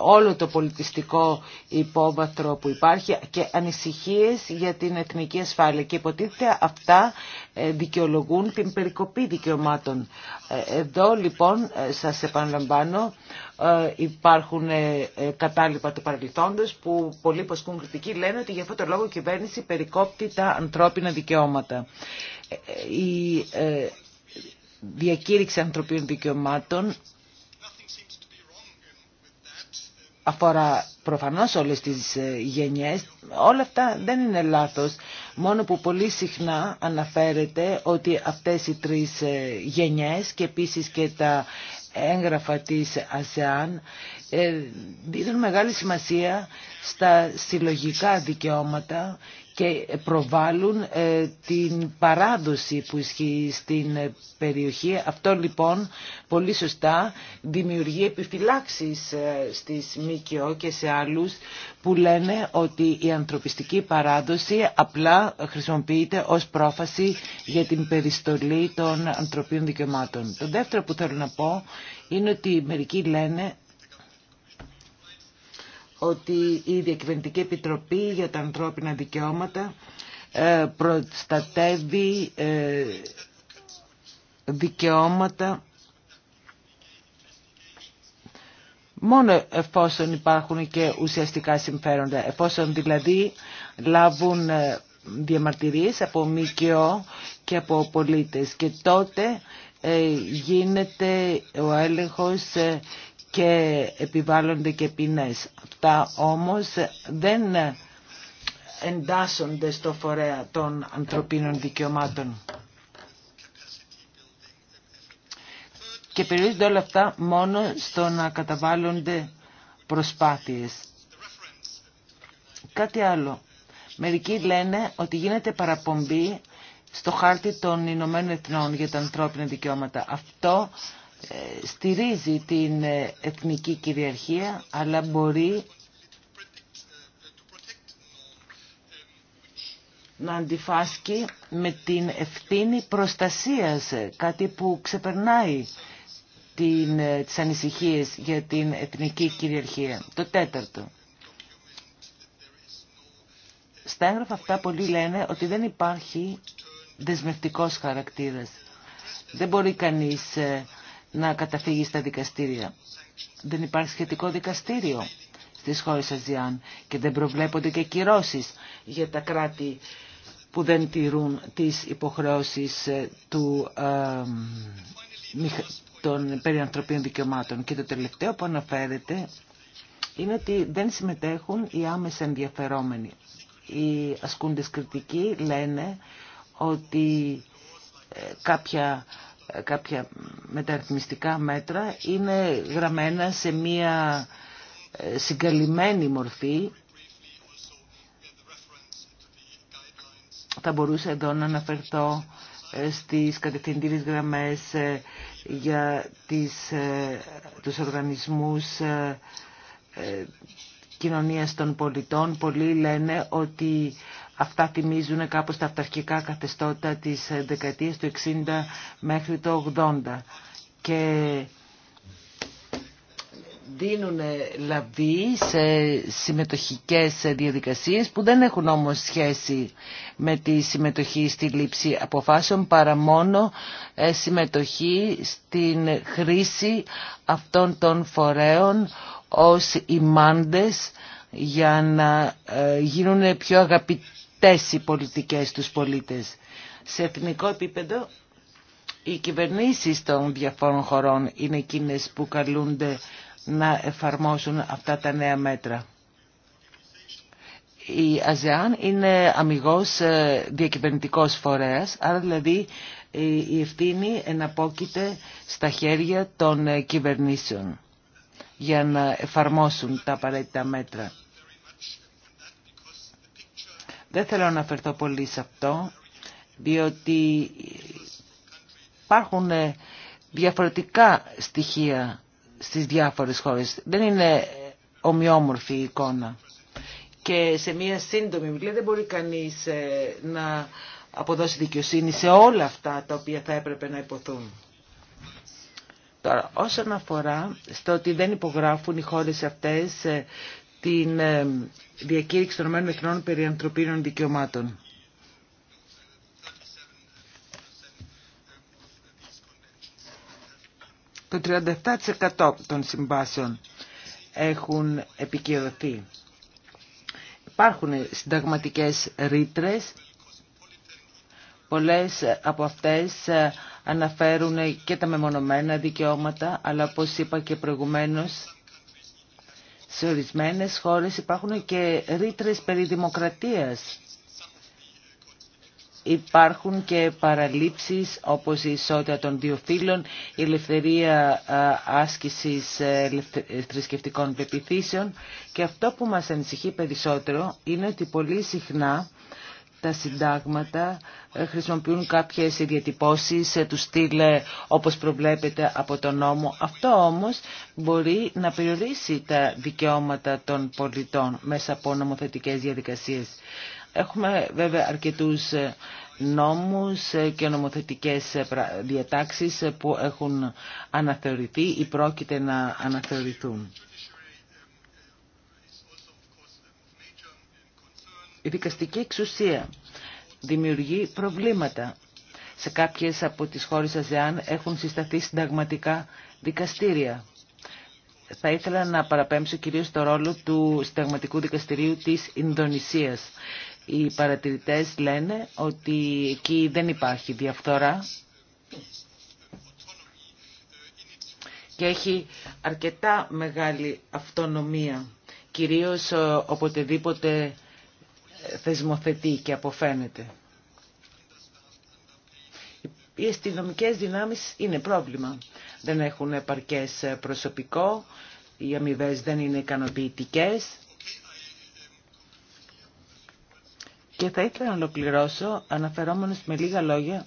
όλο το πολιτιστικό υπόβαθρο που υπάρχει και ανησυχίες για την εθνική ασφάλεια και υποτίθεται αυτά δικαιολογούν την περικοπή δικαιωμάτων. Εδώ λοιπόν σας επαναλαμβάνω ε, υπάρχουν ε, ε, κατάλοιπα του παρελθόντος που πολλοί που ασκούν κριτική λένε ότι για αυτόν τον λόγο η κυβέρνηση περικόπτει τα ανθρώπινα δικαιώματα. Η διακήρυξη ανθρωπίνων δικαιωμάτων αφορά προφανώς όλες τις γενιές. Όλα αυτά δεν είναι λάθος, μόνο που πολύ συχνά αναφέρεται ότι αυτές οι τρεις γενιές και επίσης και τα έγγραφα της ΑΣΕΑΝ ε, δίνουν μεγάλη σημασία στα συλλογικά δικαιώματα και προβάλλουν ε, την παράδοση που ισχύει στην ε, περιοχή. Αυτό λοιπόν πολύ σωστά δημιουργεί επιφυλάξεις ε, στις ΜΚΟ και σε άλλους που λένε ότι η ανθρωπιστική παράδοση απλά χρησιμοποιείται ως πρόφαση για την περιστολή των ανθρωπίνων δικαιωμάτων. Το δεύτερο που θέλω να πω είναι ότι μερικοί λένε ότι η Διακυβερνητική Επιτροπή για τα Ανθρώπινα Δικαιώματα ε, προστατεύει ε, δικαιώματα μόνο εφόσον υπάρχουν και ουσιαστικά συμφέροντα, εφόσον δηλαδή λάβουν ε, διαμαρτυρίες από ΜΚΟ και από πολίτες και τότε γίνεται ο έλεγχος και επιβάλλονται και ποινές. Αυτά όμως δεν εντάσσονται στο φορέα των ανθρωπίνων δικαιωμάτων. Και περιορίζονται όλα αυτά μόνο στο να καταβάλλονται προσπάθειες. Κάτι άλλο. Μερικοί λένε ότι γίνεται παραπομπή στο χάρτη των Ηνωμένων Εθνών για τα ανθρώπινα δικαιώματα. Αυτό ε, στηρίζει την ε, εθνική κυριαρχία αλλά μπορεί να αντιφάσκει με την ευθύνη προστασίας, ε, κάτι που ξεπερνάει την, τις ανησυχίες για την εθνική κυριαρχία. Το τέταρτο. Στα έγγραφα αυτά πολλοί λένε ότι δεν υπάρχει δεσμευτικός χαρακτήρας. Δεν μπορεί κανείς να καταφύγει στα δικαστήρια. Δεν υπάρχει σχετικό δικαστήριο στις χώρες Αζιάν και δεν προβλέπονται και κυρώσεις για τα κράτη που δεν τηρούν τις υποχρεώσεις ε, του, των περί δικαιωμάτων. Και το τελευταίο που αναφέρεται είναι ότι δεν συμμετέχουν οι άμεσα ενδιαφερόμενοι. Οι ασκούντες κριτικοί λένε ότι ε, κάποια κάποια μεταρρυθμιστικά μέτρα είναι γραμμένα σε μία ε, συγκαλυμμένη μορφή. Θα μπορούσα εδώ να αναφερθώ ε, στις κατευθυντήριες γραμμές ε, για τις, τους οργανισμούς κοινωνίας των πολιτών. Πολλοί λένε ότι Αυτά θυμίζουν κάπως τα αυταρχικά καθεστώτα της ε, δεκαετίας του 60 μέχρι το 80 και δίνουν ε, λαβή σε συμμετοχικές ε, διαδικασίες που δεν έχουν όμως σχέση με τη συμμετοχή στη λήψη αποφάσεων παρά μόνο συμμετοχή στην χρήση αυτών των φορέων ως ημάντες για να γίνουν πιο αγαπητοί αυτές οι πολιτικές τους πολίτες. Σε εθνικό επίπεδο οι κυβερνήσεις των διαφόρων χωρών είναι εκείνε που καλούνται να εφαρμόσουν αυτά τα νέα μέτρα. Η ΑΖΕΑΝ είναι αμυγός ε, διακυβερνητικός φορέας, άρα δηλαδή ε, η ευθύνη εναπόκειται στα χέρια των ε, κυβερνήσεων για να εφαρμόσουν τα απαραίτητα μέτρα. Δεν θέλω να αναφερθώ πολύ σε αυτό, διότι υπάρχουν ε, διαφορετικά στοιχεία στις διάφορες χώρες. Δεν είναι ομοιόμορφη η εικόνα. Και σε μία σύντομη βιβλία δεν μπορεί κανείς ε, να αποδώσει δικαιοσύνη σε όλα αυτά τα οποία θα έπρεπε να υποθούν. Τώρα, όσον αφορά στο ότι δεν υπογράφουν οι χώρες αυτές ε, την ε, διακήρυξη των ΗΠΑ περί ανθρωπίνων δικαιωμάτων. Το 37% των συμβάσεων έχουν επικυρωθεί. Υπάρχουν συνταγματικές ρήτρε. Πολλές από αυτές ε, αναφέρουν και τα μεμονωμένα δικαιώματα, αλλά όπως είπα και προηγουμένως, σε ορισμένες χώρες υπάρχουν και ρήτρε περί δημοκρατίας. Υπάρχουν και παραλήψεις όπως η ισότητα των δύο φύλων, η ελευθερία άσκησης ε, θρησκευτικών πεπιθήσεων και αυτό που μας ανησυχεί περισσότερο είναι ότι πολύ συχνά τα συντάγματα ε, χρησιμοποιούν κάποιες ιδιατυπώσεις ε, του στυλ ε, όπως προβλέπεται από τον νόμο. Αυτό όμως μπορεί να περιορίσει τα δικαιώματα των πολιτών μέσα από νομοθετικές διαδικασίες. Έχουμε βέβαια αρκετούς νόμους και νομοθετικές διατάξεις που έχουν αναθεωρηθεί ή πρόκειται να αναθεωρηθούν. Η δικαστική εξουσία δημιουργεί προβλήματα. Σε κάποιες από τις χώρες ΑΖΕΑΝ έχουν συσταθεί συνταγματικά δικαστήρια. Θα ήθελα να παραπέμψω κυρίως το ρόλο του συνταγματικού δικαστηρίου της Ινδονησίας. Οι παρατηρητές λένε ότι εκεί δεν υπάρχει διαφθορά και έχει αρκετά μεγάλη αυτονομία, κυρίως οποτεδήποτε θεσμοθετεί και αποφαίνεται. Οι αστυνομικέ δυνάμεις είναι πρόβλημα. Δεν έχουν επαρκές προσωπικό, οι αμοιβέ δεν είναι ικανοποιητικέ. Και θα ήθελα να ολοκληρώσω αναφερόμενος με λίγα λόγια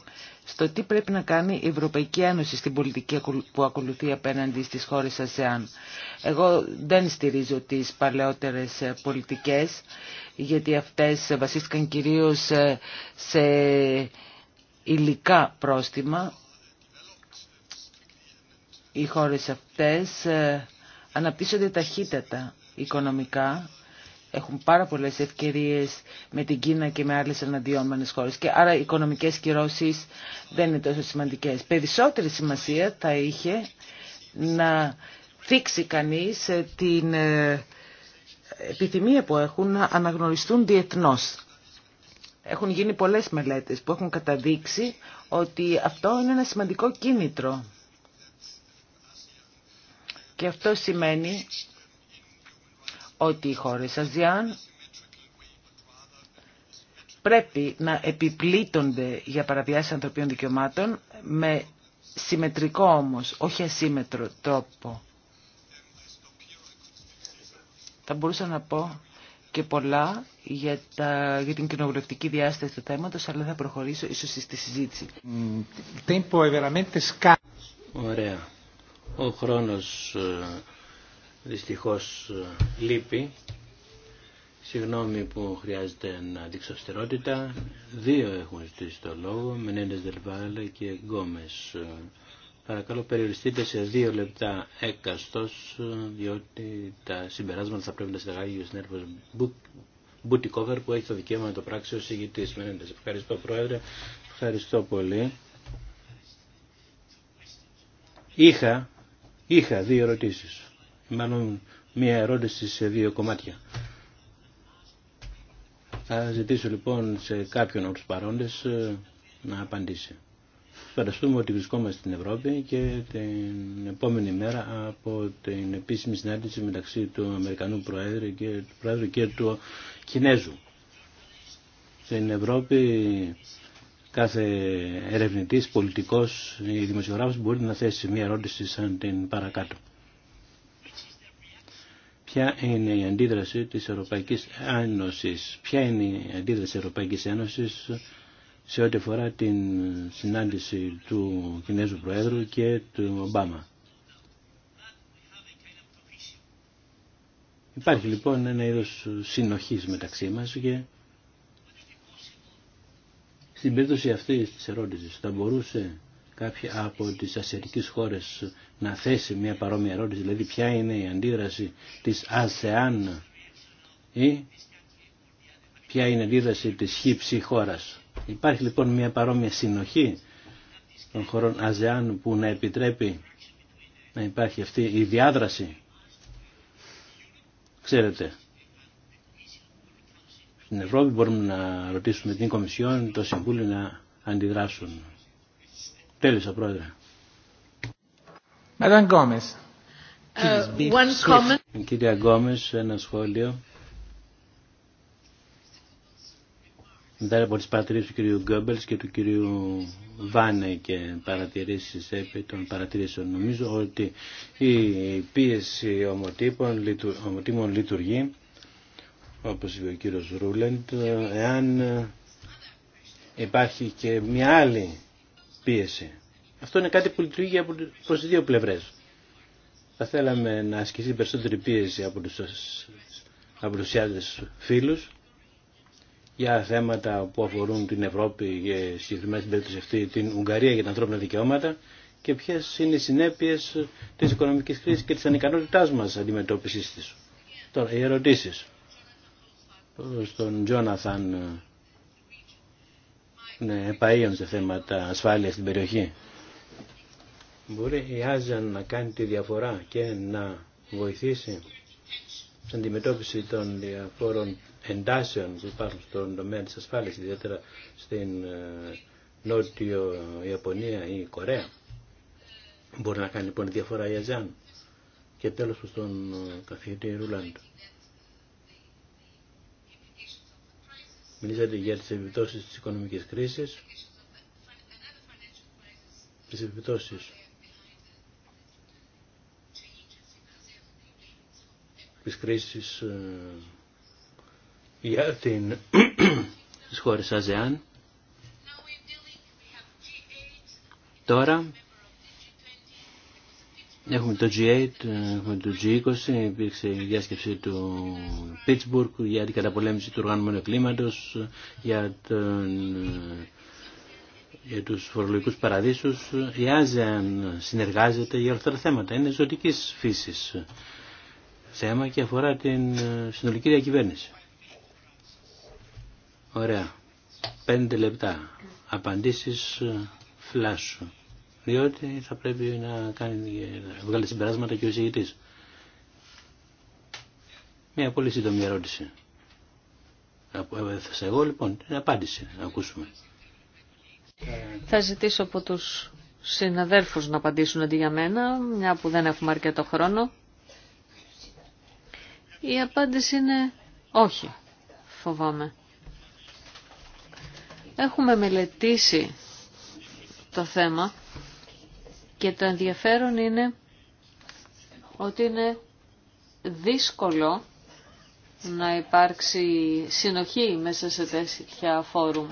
στο τι πρέπει να κάνει η Ευρωπαϊκή Ένωση στην πολιτική που ακολουθεί απέναντι στις χώρες ΑΣΕΑΝ. Εγώ δεν στηρίζω τις παλαιότερες ε, πολιτικές, γιατί αυτές βασίστηκαν κυρίως ε, σε υλικά πρόστιμα. Οι χώρες αυτές ε, αναπτύσσονται ταχύτατα οικονομικά έχουν πάρα πολλές ευκαιρίες με την Κίνα και με άλλες αναδυόμενες χώρες και άρα οι οικονομικές κυρώσεις δεν είναι τόσο σημαντικές. Περισσότερη σημασία θα είχε να θίξει κανείς ε, την ε, επιθυμία που έχουν να αναγνωριστούν διεθνώς. Έχουν γίνει πολλές μελέτες που έχουν καταδείξει ότι αυτό είναι ένα σημαντικό κίνητρο. Και αυτό σημαίνει ότι οι χώρες Αζιάν πρέπει να επιπλήττονται για παραβιάσεις ανθρωπίνων δικαιωμάτων με συμμετρικό όμως, όχι ασύμετρο τρόπο. Θα μπορούσα να πω και πολλά για, τα, για την κοινοβουλευτική διάσταση του θέματος, αλλά θα προχωρήσω ίσως στη συζήτηση. Ωραία. Ο χρόνος δυστυχώς ε, λείπει. Συγγνώμη που χρειάζεται να δείξω στερότητα. Δύο έχουν ζητήσει το λόγο, Μενέντες Δελβάλε και Γκόμες. Ε, παρακαλώ περιοριστείτε σε δύο λεπτά έκαστος, ε, διότι τα συμπεράσματα θα πρέπει να συνεργάγει ο συνέρφος Μπούτι Κόβερ που έχει το δικαίωμα να το πράξει ως ηγητής. Μενέντες, ευχαριστώ Πρόεδρε, ευχαριστώ πολύ. Είχα, δύο ερωτήσεις μάλλον μία ερώτηση σε δύο κομμάτια. Θα ζητήσω λοιπόν σε κάποιον από τους παρόντες ε, να απαντήσει. Φανταστούμε ότι βρισκόμαστε στην Ευρώπη και την επόμενη μέρα από την επίσημη συνάντηση μεταξύ του Αμερικανού Προέδρου και του, Προέδρου και του Κινέζου. Στην Ευρώπη κάθε ερευνητής, πολιτικός ή δημοσιογράφος μπορεί να θέσει μια ερώτηση σαν την παρακάτω ποια είναι η αντίδραση της Ευρωπαϊκής Ένωσης. Ποια είναι η αντίδραση της Ευρωπαϊκής Ένωσης σε ό,τι αφορά την συνάντηση του Κινέζου Προέδρου και του Ομπάμα. Υπάρχει λοιπόν ένα είδος συνοχής μεταξύ μας και στην περίπτωση αυτή της ερώτησης θα μπορούσε κάποια από τις ασιατικές χώρες να θέσει μια παρόμοια ερώτηση, δηλαδή ποια είναι η αντίδραση της ΑΖΕΑΝ ή ποια είναι η αντίδραση της χύψη χώρας. Υπάρχει λοιπόν μια παρόμοια συνοχή των χωρών ΑΖΕΑΝ που να επιτρέπει να υπάρχει αυτή η διάδραση. Ξέρετε, στην Ευρώπη μπορούμε να ρωτήσουμε την Κομισιόν, το Συμβούλιο να αντιδράσουν. Τέλειωσα, Πρόεδρε. Μεταν Γκόμες. Γκόμες, ένα σχόλιο. Μετά από τις παρατηρήσεις του κυρίου Γκόμπελς και του κυρίου Βάνε και παρατηρήσεις επί των παρατηρήσεων νομίζω ότι η πίεση ομοτύπων, ομοτήμων λειτουργεί όπως είπε ο κύριος Ρούλεντ εάν υπάρχει και μια άλλη πίεση. Αυτό είναι κάτι που λειτουργεί από τι δύο πλευρέ. Θα θέλαμε να ασκηθεί περισσότερη πίεση από του απλουσιάδε φίλου. για θέματα που αφορούν την Ευρώπη και συγκεκριμένα στην περίπτωση αυτή την Ουγγαρία για τα ανθρώπινα δικαιώματα και ποιε είναι οι συνέπειε τη οικονομική κρίση και τη ανικανότητά μα αντιμετώπιση τη. Τώρα, οι ερωτήσει. Στον Τζόναθαν είναι επαΐων σε θέματα ασφάλειας στην περιοχή. Μπορεί η Άζαν να κάνει τη διαφορά και να βοηθήσει στην αντιμετώπιση των διαφόρων εντάσεων που υπάρχουν στον τομέα της ασφάλειας, ιδιαίτερα στην ε, Νότιο Ιαπωνία ή Κορέα. Μπορεί να κάνει λοιπόν διαφορά η Αζάν. Και τέλος προς τον ε, καθηγητή Ρούλαντ. Μιλήσατε για τις επιπτώσεις της οικονομικής κρίσης, τις επιπτώσεις της κρίσης ε, για την τις χώρες ΑΖΕΑΝ. Τώρα Έχουμε το G8, έχουμε το G20, υπήρξε η διάσκεψη του Pittsburgh για την καταπολέμηση του οργανωμένου κλίματος, για, τον, για τους φορολογικούς παραδείσους. Η ASEAN συνεργάζεται για αυτά τα θέματα. Είναι ζωτικής φύσης θέμα και αφορά την συνολική διακυβέρνηση. Ωραία. Πέντε λεπτά. Απαντήσεις ε, φλάσου διότι θα πρέπει να, κάνει, βγάλει συμπεράσματα και ο εισηγητής. Μια πολύ σύντομη ερώτηση. σε εγώ λοιπόν την απάντηση να ακούσουμε. Θα ζητήσω από τους συναδέρφους να απαντήσουν αντί για μένα, μια που δεν έχουμε αρκετό χρόνο. Η απάντηση είναι όχι, φοβάμαι. Έχουμε μελετήσει το θέμα και το ενδιαφέρον είναι ότι είναι δύσκολο να υπάρξει συνοχή μέσα σε τέτοια φόρουμ.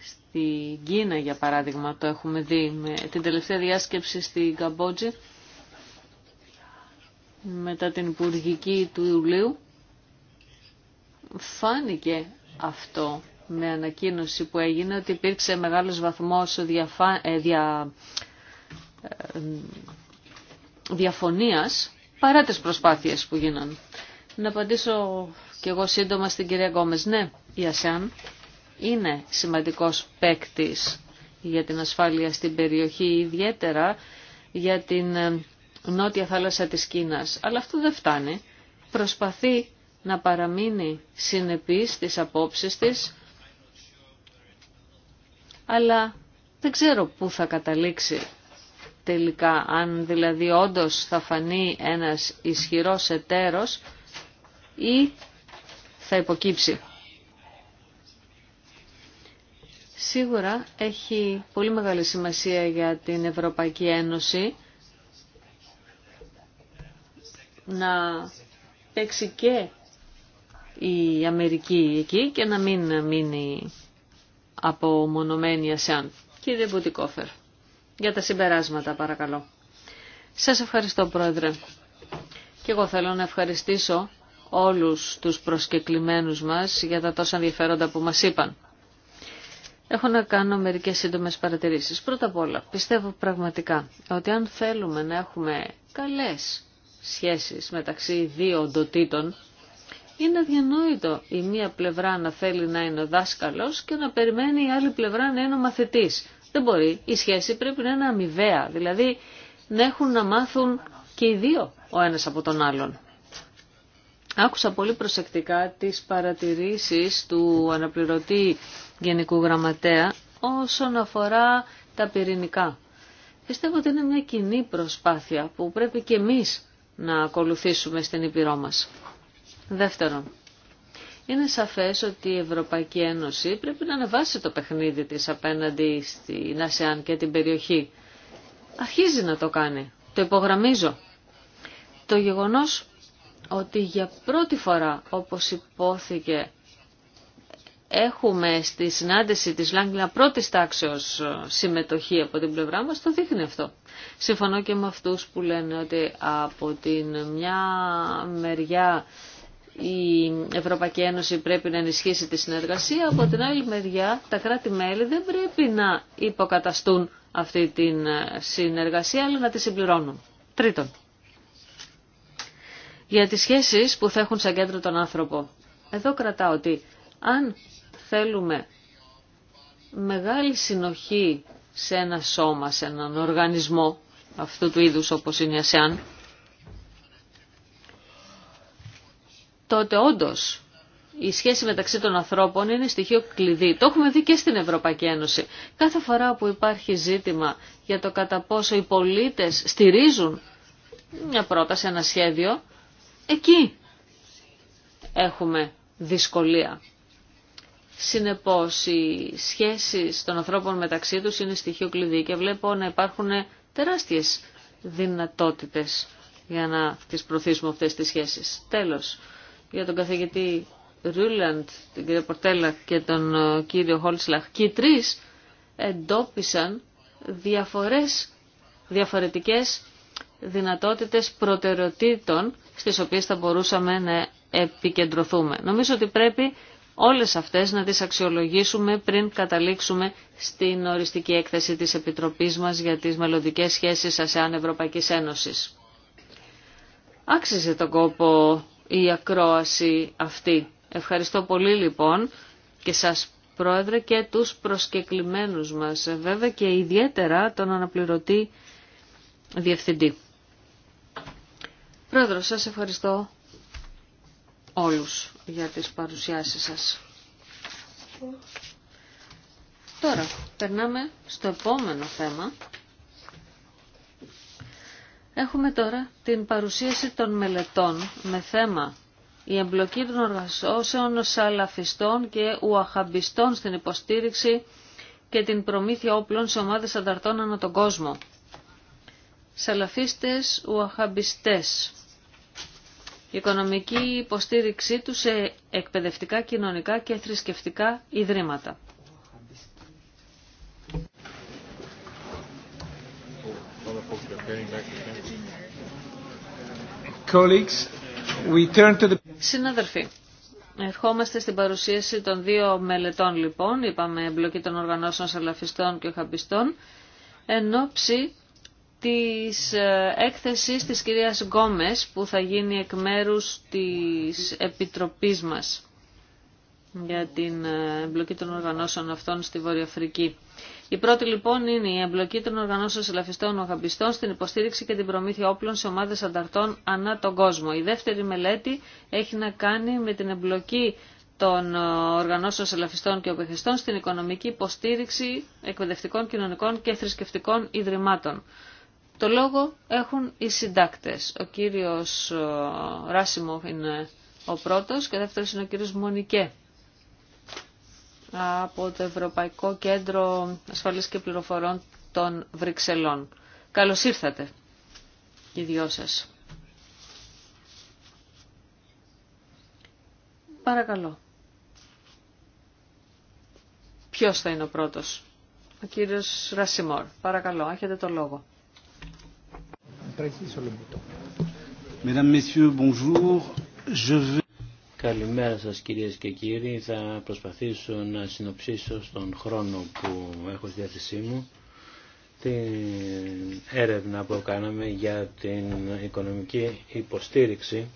Στην Κίνα, για παράδειγμα, το έχουμε δει με την τελευταία διάσκεψη στην Καμπότζη, μετά την Υπουργική του Ιουλίου, φάνηκε αυτό με ανακοίνωση που έγινε ότι υπήρξε μεγάλος βαθμός διαφα... Ε, δια... Ε, διαφωνίας παρά τις προσπάθειες που γίναν. Να απαντήσω κι εγώ σύντομα στην κυρία Γκόμες. Ναι, η ΑΣΕΑΝ είναι σημαντικός παίκτη για την ασφάλεια στην περιοχή, ιδιαίτερα για την ε, νότια θάλασσα της Κίνας. Αλλά αυτό δεν φτάνει. Προσπαθεί να παραμείνει συνεπής στις απόψεις της αλλά δεν ξέρω πού θα καταλήξει τελικά, αν δηλαδή όντως θα φανεί ένας ισχυρός εταίρος ή θα υποκύψει. Σίγουρα έχει πολύ μεγάλη σημασία για την Ευρωπαϊκή Ένωση να παίξει και η Αμερική εκεί και να μην μείνει απομονωμένη ΑΣΕΑΝ. Κύριε Μπουτικόφερ, για τα συμπεράσματα παρακαλώ. Σας ευχαριστώ Πρόεδρε. Και εγώ θέλω να ευχαριστήσω όλους τους προσκεκλημένους μας για τα τόσα ενδιαφέροντα που μας είπαν. Έχω να κάνω μερικές σύντομες παρατηρήσεις. Πρώτα απ' όλα, πιστεύω πραγματικά ότι αν θέλουμε να έχουμε καλές σχέσεις μεταξύ δύο οντοτήτων, είναι αδιανόητο η μία πλευρά να θέλει να είναι ο δάσκαλος και να περιμένει η άλλη πλευρά να είναι ο μαθητής. Δεν μπορεί. Η σχέση πρέπει να είναι αμοιβαία, δηλαδή να έχουν να μάθουν και οι δύο ο ένας από τον άλλον. Άκουσα πολύ προσεκτικά τις παρατηρήσεις του αναπληρωτή Γενικού Γραμματέα όσον αφορά τα πυρηνικά. Πιστεύω ότι είναι μια κοινή προσπάθεια που πρέπει και εμείς να ακολουθήσουμε στην Ήπειρό μας. Δεύτερον, είναι σαφές ότι η Ευρωπαϊκή Ένωση πρέπει να ανεβάσει το παιχνίδι της απέναντι στην ΑΣΕΑΝ και την περιοχή. Αρχίζει να το κάνει. Το υπογραμμίζω. Το γεγονός ότι για πρώτη φορά, όπως υπόθηκε, έχουμε στη συνάντηση της Λάγκλα πρώτης τάξεως ε, συμμετοχή από την πλευρά μας, το δείχνει αυτό. Συμφωνώ και με αυτούς που λένε ότι από την μια μεριά η Ευρωπαϊκή Ένωση πρέπει να ενισχύσει τη συνεργασία, από την άλλη μεριά τα κράτη-μέλη δεν πρέπει να υποκαταστούν αυτή την ε, συνεργασία, αλλά να τη συμπληρώνουν. Τρίτον, για τις σχέσεις που θα έχουν σαν κέντρο τον άνθρωπο. Εδώ κρατάω ότι αν θέλουμε μεγάλη συνοχή σε ένα σώμα, σε έναν οργανισμό αυτού του είδους όπως είναι η ΑΣΕΑΝ, τότε όντως η σχέση μεταξύ των ανθρώπων είναι στοιχείο κλειδί. Το έχουμε δει και στην Ευρωπαϊκή Ένωση. Κάθε φορά που υπάρχει ζήτημα για το κατά πόσο οι πολίτες στηρίζουν μια πρόταση, ένα σχέδιο, εκεί έχουμε δυσκολία. Συνεπώς, οι σχέσεις των ανθρώπων μεταξύ τους είναι στοιχείο κλειδί και βλέπω να υπάρχουν τεράστιες δυνατότητες για να τις προωθήσουμε αυτές τις σχέσεις. Τέλος, για τον καθηγητή Ρούλαντ, την κυρία Πορτέλα και τον ε, κύριο Χόλσλαχ. Και οι τρεις εντόπισαν διαφορές, διαφορετικές δυνατότητες προτεραιοτήτων στις οποίες θα μπορούσαμε να επικεντρωθούμε. Νομίζω ότι πρέπει όλες αυτές να τις αξιολογήσουμε πριν καταλήξουμε στην οριστική έκθεση της Επιτροπής μας για τις μελλοντικές σχέσεις ΑΣΕΑΝ Ευρωπαϊκής Ένωσης. Άξιζε τον κόπο η ακρόαση αυτή. Ευχαριστώ πολύ λοιπόν και σας Πρόεδρε και τους προσκεκλημένους μας, ε, βέβαια και ιδιαίτερα τον αναπληρωτή διευθυντή. Πρόεδρο, σας ευχαριστώ όλους για τις παρουσιάσεις σας. Τώρα, περνάμε στο επόμενο θέμα. Έχουμε τώρα την παρουσίαση των μελετών με θέμα η εμπλοκή των οργασώσεων σαλαφιστών και ουαχαμπιστών στην υποστήριξη και την προμήθεια όπλων σε ομάδες ανταρτών ανά τον κόσμο. Σαλαφίστες ουαχαμπιστές. Η οικονομική υποστήριξή τους σε εκπαιδευτικά, κοινωνικά και θρησκευτικά ιδρύματα. Συναδελφοί, ερχόμαστε στην παρουσίαση των δύο μελετών λοιπόν, είπαμε εμπλοκή των οργανώσεων σαλαφιστών και χαμπιστών, εν ώψη της ε, έκθεσης της κυρίας Γκόμες που θα γίνει εκ μέρους της Επιτροπής μας για την ε, εμπλοκή των οργανώσεων αυτών στη Βόρεια Η πρώτη λοιπόν είναι η εμπλοκή των οργανώσεων ελαφιστων οχαμπιστών στην υποστήριξη και την προμήθεια όπλων σε ομάδες ανταρτών ανά τον κόσμο. Η δεύτερη μελέτη έχει να κάνει με την εμπλοκή των ε, οργανώσεων ελαφιστών και οπεχιστών στην οικονομική υποστήριξη εκπαιδευτικών, κοινωνικών και θρησκευτικών ιδρυμάτων. Το λόγο έχουν οι συντάκτες. Ο κύριος ε, Ράσιμοφ είναι ο πρώτος και δεύτερο είναι ο κύριος Μονικέ από το Ευρωπαϊκό Κέντρο Ασφαλής και Πληροφορών των Βρυξελών. Καλώς ήρθατε, οι δυο σας. Παρακαλώ. Ποιος θα είναι ο πρώτος. Ο κύριος Ρασιμόρ. Παρακαλώ, έχετε το λόγο. Messieurs, bonjour. Je Καλημέρα σας κυρίες και κύριοι. Θα προσπαθήσω να συνοψίσω στον χρόνο που έχω στη διάθεσή μου την έρευνα που κάναμε για την οικονομική υποστήριξη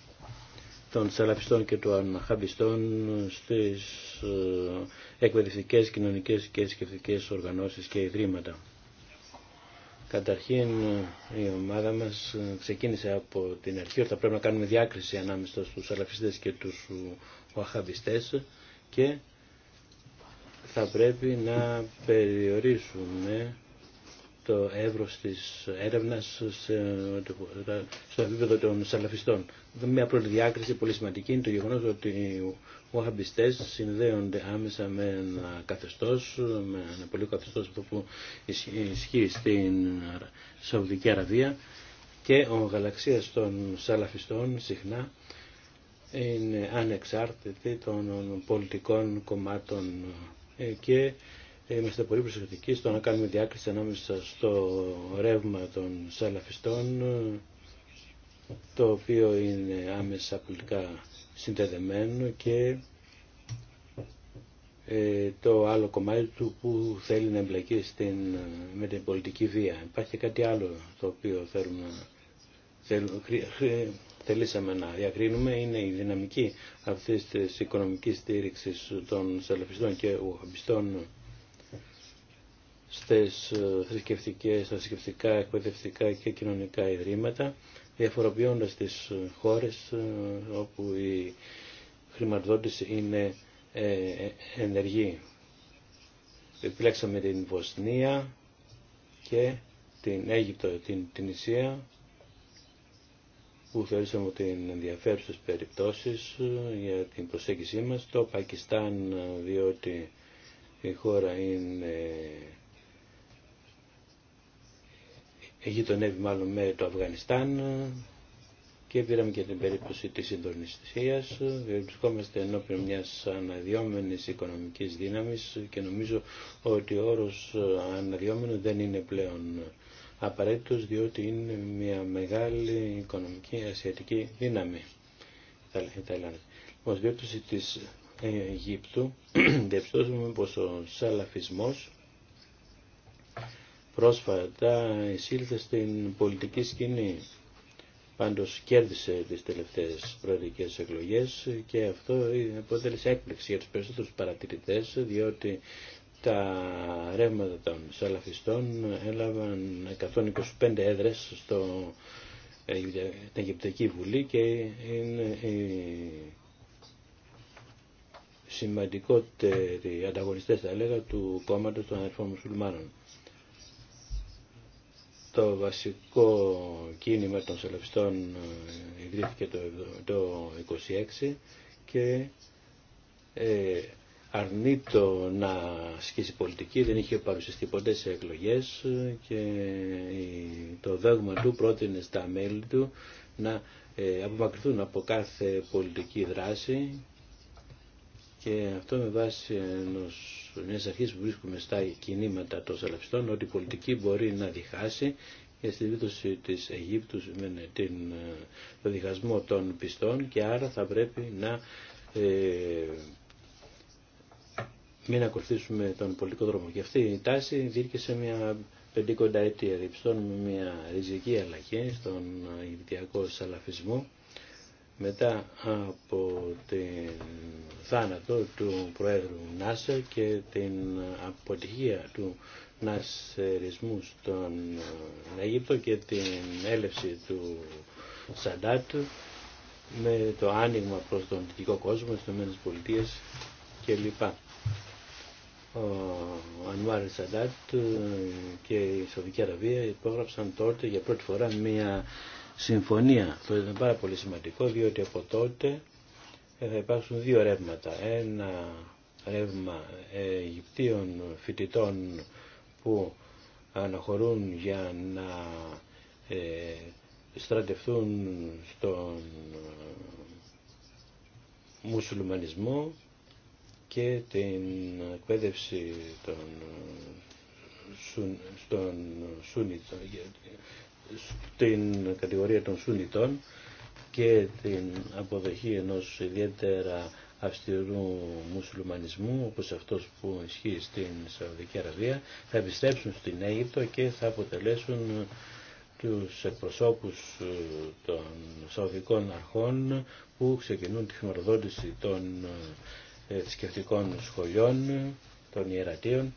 των Σαλαφιστών και των αναχαμπιστών στις ε, εκπαιδευτικές, κοινωνικές και σκεφτικές οργανώσεις και ιδρύματα. Καταρχήν η ομάδα μας ξεκίνησε από την αρχή ότι θα πρέπει να κάνουμε διάκριση ανάμεσα στους αλαφιστές και τους οαχαβιστές και θα πρέπει να περιορίσουμε το εύρος της έρευνας στο επίπεδο των σαλαφιστών. Μια πρώτη διάκριση πολύ σημαντική είναι το γεγονός ότι οι ΟΑΜΠΙΣΤΕΣ συνδέονται άμεσα με ένα καθεστώς, με ένα πολύ καθεστώς που ισχύει στην Σαουδική Αραβία και ο γαλαξίας των σαλαφιστών συχνά είναι ανεξάρτητη των πολιτικών κομμάτων ε, και είμαστε πολύ προσεκτικοί στο να κάνουμε διάκριση ανάμεσα στο ρεύμα των σαλαφιστών το οποίο είναι άμεσα πολιτικά συνδεδεμένο και ε, το άλλο κομμάτι του που θέλει να εμπλακεί στην, με την πολιτική βία. Υπάρχει κάτι άλλο το οποίο θέλουμε, θέλ, θελήσαμε να διακρίνουμε είναι η δυναμική αυτής της οικονομικής στήριξης των σαλαφιστών και ουχαμπιστών στις ε, θρησκευτικές, θρησκευτικά, εκπαιδευτικά και κοινωνικά ιδρύματα, διαφοροποιώντας τις ε, χώρες ε, όπου η χρηματοδότηση είναι ενεργή. Επιλέξαμε την Βοσνία και την Αίγυπτο, την Ισία, που θεωρήσαμε ότι είναι ενδιαφέρουσες περιπτώσεις για την προσέγγισή μας, το Πακιστάν, διότι η χώρα είναι γειτονεύει μάλλον με το Αφγανιστάν και πήραμε και την περίπτωση της Ινδονησίας. Βρισκόμαστε ενώπιν μιας αναδιόμενης οικονομικής δύναμης και νομίζω ότι ο όρος αναδυόμενο δεν είναι πλέον απαραίτητος διότι είναι μια μεγάλη οικονομική ασιατική δύναμη. Ως λοιπόν, περίπτωση της Αιγύπτου διαπιστώσαμε πως ο σαλαφισμός πρόσφατα εισήλθε στην πολιτική σκηνή. Πάντως κέρδισε τις τελευταίες προεδρικές εκλογές και αυτό αποτέλεσε έκπληξη για τους περισσότερους παρατηρητές διότι τα ρεύματα των Σαλαφιστών έλαβαν 125 έδρες στο ε, την Αιγυπτιακή Βουλή και είναι οι σημαντικότεροι ανταγωνιστές θα έλεγα του κόμματος των αδερφών μουσουλμάνων το βασικό κίνημα των Σελαφιστών ε, ιδρύθηκε το 1926 και ε, αρνεί να ασκήσει πολιτική, δεν είχε παρουσιαστεί ποτέ σε εκλογές και ε, το δόγμα του πρότεινε στα μέλη του να ε, απομακρυνθούν από κάθε πολιτική δράση και αυτό με βάση ενός νέες αρχέ που βρίσκουμε στα κινήματα των Σαλαφιστών ότι η πολιτική μπορεί να διχάσει και στη δίπτωση της Αιγύπτου με την, ε, το διχασμό των πιστών και άρα θα πρέπει να ε, μην ακολουθήσουμε τον πολιτικό δρόμο. Και αυτή η τάση σε μια αιτία διψτών με μια ριζική αλλαγή στον Αιγυπτιακό Σαλαφισμό μετά από την θάνατο του Προέδρου Νάσερ και την αποτυχία του νασερισμού στον Αίγυπτο και την έλευση του Σαντάτ με το άνοιγμα προς τον δυτικό κόσμο, στις Ηνωμένες Πολιτείες κλπ. Ο Ανουάρ Σαντάτ και η Σαουδική Αραβία υπόγραψαν τότε για πρώτη φορά μια συμφωνία. Αυτό ήταν πάρα πολύ σημαντικό διότι από τότε ε, θα υπάρξουν δύο ρεύματα. Ένα ρεύμα ε, Αιγυπτίων φοιτητών που αναχωρούν για να ε, στρατευτούν στον μουσουλμανισμό και την εκπαίδευση των, στον Σούνιτ στην κατηγορία των Σουνιτών και την αποδοχή ενός ιδιαίτερα αυστηρού μουσουλμανισμού όπως αυτός που ισχύει στην Σαουδική Αραβία θα επιστρέψουν στην Αίγυπτο και θα αποτελέσουν τους εκπροσώπους ε, των Σαουδικών Αρχών που ξεκινούν τη χρηματοδότηση των ε, θρησκευτικών σχολιών, των ιερατείων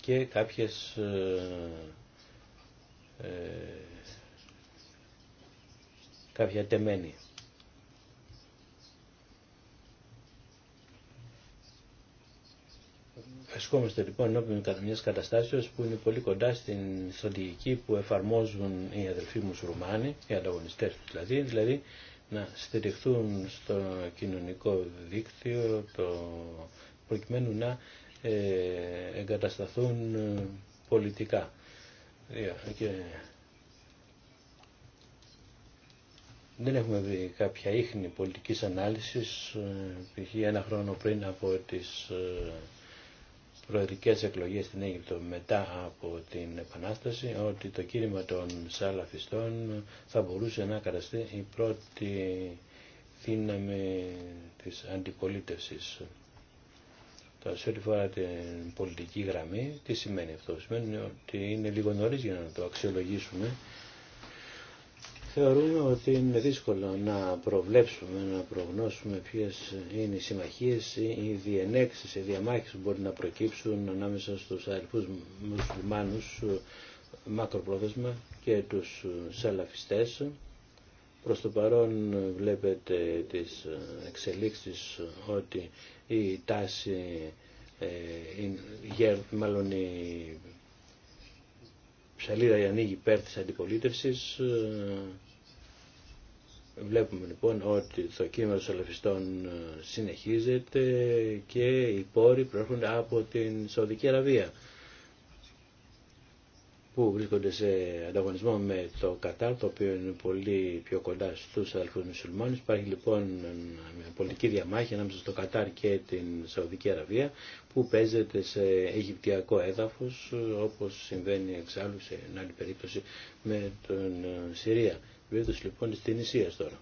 και κάποιες ε, κάποια τεμένη. Βρισκόμαστε λοιπόν ενώπιον μια καταστάσεω που είναι πολύ κοντά στην στρατηγική που εφαρμόζουν οι αδελφοί μου Ρουμάνοι, οι ανταγωνιστέ του δηλαδή, δηλαδή να στηριχθούν στο κοινωνικό δίκτυο το, προκειμένου να ε, εγκατασταθούν ε, πολιτικά. δεν έχουμε βρει κάποια ίχνη πολιτικής ανάλυσης, ε, π.χ. ένα χρόνο πριν από τις ε, προεδρικές εκλογές στην Αίγυπτο μετά από την Επανάσταση, ότι το κίνημα των Σαλαφιστών θα μπορούσε να καταστεί η πρώτη δύναμη της αντιπολίτευσης. σε ό,τι φορά την πολιτική γραμμή, τι σημαίνει αυτό. Σημαίνει ότι είναι λίγο νωρίς για να το αξιολογήσουμε Θεωρούμε ότι είναι δύσκολο να προβλέψουμε, να προγνώσουμε ποιες είναι οι συμμαχίες ή οι διενέξεις, οι διαμάχες που μπορεί να προκύψουν ανάμεσα στους αριθμού μουσουλμάνους μακροπρόθεσμα και τους σαλαφιστές. Προς το παρόν βλέπετε τις εξελίξεις ότι η τάση, ε, μάλλον η ψαλίδα ανοίγει υπέρ της αντιπολίτευσης, ε, Βλέπουμε λοιπόν ότι το κύμα των ε, συνεχίζεται και οι πόροι προέρχονται από την Σαουδική Αραβία που βρίσκονται σε ανταγωνισμό με το Κατάρ, το οποίο είναι πολύ πιο κοντά στους αδελφούς μουσουλμάνους. Υπάρχει λοιπόν μια πολιτική διαμάχη ανάμεσα στο Κατάρ και την Σαουδική Αραβία, που παίζεται σε αιγυπτιακό έδαφος, ε, όπως συμβαίνει εξάλλου σε άλλη περίπτωση με τον ε, Συρία περίπτωση λοιπόν της Τινησίας τώρα.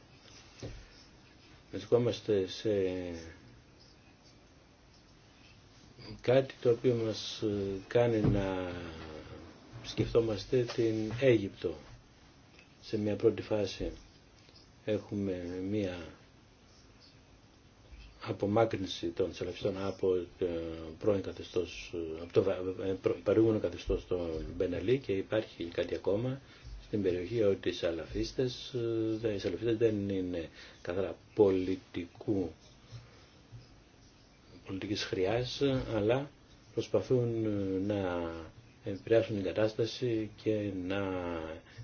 Βρισκόμαστε σε κάτι το οποίο μας ε, κάνει να σκεφτόμαστε την Αίγυπτο. Σε μια πρώτη φάση έχουμε μια απομάκρυνση των Σελαφιστών ε, ε, από το πρώην καθεστώς, από το παρούμενο καθεστώς των και υπάρχει κάτι ακόμα στην περιοχή ότι οι σαλαφίστες, ε, οι σαλαφίστες δεν είναι καθαρά πολιτικού, πολιτικής χρειάς, αλλά προσπαθούν ε, να επηρεάσουν την κατάσταση και να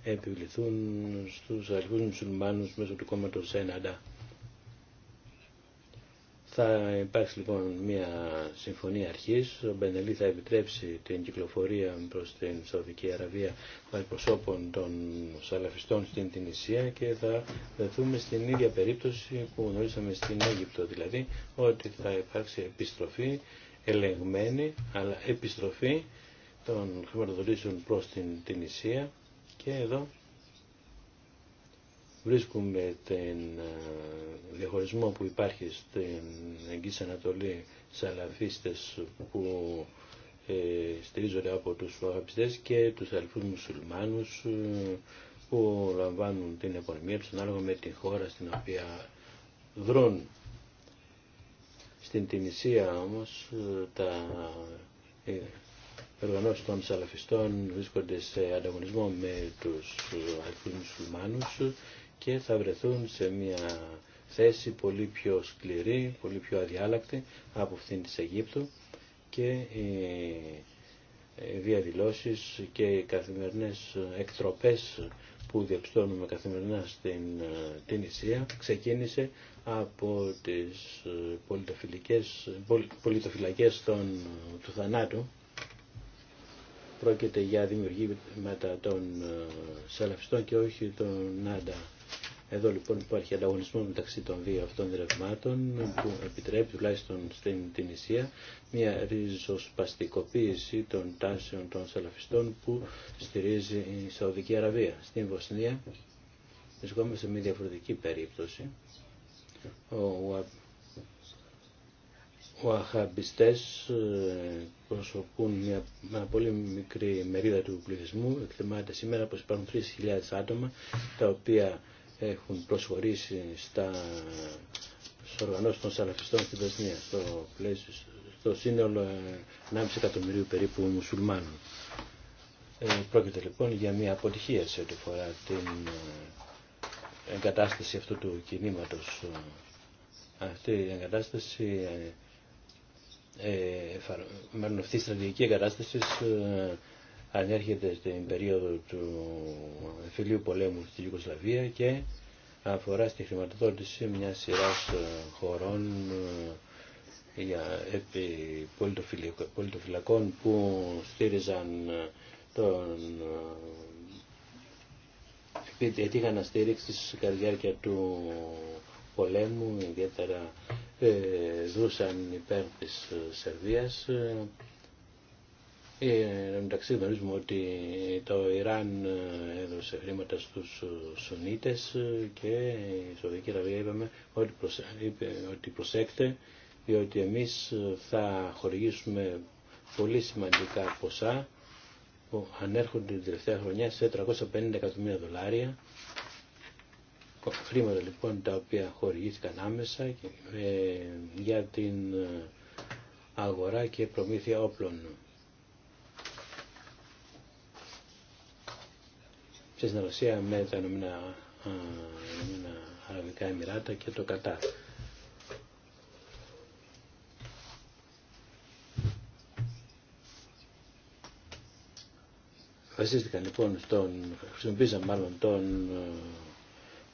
επιβληθούν στους αριθμούς μουσουλμάνους μέσω του κόμματος ΣΕΝΑΝΤΑ. Θα υπάρξει λοιπόν μια συμφωνία αρχής. Ο Μπενελή θα επιτρέψει την κυκλοφορία προς την Σαουδική Αραβία των εκπροσώπων των Σαλαφιστών στην Τινησία και θα δεθούμε στην ίδια περίπτωση που γνωρίσαμε στην Αίγυπτο, δηλαδή ότι θα υπάρξει επιστροφή ελεγμένη, αλλά επιστροφή των χρηματοδοτήσεων προς την Τινησία και εδώ βρίσκουμε τον ε, διαχωρισμό που υπάρχει στην Αγγής Ανατολή σαλαφίστες που ε, στηρίζονται από τους αγαπητές και τους αλφούς μουσουλμάνους ε, που λαμβάνουν την επωνυμία τους ανάλογα με τη χώρα στην οποία δρούν. Στην Τινησία όμως ε, τα οργανώσεις των σαλαφιστών βρίσκονται σε ανταγωνισμό με τους αλφούς μουσουλμάνους και θα βρεθούν σε μια θέση πολύ πιο σκληρή, πολύ πιο αδιάλακτη από αυτήν της Αιγύπτου και οι ε, διαδηλώσεις και οι καθημερινές εκτροπές που διαπιστώνουμε καθημερινά στην ε, την Ισία ξεκίνησε από τις ε, πολιτοφυλακές, των, του θανάτου πρόκειται για δημιουργήματα των σαλαφιστών και όχι των Νάντα εδώ λοιπόν υπάρχει ανταγωνισμό μεταξύ των δύο αυτών ρευμάτων που επιτρέπει τουλάχιστον στην Τινησία μια ριζοσπαστικοποίηση των τάσεων των σαλαφιστών που στηρίζει η Σαουδική Αραβία. Στην Βοσνία βρισκόμαστε σε μια διαφορετική περίπτωση. Ο Αχαμπιστές ε, προσωπούν μια, πολύ μικρή μερίδα του πληθυσμού. Εκτιμάται σήμερα πως υπάρχουν 3.000 άτομα τα οποία έχουν προσχωρήσει στα οργανώσεις των Σαλαφιστών στην Πεσνία, στο, πλαίσιο, στο σύνολο 1,5 ε, εκατομμυρίου περίπου μουσουλμάνων. Ε, πρόκειται λοιπόν για μια αποτυχία σε ό,τι φορά την ε, εγκατάσταση αυτού του κινήματος. Αυτή η εγκατάσταση, ε, ε, μάλλον αυτή η στρατηγική εγκατάσταση ε, ανέρχεται στην περίοδο του φιλίου πολέμου στη Ιουγκοσλαβία και αφορά στη χρηματοδότηση μια σειράς ε, χωρών ε, για επί πολιτοφυλακών που στήριζαν ε, τον να στήριξη στη διάρκεια του πολέμου, ιδιαίτερα δούσαν υπέρ της Σερβίας ε, εν μεταξύ γνωρίζουμε ότι το Ιράν ε, έδωσε χρήματα στους ε, Σουνίτες και η Σοδική Ραβία ότι, είπε ότι προσέξτε διότι εμείς θα χορηγήσουμε πολύ σημαντικά ποσά που ανέρχονται την τελευταία χρονιά σε 350 εκατομμύρια δολάρια χρήματα λοιπόν τα οποία χορηγήθηκαν άμεσα για την αγορά και προμήθεια όπλων. στην Ρωσία με τα Ηνωμένα Αραβικά Εμμυράτα και το Κατάρ. Βασίστηκαν λοιπόν στον, χρησιμοποίησαν μάλλον τον ε,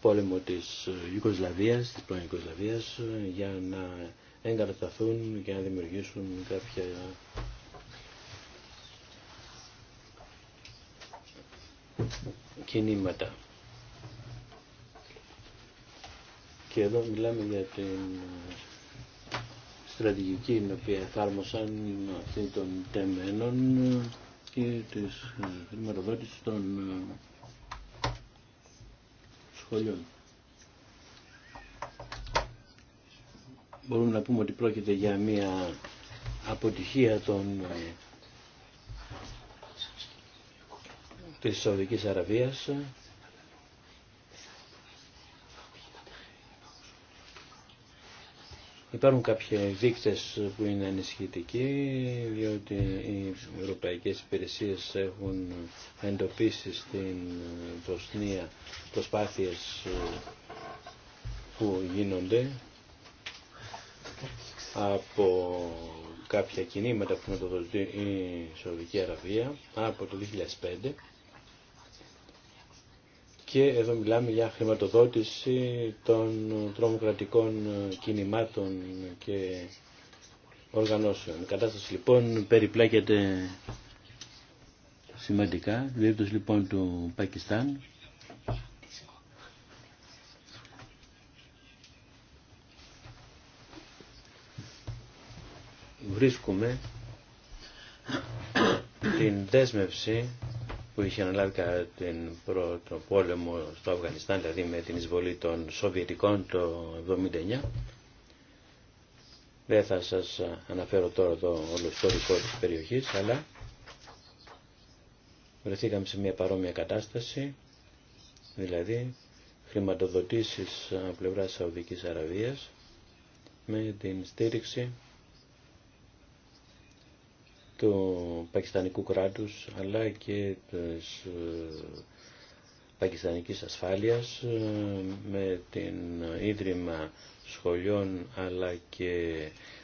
πόλεμο της ε, Ιούκοσλαβίας, της πρώην Ιούκοσλαβίας, ε, για να εγκατασταθούν και να δημιουργήσουν κάποια κινήματα. Και εδώ μιλάμε για την στρατηγική την οποία εφάρμοσαν αυτοί των τεμένων και της χρηματοδότησης των ε, σχολείων. Μπορούμε να πούμε ότι πρόκειται για μια αποτυχία των ε, της Σαουδικής Αραβίας Υπάρχουν κάποιοι δείκτες που είναι ανησυχητικοί, διότι οι ευρωπαϊκές υπηρεσίες έχουν εντοπίσει στην Βοσνία προσπάθειες ε, που γίνονται από κάποια κινήματα που χρηματοδοτεί η Σαουδική Αραβία από το 2005 και εδώ μιλάμε για χρηματοδότηση των τρομοκρατικών κινημάτων και οργανώσεων. Η κατάσταση λοιπόν περιπλέκεται σημαντικά, βλέπετε λοιπόν του Πακιστάν. Βρίσκουμε την δέσμευση που είχε αναλάβει κατά τον πρώτο πόλεμο στο Αφγανιστάν, δηλαδή με την εισβολή των Σοβιετικών το 1979. Δεν θα σας αναφέρω τώρα το ολοστορικό της περιοχής, αλλά βρεθήκαμε σε μια παρόμοια κατάσταση, δηλαδή χρηματοδοτήσεις από πλευράς Σαουδικής Αραβίας με την στήριξη του πακιστανικού κράτους αλλά και της ε, πακιστανικής ασφάλειας ε, με την ίδρυμα σχολιών αλλά και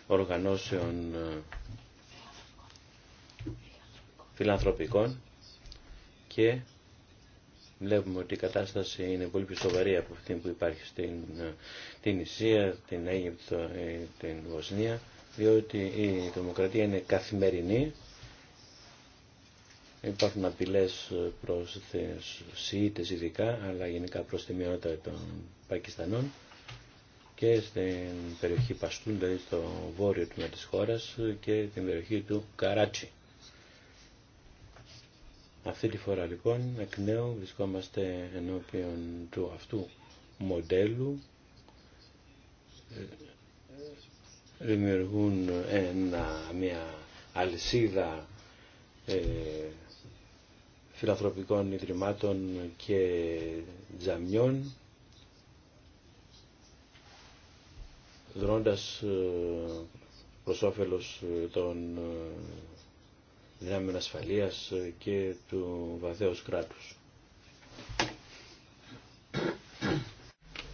οργανώσεων ε, φιλανθρωπικών και βλέπουμε ότι η κατάσταση είναι πολύ πιο σοβαρή από αυτή που υπάρχει στην την Ισία, την Αίγυπτο, την Βοσνία διότι η δημοκρατία είναι καθημερινή. Υπάρχουν απειλέ προς τις ΣΥΙΤΕΣ ειδικά, αλλά γενικά προς τη μειότητα των Πακιστανών και στην περιοχή Παστούν, δηλαδή στο βόρειο τμήμα της χώρας και την περιοχή του Καράτσι. Αυτή τη φορά λοιπόν εκ νέου βρισκόμαστε ενώπιον του αυτού μοντέλου δημιουργούν μια αλυσίδα ε, φιλαθροπικών ιδρυμάτων και τζαμιών δρώντας ε, προς όφελος ε, των ε, δυνάμεων ασφαλείας και του βαθέως κράτους.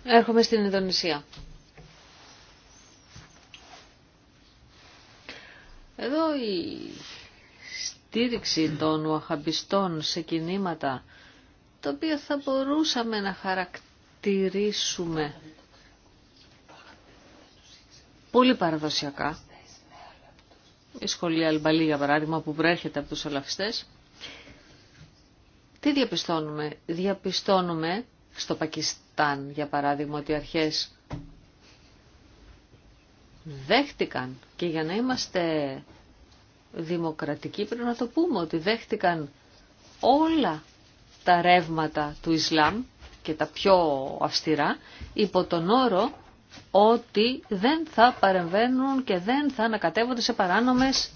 Έρχομαι στην Ινδονησία. Εδώ η στήριξη των Ουαχαμπιστών σε κινήματα, τα οποία θα μπορούσαμε να χαρακτηρίσουμε πολύ παραδοσιακά, η σχολή Αλμπαλή για παράδειγμα που προέρχεται από τους Αλαφιστές, τι διαπιστώνουμε. Διαπιστώνουμε στο Πακιστάν για παράδειγμα ότι οι αρχές δέχτηκαν και για να είμαστε δημοκρατικοί πρέπει να το πούμε ότι δέχτηκαν όλα τα ρεύματα του Ισλάμ και τα πιο αυστηρά υπό τον όρο ότι δεν θα παρεμβαίνουν και δεν θα ανακατεύονται σε παράνομες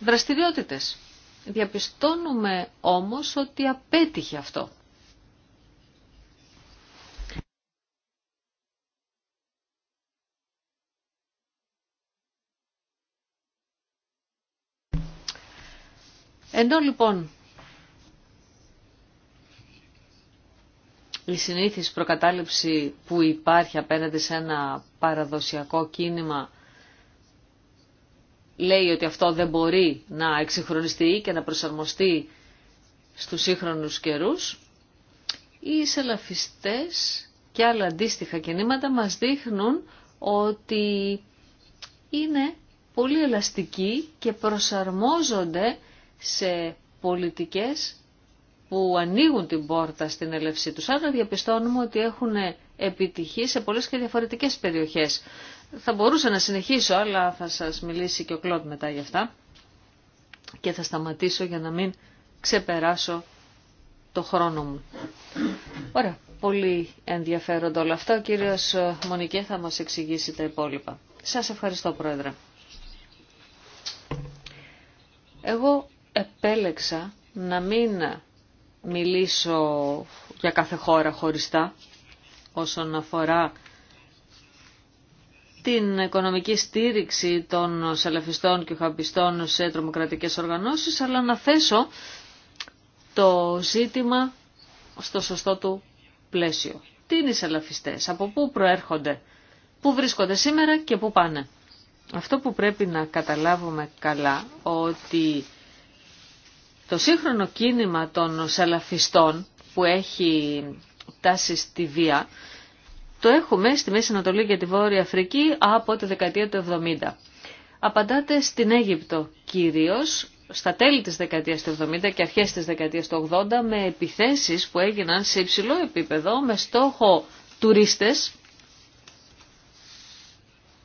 δραστηριότητες. Διαπιστώνουμε όμως ότι απέτυχε αυτό. Ενώ λοιπόν η συνήθις προκατάληψη που υπάρχει απέναντι σε ένα παραδοσιακό κίνημα λέει ότι αυτό δεν μπορεί να εξυγχρονιστεί και να προσαρμοστεί στους σύγχρονους καιρούς, οι σελαφιστές και άλλα αντίστοιχα κινήματα μας δείχνουν ότι είναι πολύ ελαστικοί και προσαρμόζονται σε πολιτικές που ανοίγουν την πόρτα στην έλευση τους. Άρα διαπιστώνουμε ότι έχουν επιτυχεί σε πολλές και διαφορετικές περιοχές. Θα μπορούσα να συνεχίσω, αλλά θα σας μιλήσει και ο Κλόντ μετά γι' αυτά. Και θα σταματήσω για να μην ξεπεράσω το χρόνο μου. Ωραία, πολύ ενδιαφέροντο όλα αυτά. Ο κύριος Μονικέ θα μας εξηγήσει τα υπόλοιπα. Σας ευχαριστώ, Πρόεδρε. Εγώ επέλεξα να μην μιλήσω για κάθε χώρα χωριστά όσον αφορά την οικονομική στήριξη των σαλαφιστών και χαμπιστών σε τρομοκρατικές οργανώσεις, αλλά να θέσω το ζήτημα στο σωστό του πλαίσιο. Τι είναι οι σαλαφιστές, από πού προέρχονται, πού βρίσκονται σήμερα και πού πάνε. Αυτό που πρέπει να καταλάβουμε καλά, ότι το σύγχρονο κίνημα των σαλαφιστών που έχει τάσει στη βία, το έχουμε στη Μέση Ανατολή και τη Βόρεια Αφρική από τη δεκαετία του 70. Απαντάτε στην Αίγυπτο κυρίως στα τέλη της δεκαετίας του 70 και αρχές της δεκαετίας του 80 με επιθέσεις που έγιναν σε υψηλό επίπεδο με στόχο τουρίστες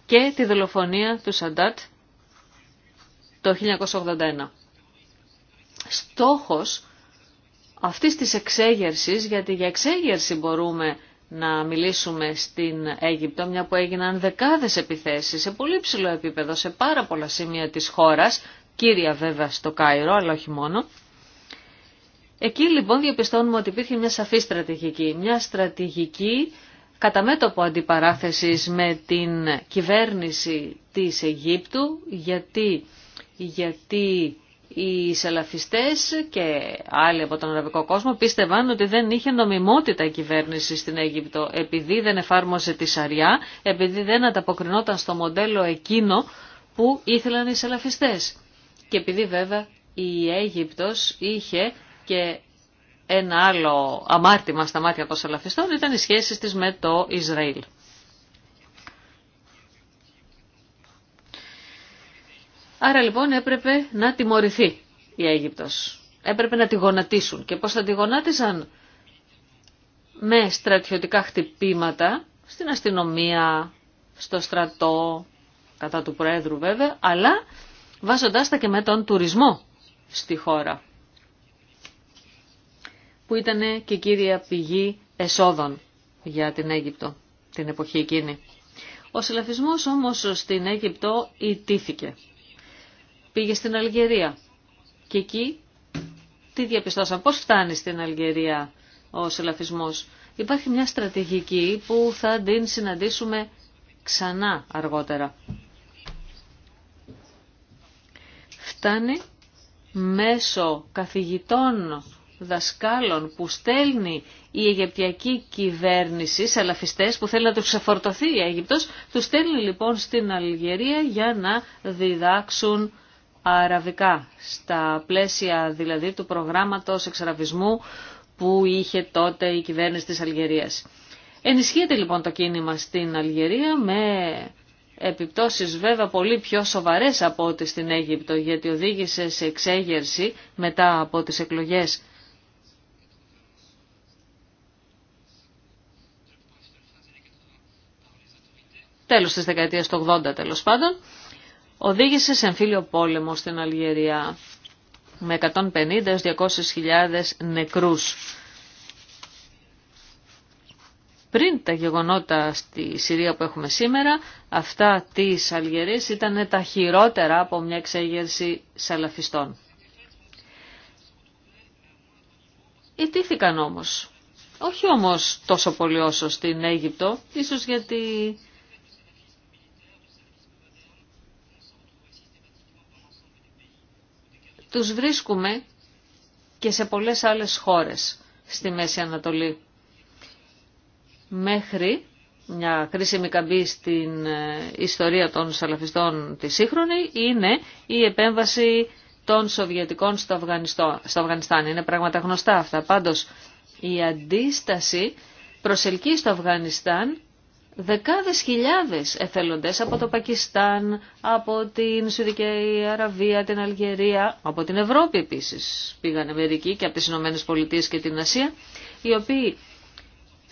και τη δολοφονία του Σαντάτ το 1981 στόχος αυτής της εξέγερσης, γιατί για εξέγερση μπορούμε να μιλήσουμε στην Αίγυπτο, μια που έγιναν δεκάδες επιθέσεις σε πολύ ψηλό επίπεδο, σε πάρα πολλά σημεία της χώρας, κύρια βέβαια στο Κάιρο, αλλά όχι μόνο. Εκεί λοιπόν διαπιστώνουμε ότι υπήρχε μια σαφή στρατηγική, μια στρατηγική κατά μέτωπο αντιπαράθεσης με την κυβέρνηση της Αιγύπτου, γιατί, γιατί οι σελαφιστές και άλλοι από τον αραβικό κόσμο πίστευαν ότι δεν είχε νομιμότητα η κυβέρνηση στην Αίγυπτο επειδή δεν εφάρμοζε τη Σαριά, επειδή δεν ανταποκρινόταν στο μοντέλο εκείνο που ήθελαν οι σελαφιστές. Και επειδή βέβαια η Αίγυπτος είχε και ένα άλλο αμάρτημα στα μάτια των σελαφιστών ήταν οι σχέσεις της με το Ισραήλ. Άρα λοιπόν έπρεπε να τιμωρηθεί η Αίγυπτος. Έπρεπε να τη γονατίσουν. Και πώς θα τη γονάτισαν? Με στρατιωτικά χτυπήματα στην αστυνομία, στο στρατό, κατά του Πρόεδρου βέβαια, αλλά βάζοντάς τα και με τον τουρισμό στη χώρα, που ήταν και κύρια πηγή εσόδων για την Αίγυπτο την εποχή εκείνη. Ο συλλαφισμός όμως στην Αίγυπτο ιτήθηκε πήγε στην Αλγερία. Και εκεί τι διαπιστώσαμε. πώς φτάνει στην Αλγερία ο σελαφισμός. Υπάρχει μια στρατηγική που θα την συναντήσουμε ξανά αργότερα. Φτάνει μέσω καθηγητών δασκάλων που στέλνει η Αιγυπτιακή κυβέρνηση, σαλαφιστές που θέλει να τους ξεφορτωθεί η Αίγυπτος, τους στέλνει λοιπόν στην Αλγερία για να διδάξουν αραβικά, στα πλαίσια δηλαδή του προγράμματος εξαραβισμού που είχε τότε η κυβέρνηση της Αλγερίας. Ενισχύεται λοιπόν το κίνημα στην Αλγερία με επιπτώσεις βέβαια πολύ πιο σοβαρές από ό,τι στην Αίγυπτο γιατί οδήγησε σε εξέγερση μετά από τις εκλογές τέλος της δεκαετίας του 80 τέλος πάντων οδήγησε σε εμφύλιο πόλεμο στην Αλγερία με 150-200.000 νεκρούς. Πριν τα γεγονότα στη Συρία που έχουμε σήμερα, αυτά της Αλγερίας ήταν τα χειρότερα από μια εξέγερση σαλαφιστών. Ιτήθηκαν όμως. Όχι όμως τόσο πολύ όσο στην Αίγυπτο, ίσως γιατί Τους βρίσκουμε και σε πολλές άλλες χώρες στη Μέση Ανατολή. Μέχρι μια κρίσιμη καμπή στην ε, ιστορία των σαλαφιστών τη σύγχρονη είναι η επέμβαση των Σοβιετικών στο, στο Αφγανιστάν. Είναι πράγματα γνωστά αυτά. Πάντως η αντίσταση προσελκύει στο Αφγανιστάν δεκάδες χιλιάδες εθελοντές από το Πακιστάν, από την Συρική Αραβία, την Αλγερία, από την Ευρώπη επίσης πήγανε μερικοί και από τις Ηνωμένε Πολιτείες και την Ασία, οι οποίοι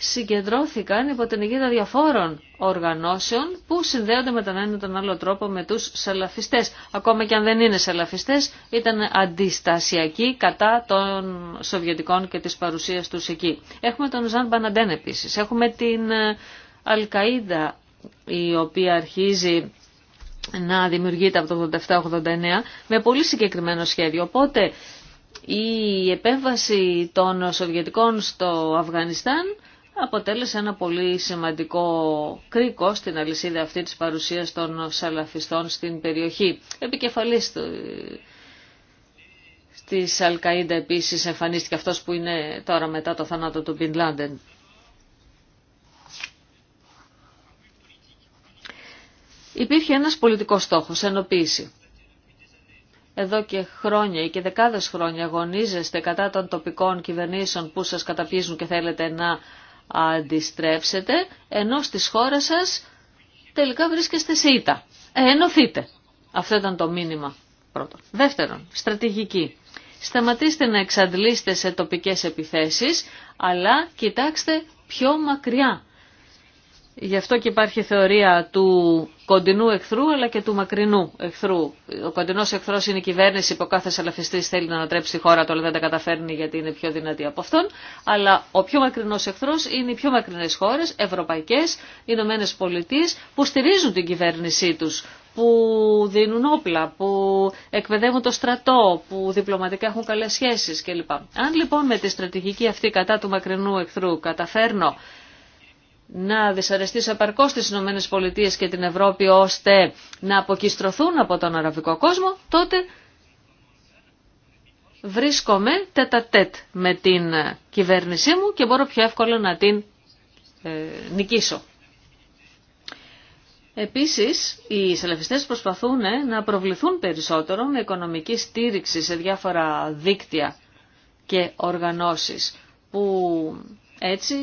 συγκεντρώθηκαν υπό την αιγύδα διαφόρων οργανώσεων που συνδέονται με τον ένα τον άλλο τρόπο με τους σαλαφιστές. Ακόμα και αν δεν είναι σαλαφιστές, ήταν αντιστασιακοί κατά των Σοβιετικών και της παρουσίας τους εκεί. Έχουμε τον Ζαν Μπαναντέν επίσης, έχουμε την ε, Αλκαΐδα η οποία αρχίζει να δημιουργείται από το 87-89 με πολύ συγκεκριμένο σχέδιο. Οπότε η επέμβαση των Σοβιετικών στο Αφγανιστάν αποτέλεσε ένα πολύ σημαντικό κρίκο στην αλυσίδα αυτή της παρουσίας των σαλαφιστών στην περιοχή. Επικεφαλής του, της Αλκαΐντα επίσης εμφανίστηκε αυτός που είναι τώρα μετά το θάνατο του Μπιν υπήρχε ένας πολιτικός στόχος, ενοποίηση. Εδώ και χρόνια ή και δεκάδες χρόνια αγωνίζεστε κατά των τοπικών κυβερνήσεων που σας καταπίζουν και θέλετε να αντιστρέψετε, ενώ στις χώρες σας τελικά βρίσκεστε σε ήττα. Ε, ενωθείτε. Αυτό ήταν το μήνυμα πρώτον. Δεύτερον, στρατηγική. Σταματήστε να εξαντλήσετε σε τοπικές επιθέσεις, αλλά κοιτάξτε πιο μακριά Γι' αυτό και υπάρχει θεωρία του κοντινού εχθρού αλλά και του μακρινού εχθρού. Ο κοντινό εχθρό είναι η κυβέρνηση που ο κάθε σαλαφιστή θέλει να ανατρέψει τη χώρα του, αλλά δεν τα καταφέρνει γιατί είναι πιο δυνατή από αυτόν. Αλλά ο πιο μακρινό εχθρό είναι οι πιο μακρινέ χώρε, ευρωπαϊκέ, Ηνωμένε Πολιτείε, που στηρίζουν την κυβέρνησή του, που δίνουν όπλα, που εκπαιδεύουν το στρατό, που διπλωματικά έχουν καλέ σχέσει κλπ. Αν λοιπόν με τη στρατηγική αυτή κατά του μακρινού εχθρού καταφέρνω να δυσαρεστεί απαρκώς τις Ηνωμένες και την Ευρώπη ώστε να αποκιστρωθούν από τον αραβικό κόσμο, τότε βρίσκομαι τέτα με την κυβέρνησή μου και μπορώ πιο εύκολα να την ε, νικήσω. Επίσης, οι Σελεφιστές προσπαθούν ε, να προβληθούν περισσότερο με οικονομική στήριξη σε διάφορα δίκτυα και οργανώσεις που έτσι,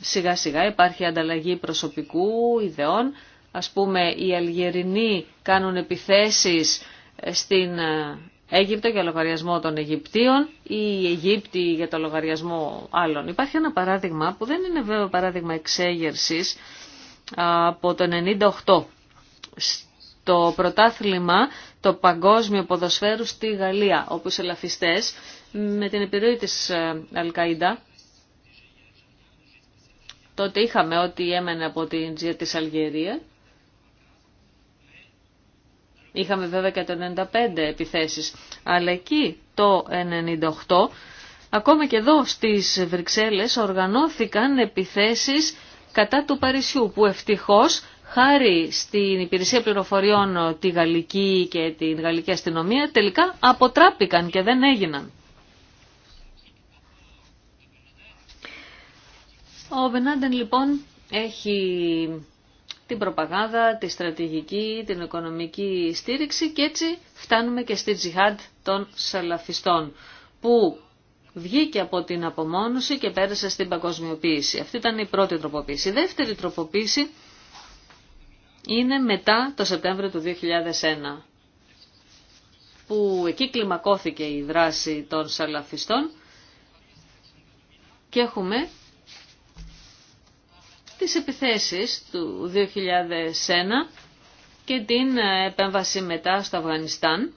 σιγά σιγά υπάρχει ανταλλαγή προσωπικού, ιδεών. Ας πούμε, οι Αλγερινοί κάνουν επιθέσεις ε, στην ε, Αίγυπτο για λογαριασμό των Αιγυπτίων ή οι Αιγύπτιοι για το λογαριασμό άλλων. Υπάρχει ένα παράδειγμα που δεν είναι βέβαια παράδειγμα εξέγερσης από το 98 Το πρωτάθλημα το παγκόσμιο ποδοσφαίρου στη Γαλλία όπου οι με την επιρροή της ε, Αλκαϊντα Τότε είχαμε ό,τι έμενε από την Τζία της Αλγερία. Είχαμε βέβαια και το 95 επιθέσεις. Αλλά εκεί το 98, ακόμα και εδώ στις Βρυξέλλες, οργανώθηκαν επιθέσεις κατά του Παρισιού, που ευτυχώς χάρη στην υπηρεσία πληροφοριών τη γαλλική και την γαλλική αστυνομία τελικά αποτράπηκαν και δεν έγιναν. Ο Μπενάντεν λοιπόν έχει την προπαγάνδα, τη στρατηγική, την οικονομική στήριξη και έτσι φτάνουμε και στη τζιχάντ των σαλαφιστών που βγήκε από την απομόνωση και πέρασε στην παγκοσμιοποίηση. Αυτή ήταν η πρώτη τροποποίηση. Η δεύτερη τροποποίηση είναι μετά το Σεπτέμβριο του 2001 που εκεί κλιμακώθηκε η δράση των σαλαφιστών και έχουμε τις επιθέσεις του 2001 και την επέμβαση μετά στο Αφγανιστάν,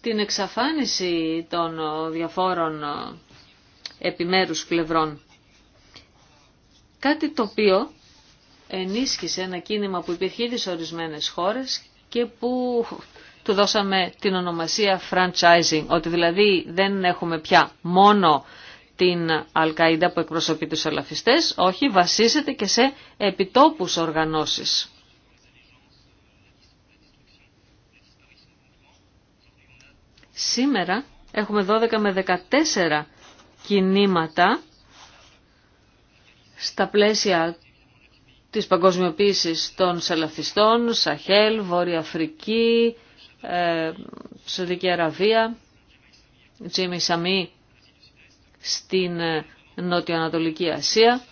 την εξαφάνιση των διαφόρων επιμέρους πλευρών. Κάτι το οποίο ενίσχυσε ένα κίνημα που υπήρχε ήδη σε ορισμένες χώρες και που του δώσαμε την ονομασία franchising, ότι δηλαδή δεν έχουμε πια μόνο την Αλκαϊντα που εκπροσωπεί τους αλαφιστές, όχι, βασίζεται και σε επιτόπους οργανώσεις. Σήμερα έχουμε 12 με 14 κινήματα στα πλαίσια της παγκοσμιοποίησης των Σαλαφιστών, Σαχέλ, Βόρεια Αφρική, ε, Σουδική Αραβία, Τζίμι Σαμί στην ε, Νότιο ασια Ασία.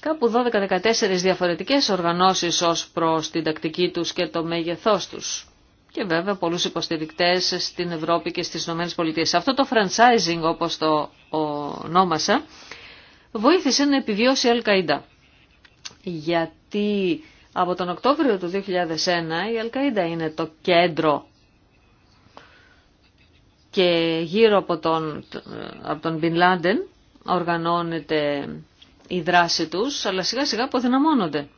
Κάπου 12-14 διαφορετικές οργανώσεις ως προς την τακτική τους και το μέγεθός τους. Και βέβαια πολλούς υποστηρικτές στην Ευρώπη και στις Πολιτείες. Αυτό το franchising όπως το ονόμασα βοήθησε να επιβιώσει η Αλκαϊντα. Γιατί από τον Οκτώβριο του 2001 η Αλκαϊντα είναι το κέντρο και γύρω από τον, από τον Μπιν Λάντεν οργανώνεται η δράση τους, αλλά σιγά σιγά αποδυναμώνονται.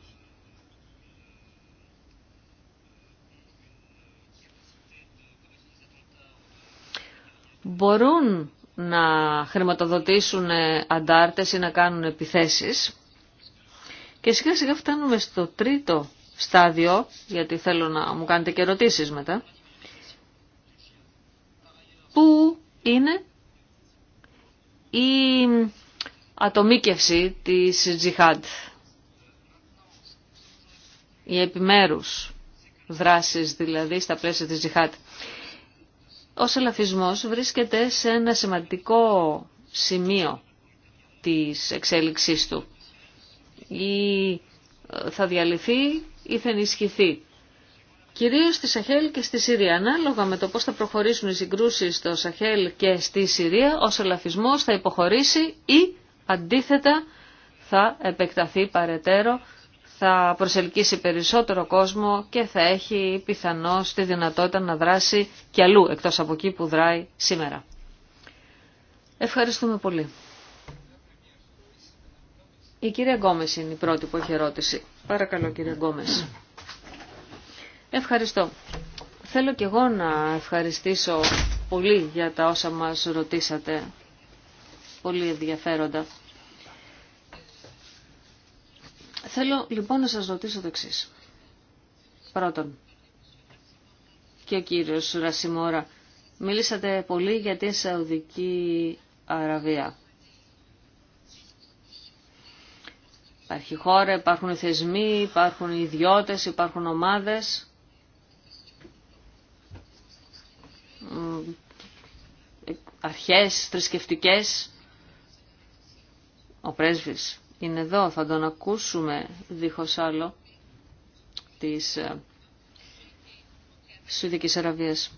Μπορούν να χρηματοδοτήσουν αντάρτες ή να κάνουν επιθέσεις και σιγά σιγά φτάνουμε στο τρίτο στάδιο, γιατί θέλω να μου κάνετε και ερωτήσεις μετά που είναι η ατομίκευση της τζιχάντ. Οι επιμέρους δράσεις δηλαδή στα πλαίσια της τζιχάντ. Ο σελαφισμός βρίσκεται σε ένα σημαντικό σημείο της εξέλιξής του. Ή ε, θα διαλυθεί ή θα ενισχυθεί κυρίως στη Σαχέλ και στη Συρία. Ανάλογα με το πώς θα προχωρήσουν οι συγκρούσεις στο Σαχέλ και στη Συρία, ο σελαφισμός θα υποχωρήσει ή αντίθετα θα επεκταθεί παρετέρω, θα προσελκύσει περισσότερο κόσμο και θα έχει πιθανώς τη δυνατότητα να δράσει και αλλού, εκτός από εκεί που δράει σήμερα. Ευχαριστούμε πολύ. Η κυρία Γκόμες είναι η πρώτη που έχει ερώτηση. Παρακαλώ κύριε Γκόμες. Ευχαριστώ. Θέλω και εγώ να ευχαριστήσω πολύ για τα όσα μας ρωτήσατε. Πολύ ενδιαφέροντα. Θέλω λοιπόν να σας ρωτήσω το εξής. Πρώτον, και ο κύριος Ρασιμόρα, μίλησατε πολύ για την Σαουδική Αραβία. Υπάρχει χώρα, υπάρχουν θεσμοί, υπάρχουν ιδιώτες, υπάρχουν ομάδες Ε, αρχές θρησκευτικέ. Ο πρέσβης είναι εδώ, θα τον ακούσουμε δίχως άλλο της ε, Σουηδικής Αραβίας.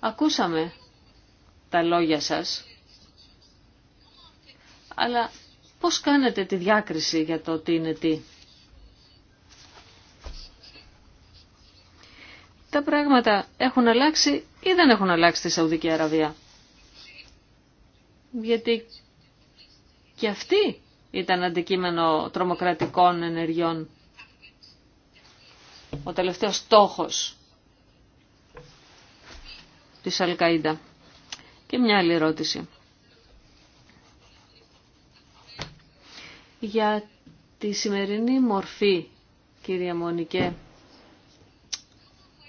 Ακούσαμε τα λόγια σας, αλλά πώς κάνετε τη διάκριση για το τι είναι τι. τα πράγματα έχουν αλλάξει ή δεν έχουν αλλάξει στη Σαουδική Αραβία. Γιατί και αυτή ήταν αντικείμενο τρομοκρατικών ενεργειών. Ο τελευταίος στόχος της Αλκαΐντα. Και μια άλλη ερώτηση. Για τη σημερινή μορφή, κυρία Μονικέ,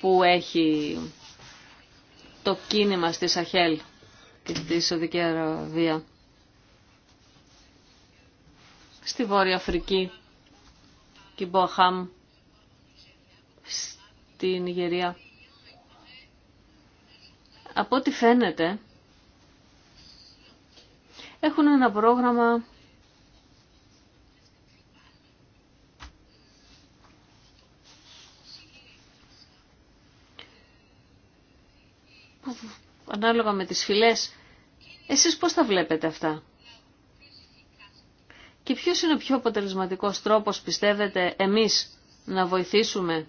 που έχει το κίνημα στη Σαχέλ και στη Σοδική Αραβία. Στη Βόρεια Αφρική, Κιμποαχάμ, στη Νιγερία. Από ό,τι φαίνεται, έχουν ένα πρόγραμμα ανάλογα με τις φυλές. Εσείς πώς τα βλέπετε αυτά. Και ποιος είναι ο πιο αποτελεσματικός τρόπος πιστεύετε εμείς να βοηθήσουμε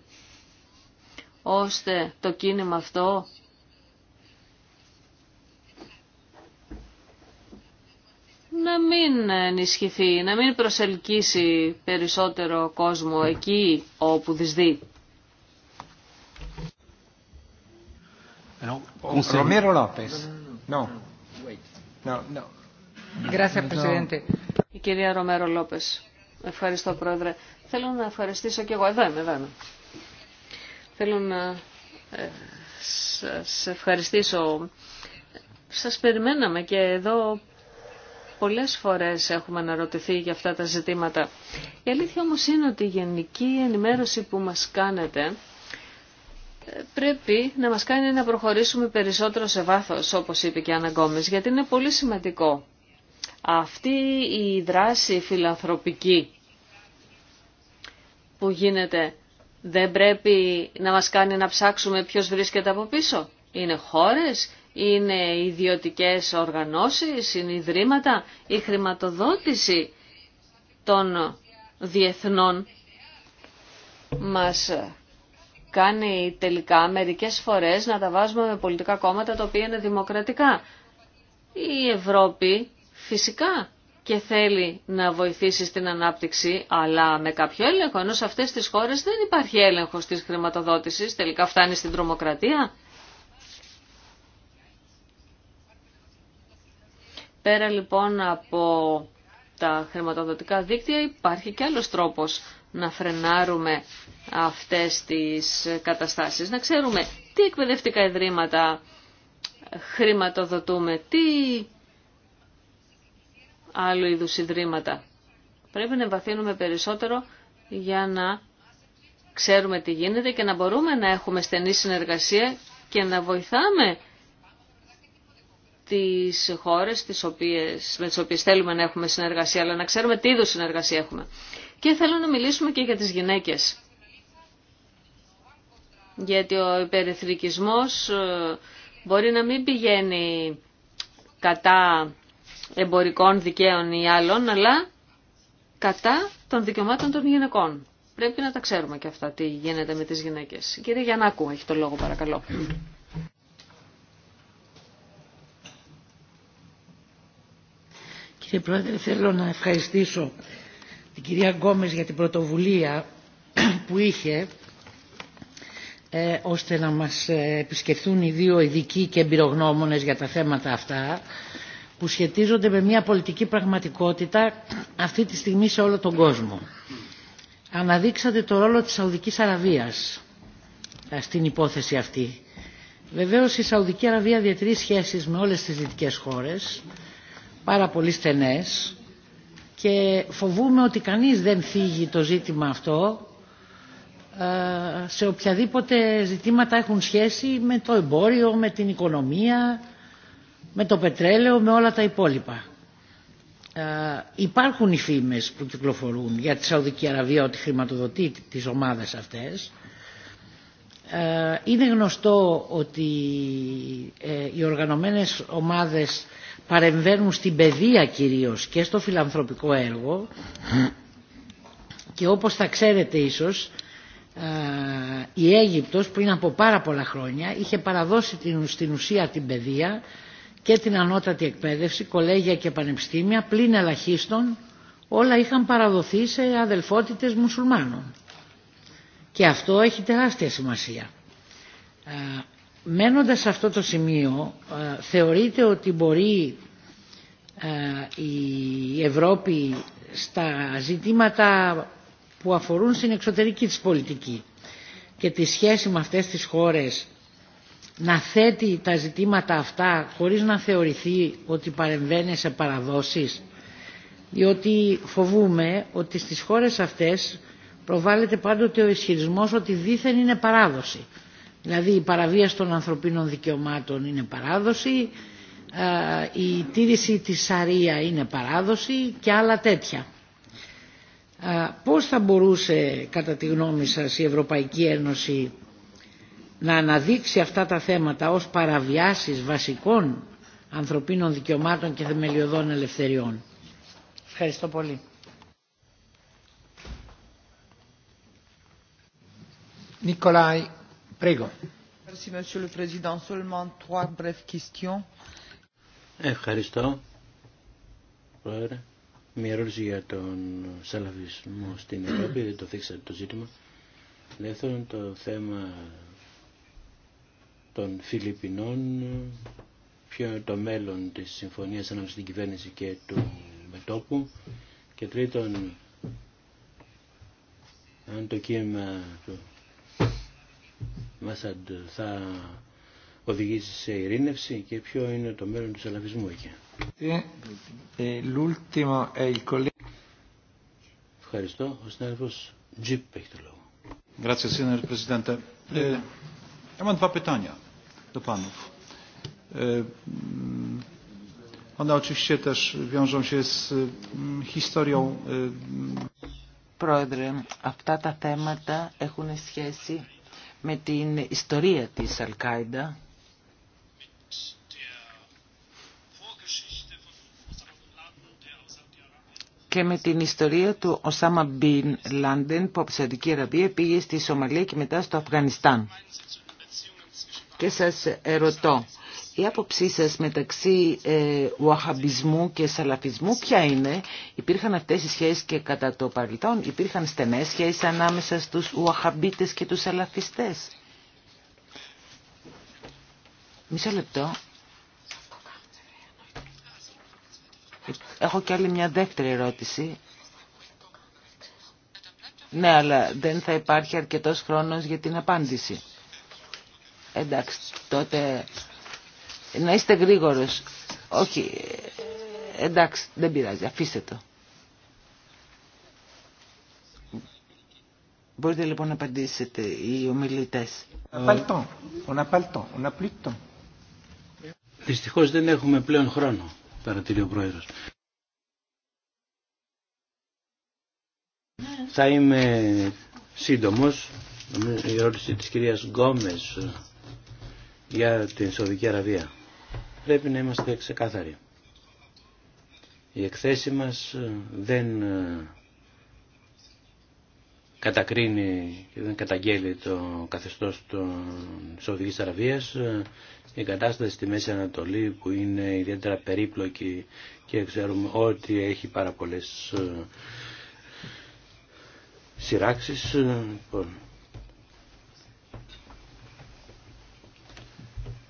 ώστε το κίνημα αυτό να μην ενισχυθεί, να μην προσελκύσει περισσότερο κόσμο εκεί όπου δυσδύει. Romero López. No. Η κυρία Ρομέρο Λόπες. Ευχαριστώ, Πρόεδρε. Θέλω να ευχαριστήσω και εγώ. Εδώ είμαι, εδώ είμαι. Θέλω να ε, σας ευχαριστήσω. Σας περιμέναμε και εδώ πολλές φορές έχουμε αναρωτηθεί για αυτά τα ζητήματα. Η αλήθεια όμως είναι ότι η γενική ενημέρωση που μας κάνετε πρέπει να μας κάνει να προχωρήσουμε περισσότερο σε βάθος, όπως είπε και η Άννα γιατί είναι πολύ σημαντικό αυτή η δράση φιλανθρωπική που γίνεται δεν πρέπει να μας κάνει να ψάξουμε ποιος βρίσκεται από πίσω. Είναι χώρες, είναι ιδιωτικές οργανώσεις, είναι ιδρύματα. Η χρηματοδότηση των διεθνών μας κάνει τελικά μερικές φορές να τα βάζουμε με πολιτικά κόμματα τα οποία είναι δημοκρατικά. Η Ευρώπη φυσικά και θέλει να βοηθήσει στην ανάπτυξη, αλλά με κάποιο έλεγχο, ενώ σε αυτές τις χώρες δεν υπάρχει έλεγχος της χρηματοδότησης, τελικά φτάνει στην τρομοκρατία. Πέρα λοιπόν από τα χρηματοδοτικά δίκτυα υπάρχει και άλλος τρόπος να φρενάρουμε αυτές τις καταστάσεις. Να ξέρουμε τι εκπαιδευτικά ιδρύματα χρηματοδοτούμε, τι άλλου είδου ιδρύματα. Πρέπει να εμβαθύνουμε περισσότερο για να ξέρουμε τι γίνεται και να μπορούμε να έχουμε στενή συνεργασία και να βοηθάμε τις χώρες τις οποίες, με τις οποίες θέλουμε να έχουμε συνεργασία, αλλά να ξέρουμε τι είδους συνεργασία έχουμε. Και θέλω να μιλήσουμε και για τις γυναίκες. Γιατί ο υπερεθρικισμός ε, μπορεί να μην πηγαίνει κατά εμπορικών δικαίων ή άλλων, αλλά κατά των δικαιωμάτων των γυναικών. Πρέπει να τα ξέρουμε και αυτά τι γίνεται με τις γυναίκες. Κύριε Γιαννάκου, έχει το λόγο παρακαλώ. Κύριε Πρόεδρε, θέλω να ευχαριστήσω την κυρία Γκόμες για την πρωτοβουλία που είχε ε, ώστε να μας ε, επισκεφθούν οι δύο ειδικοί και εμπειρογνώμονες για τα θέματα αυτά που σχετίζονται με μια πολιτική πραγματικότητα αυτή τη στιγμή σε όλο τον κόσμο. Αναδείξατε το ρόλο της Σαουδικής Αραβίας ε, στην υπόθεση αυτή. Βεβαίως η Σαουδική Αραβία διατηρεί σχέσεις με όλες τις δυτικές χώρες, πάρα πολύ στενές, και φοβούμε ότι κανείς δεν φύγει το ζήτημα αυτό ε, σε οποιαδήποτε ζητήματα έχουν σχέση με το εμπόριο, με την οικονομία, με το πετρέλαιο, με όλα τα υπόλοιπα. Ε, υπάρχουν οι φήμες που κυκλοφορούν για τη Σαουδική Αραβία ότι χρηματοδοτεί τις ομάδες αυτές. Ε, είναι γνωστό ότι οι οργανωμένες ομάδες παρεμβαίνουν στην παιδεία κυρίως και στο φιλανθρωπικό έργο και όπως θα ξέρετε ίσως ε, η Αίγυπτος πριν από πάρα πολλά χρόνια είχε παραδώσει στην ουσία την παιδεία και την ανώτατη εκπαίδευση, κολέγια και πανεπιστήμια πλην ελαχίστων όλα είχαν παραδοθεί σε αδελφότητες μουσουλμάνων. Και αυτό έχει τεράστια σημασία. Ε, Μένοντας σε αυτό το σημείο, ε, θεωρείτε ότι μπορεί ε, η Ευρώπη στα ζητήματα που αφορούν στην εξωτερική της πολιτική και τη σχέση με αυτές τις χώρες να θέτει τα ζητήματα αυτά χωρίς να θεωρηθεί ότι παρεμβαίνει σε παραδόσεις διότι φοβούμε ότι στις χώρες αυτές προβάλλεται πάντοτε ο ισχυρισμός ότι δήθεν είναι παράδοση Δηλαδή η παραβίαση των ανθρωπίνων δικαιωμάτων είναι παράδοση, η τήρηση της σαρία είναι παράδοση και άλλα τέτοια. Πώς θα μπορούσε κατά τη γνώμη σας η Ευρωπαϊκή Ένωση να αναδείξει αυτά τα θέματα ως παραβιάσεις βασικών ανθρωπίνων δικαιωμάτων και θεμελιωδών ελευθεριών. Ευχαριστώ πολύ. Nikolai Ευχαριστώ, Πρόεδρε. Μια ερώτηση για τον Σαλαβισμό στην Ευρώπη, δεν το θίξατε το ζήτημα. Δεύτερον, το θέμα των Φιλιππινών, ποιο είναι το μέλλον της συμφωνίας ανάμεσα στην κυβέρνηση και του μετόπου. Και τρίτον, αν το κύμα του Μασαντ θα οδηγήσει σε ειρήνευση και ποιο είναι το μέλλον του σαλαβισμού εκεί. Ε, ε, Ευχαριστώ. Ο συνάδελφος Τζιπ έχει το λόγο. Ε, Πρόεδρε, αυτά τα θέματα έχουν σχέση με την ιστορία της Αλκάιντα και με την ιστορία του Οσάμα Μπιν Λάντεν που από τη Σαουδική Αραβία πήγε στη Σομαλία και μετά στο Αφγανιστάν. Και σας ερωτώ, η άποψή σας μεταξύ ε, ουαχαμπισμού και σαλαφισμού ποια είναι. Υπήρχαν αυτές οι σχέσεις και κατά το παρελθόν. Υπήρχαν στενές σχέσεις ανάμεσα στους ουαχαμπίτες και τους σαλαφιστές. Μισό λεπτό. Έχω και άλλη μια δεύτερη ερώτηση. Ναι, αλλά δεν θα υπάρχει αρκετός χρόνος για την απάντηση. Εντάξει, τότε να είστε γρήγορος. Όχι, εντάξει, δεν πειράζει, αφήστε το. Μπορείτε λοιπόν να απαντήσετε οι ομιλητές. Δυστυχώς δεν έχουμε πλέον χρόνο, παρατηρεί ο Πρόεδρος. Θα είμαι σύντομος, η ερώτηση της κυρίας Γκόμες ε, για την Σαουδική Αραβία πρέπει να είμαστε ξεκάθαροι. Η εκθέση μας ε, δεν ε, κατακρίνει και δεν καταγγέλει το καθεστώς της Σαουδικής Αραβίας ε, η κατάσταση στη Μέση Ανατολή που είναι ιδιαίτερα περίπλοκη και ξέρουμε ότι έχει πάρα πολλές σειράξεις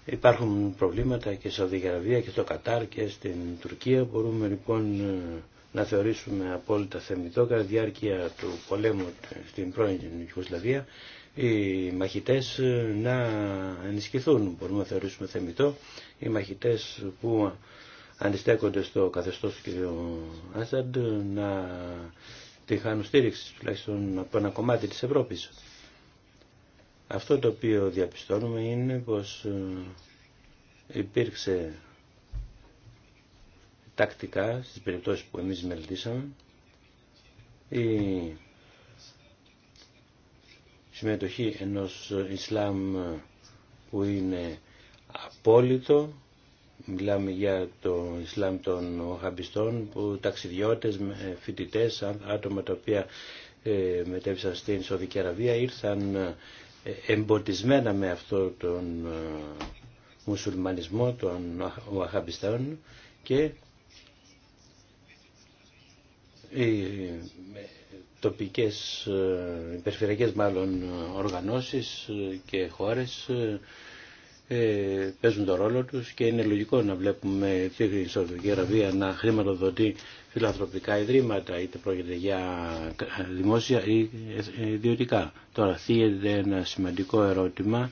Υπάρχουν προβλήματα και στη Σαουδική και στο Κατάρ και στην Τουρκία. Μπορούμε λοιπόν ε, να θεωρήσουμε απόλυτα θεμητό κατά τη διάρκεια του πολέμου στην πρώην Ιουγκοσλαβία οι μαχητές ε, να ενισχυθούν. Μπορούμε να θεωρήσουμε θεμητό οι μαχητές που αντιστέκονται στο καθεστώς του κ. Άσαντ να τη χάνουν στήριξη τουλάχιστον από ένα κομμάτι της Ευρώπης. Αυτό το οποίο διαπιστώνουμε είναι πως ε, υπήρξε τακτικά στις περιπτώσεις που εμείς μελετήσαμε η συμμετοχή ενός Ισλάμ που είναι απόλυτο μιλάμε για το Ισλάμ των Οχαμπιστών που ταξιδιώτες, ε, φοιτητές, άτομα τα οποία ε, μετέβησαν στην Σοδική Αραβία ήρθαν ε, εμποτισμένα με αυτό τον ε, μουσουλμανισμό των Ουαχαμπιστών και οι ε, τοπικές, οι μάλλον οργανώσεις και χώρες ε, παίζουν τον ρόλο τους και είναι λογικό να βλέπουμε τη Σαουδική Αραβία να χρηματοδοτεί φιλανθρωπικά ιδρύματα, είτε πρόκειται για δημόσια ή ιδιωτικά. Τώρα θίγεται ένα σημαντικό ερώτημα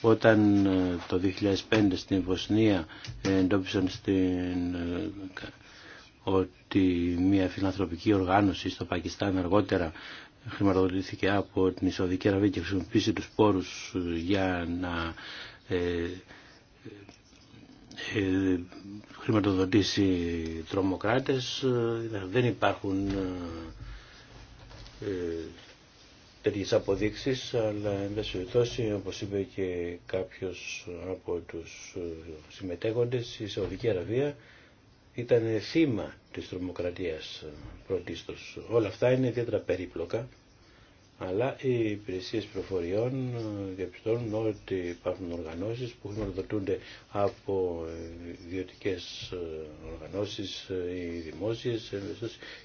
όταν ε, το 2005 στην Βοσνία εντόπισαν στην, ε, ότι μια φιλανθρωπική οργάνωση στο Πακιστάν αργότερα χρηματοδοτήθηκε από την Ισοδική Αραβή και χρησιμοποίησε τους πόρους ε, για να ε, χρηματοδοτήσει τρομοκράτες, ε, δεν υπάρχουν ε, τέτοιες αποδείξεις, αλλά εν πάση όπως είπε και κάποιος από τους συμμετέχοντες, η Σαουδική Αραβία ήταν θύμα της τρομοκρατίας πρωτίστως. Όλα αυτά είναι ιδιαίτερα περίπλοκα αλλά οι υπηρεσίες προφοριών ε, διαπιστώνουν ότι υπάρχουν οργανώσεις που χρηματοδοτούνται από ε, ιδιωτικέ ε, οργανώσεις ή δημόσιες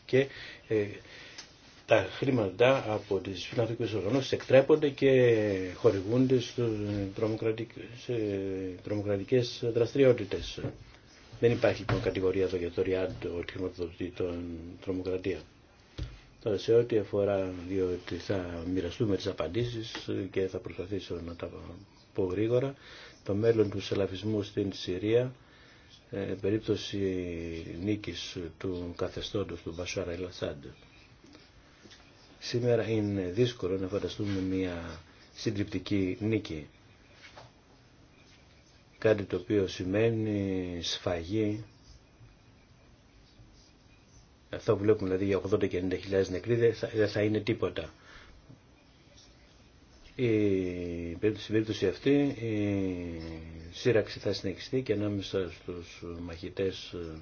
και τα χρήματα από τις φιλανθρωπικές οργανώσεις εκτρέπονται και χορηγούνται σε τρομοκρατικές δραστηριότητες. Δεν υπάρχει λοιπόν κατηγορία εδώ για το ΡΙΑΝΤ ότι χρηματοδοτεί τον τρομοκρατία σε ό,τι αφορά, διότι θα μοιραστούμε τις απαντήσεις και θα προσπαθήσω να τα πω γρήγορα, το μέλλον του σελαφισμού στην Συρία, ε, περίπτωση νίκης του καθεστώτος του Μπασουάρα Ελασάντ. Σήμερα είναι δύσκολο να φανταστούμε μια συντριπτική νίκη. Κάτι το οποίο σημαίνει σφαγή αυτό βλέπουμε δηλαδή για 80 και 90 χιλιάδες νεκροί δεν θα, δεν θα είναι τίποτα. Η, στην περίπτωση αυτή η σύραξη θα συνεχιστεί και ανάμεσα στους μαχητές ε,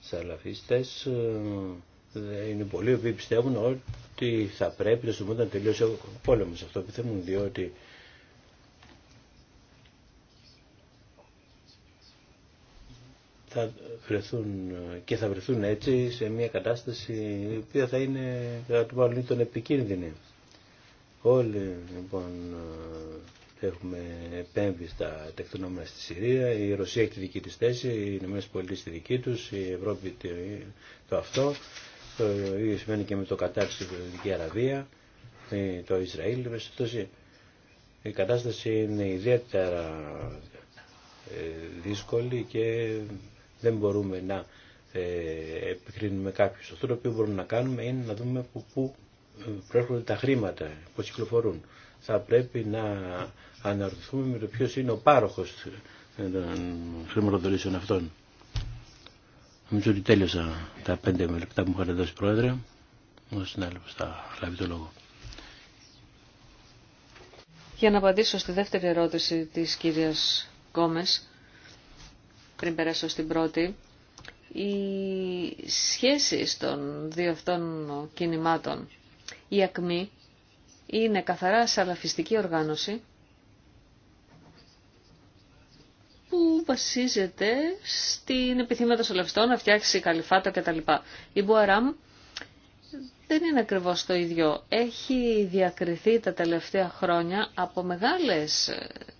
σαλαφίστες ε, είναι πολλοί οι πιστεύουν ότι θα πρέπει να σου να τελειώσει ο πόλεμος. Αυτό θέλουν διότι θα βρεθούν και θα βρεθούν έτσι σε μια κατάσταση η οποία θα είναι κατά του πάνω τον επικίνδυνη. Όλοι λοιπόν έχουμε επέμβει στα τεκτονόμενα στη Συρία, η Ρωσία έχει τη δική της θέση, οι Ηνωμένες Πολιτείες τη δική τους, η Ευρώπη το αυτό, το ίδιο σημαίνει και με το κατάρτιση στη Δυτική Αραβία, ε, το Ισραήλ, η κατάσταση είναι ιδιαίτερα ε, δύσκολη και δεν μπορούμε να ε, επικρίνουμε κάποιους. Αυτό το οποίο μπορούμε να κάνουμε είναι να δούμε από πού ε, που κυκλοφορούν. Θα πρέπει να αναρωτηθούμε με το ποιο είναι ο πάροχος των χρηματοδοτήσεων αυτών. Νομίζω ότι τέλειωσα τα πέντε με λεπτά που μου είχατε δώσει πρόεδρε. Ο συνάδελφος θα λάβει το λόγο. Για να απαντήσω στη δεύτερη ερώτηση της κυρίας Γκόμες, πριν περάσω στην πρώτη. Η σχέση των δύο αυτών κινημάτων, η ΑΚΜΗ, είναι καθαρά σαλαφιστική οργάνωση που βασίζεται στην επιθυμία των σαλαφιστών να φτιάξει καλυφάτα κτλ. Η Μπουαράμ δεν είναι ακριβώς το ίδιο. Έχει διακριθεί τα τελευταία χρόνια από μεγάλες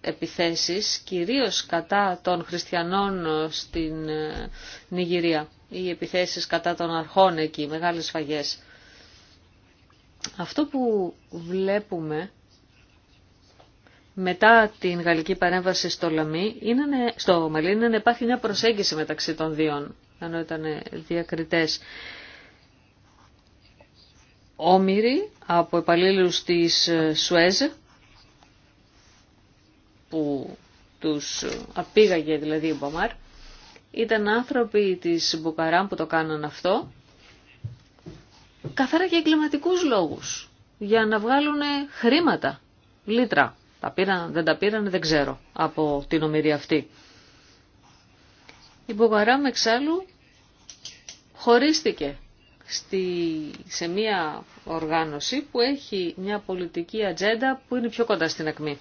επιθέσεις, κυρίως κατά των χριστιανών στην ε, Νιγηρία. Οι επιθέσεις κατά των αρχών εκεί, μεγάλες φαγές. Αυτό που βλέπουμε μετά την γαλλική παρέμβαση στο, Λαμί, είναι, στο Μαλί είναι να υπάρχει μια προσέγγιση μεταξύ των δύο, ενώ ήταν διακριτές όμοιροι από επαλλήλους της ε, Σουέζ που τους ε, απήγαγε δηλαδή η Μπαμάρ ήταν άνθρωποι της Μπουκαράμ που το κάνανε αυτό καθαρά για εγκληματικού λόγους για να βγάλουν χρήματα, λίτρα τα πήραν, δεν τα πήραν, δεν ξέρω από την ομοιρία αυτή η Μπουκαράμ εξάλλου χωρίστηκε στη, σε μια οργάνωση που έχει μια πολιτική ατζέντα που είναι πιο κοντά στην ακμή.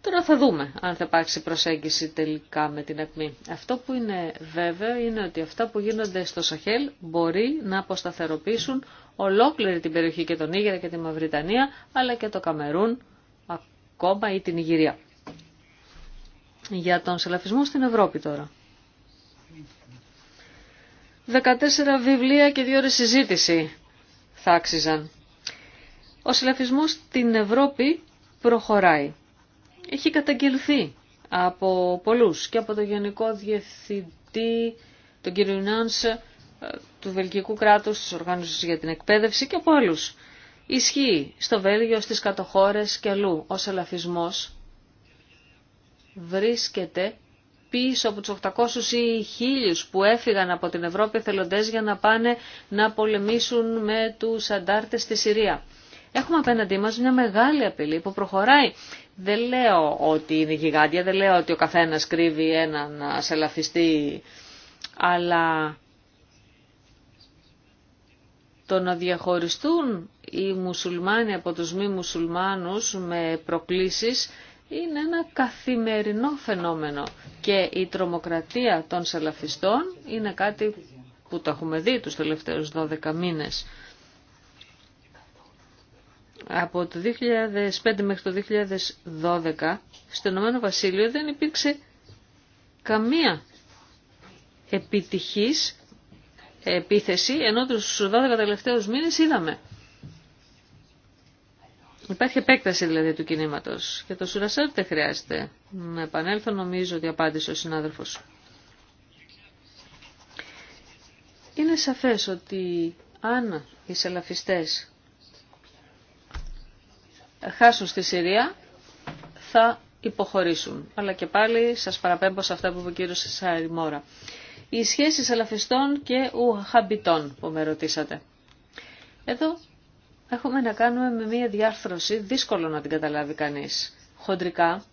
Τώρα θα δούμε αν θα υπάρξει προσέγγιση τελικά με την ακμή. Αυτό που είναι βέβαιο είναι ότι αυτά που γίνονται στο Σαχέλ μπορεί να αποσταθεροποιήσουν ολόκληρη την περιοχή και τον Ήγερα και τη Μαυριτανία, αλλά και το Καμερούν, ακόμα ή την Ιγυρία. Για τον σελαφισμό στην Ευρώπη τώρα. 14 βιβλία και δύο ώρες συζήτηση θα άξιζαν. Ο συλλαφισμός στην Ευρώπη προχωράει. Έχει καταγγελθεί από πολλούς και από το Γενικό Διευθυντή, τον κύριο Ινάνς, ε, του Βελγικού κράτους, της Οργάνωσης για την Εκπαίδευση και από άλλους. Ισχύει στο Βέλγιο, στις κατοχώρες και αλλού ο σελαφισμός βρίσκεται πίσω από τους 800 ή 1000 που έφυγαν από την Ευρώπη θελοντές για να πάνε να πολεμήσουν με τους αντάρτες στη Συρία. Έχουμε απέναντί μας μια μεγάλη απειλή που προχωράει. Δεν λέω ότι είναι γιγάντια, δεν λέω ότι ο καθένας κρύβει έναν σελαφιστή, αλλά το να διαχωριστούν οι μουσουλμάνοι από τους μη μουσουλμάνους με προκλήσεις είναι ένα καθημερινό φαινόμενο και η τρομοκρατία των σαλαφιστών είναι κάτι που το έχουμε δει τους τελευταίους 12 μήνες. Από το 2005 μέχρι το 2012 στο Ηνωμένο Βασίλειο δεν υπήρξε καμία επιτυχής επίθεση, ενώ τους 12 τελευταίους μήνες είδαμε. Υπάρχει επέκταση δηλαδή του κινήματος. Για το Σουρασέρ δεν χρειάζεται. Να επανέλθω νομίζω ότι απάντησε ο συνάδελφος. Είναι σαφές ότι αν οι σελαφιστές χάσουν στη Συρία θα υποχωρήσουν. Αλλά και πάλι σας παραπέμπω σε αυτά που είπε ο κύριος Σαριμόρα. Οι σχέσεις σελαφιστών και ουχαμπιτών που με ρωτήσατε. Εδώ έχουμε να κάνουμε με μία διάρθρωση δύσκολο να την καταλάβει κανείς. Χοντρικά,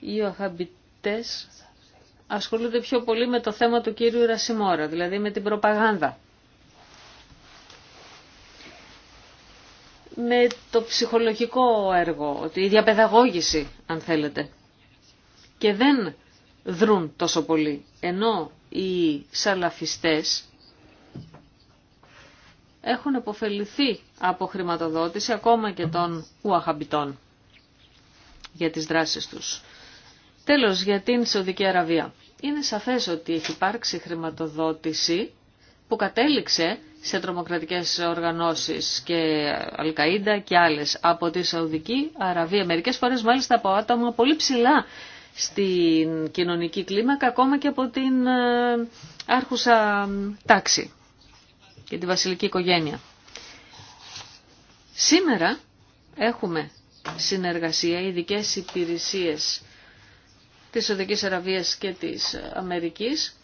οι οχαμπιτές ασχολούνται πιο πολύ με το θέμα του κύριου Ρασιμόρα, δηλαδή με την προπαγάνδα. Με το ψυχολογικό έργο, η διαπαιδαγώγηση αν θέλετε. Και δεν δρούν τόσο πολύ, ενώ οι σαλαφιστές έχουν επωφεληθεί από χρηματοδότηση ακόμα και των ουαχαμπιτών για τις δράσεις τους. Τέλος, για την Σαουδική Αραβία. Είναι σαφές ότι έχει υπάρξει χρηματοδότηση που κατέληξε σε τρομοκρατικές οργανώσεις και Αλκαΐντα και άλλες από τη Σαουδική Αραβία. Μερικές φορές μάλιστα από άτομα πολύ ψηλά στην κοινωνική κλίμακα, ακόμα και από την ε, άρχουσα τάξη και τη βασιλική οικογένεια. Σήμερα έχουμε συνεργασία, ειδικέ υπηρεσίες της Οδικής Αραβίας και της Αμερικής,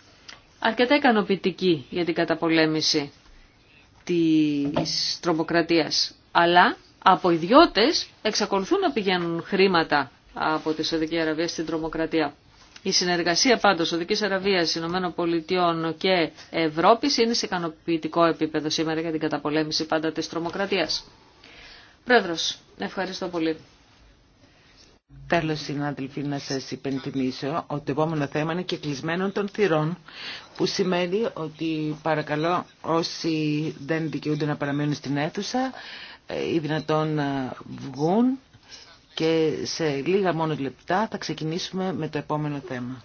αρκετά ικανοποιητική για την καταπολέμηση της τρομοκρατίας. Αλλά από ιδιώτες εξακολουθούν να πηγαίνουν χρήματα από τη Σαουδική Αραβία στην τρομοκρατία. Η συνεργασία πάντω Οδική Αραβία, Ηνωμένων Πολιτειών και Ευρώπη είναι σε ικανοποιητικό επίπεδο σήμερα για την καταπολέμηση πάντα τη τρομοκρατία. Πρόεδρο, ευχαριστώ πολύ. Τέλο, συνάδελφοι, να σα υπενθυμίσω ότι το επόμενο θέμα είναι και κλεισμένο των θυρών, που σημαίνει ότι παρακαλώ όσοι δεν δικαιούνται να παραμείνουν στην αίθουσα ή ε, δυνατόν να ε, βγουν και σε λίγα μόνο λεπτά θα ξεκινήσουμε με το επόμενο θέμα.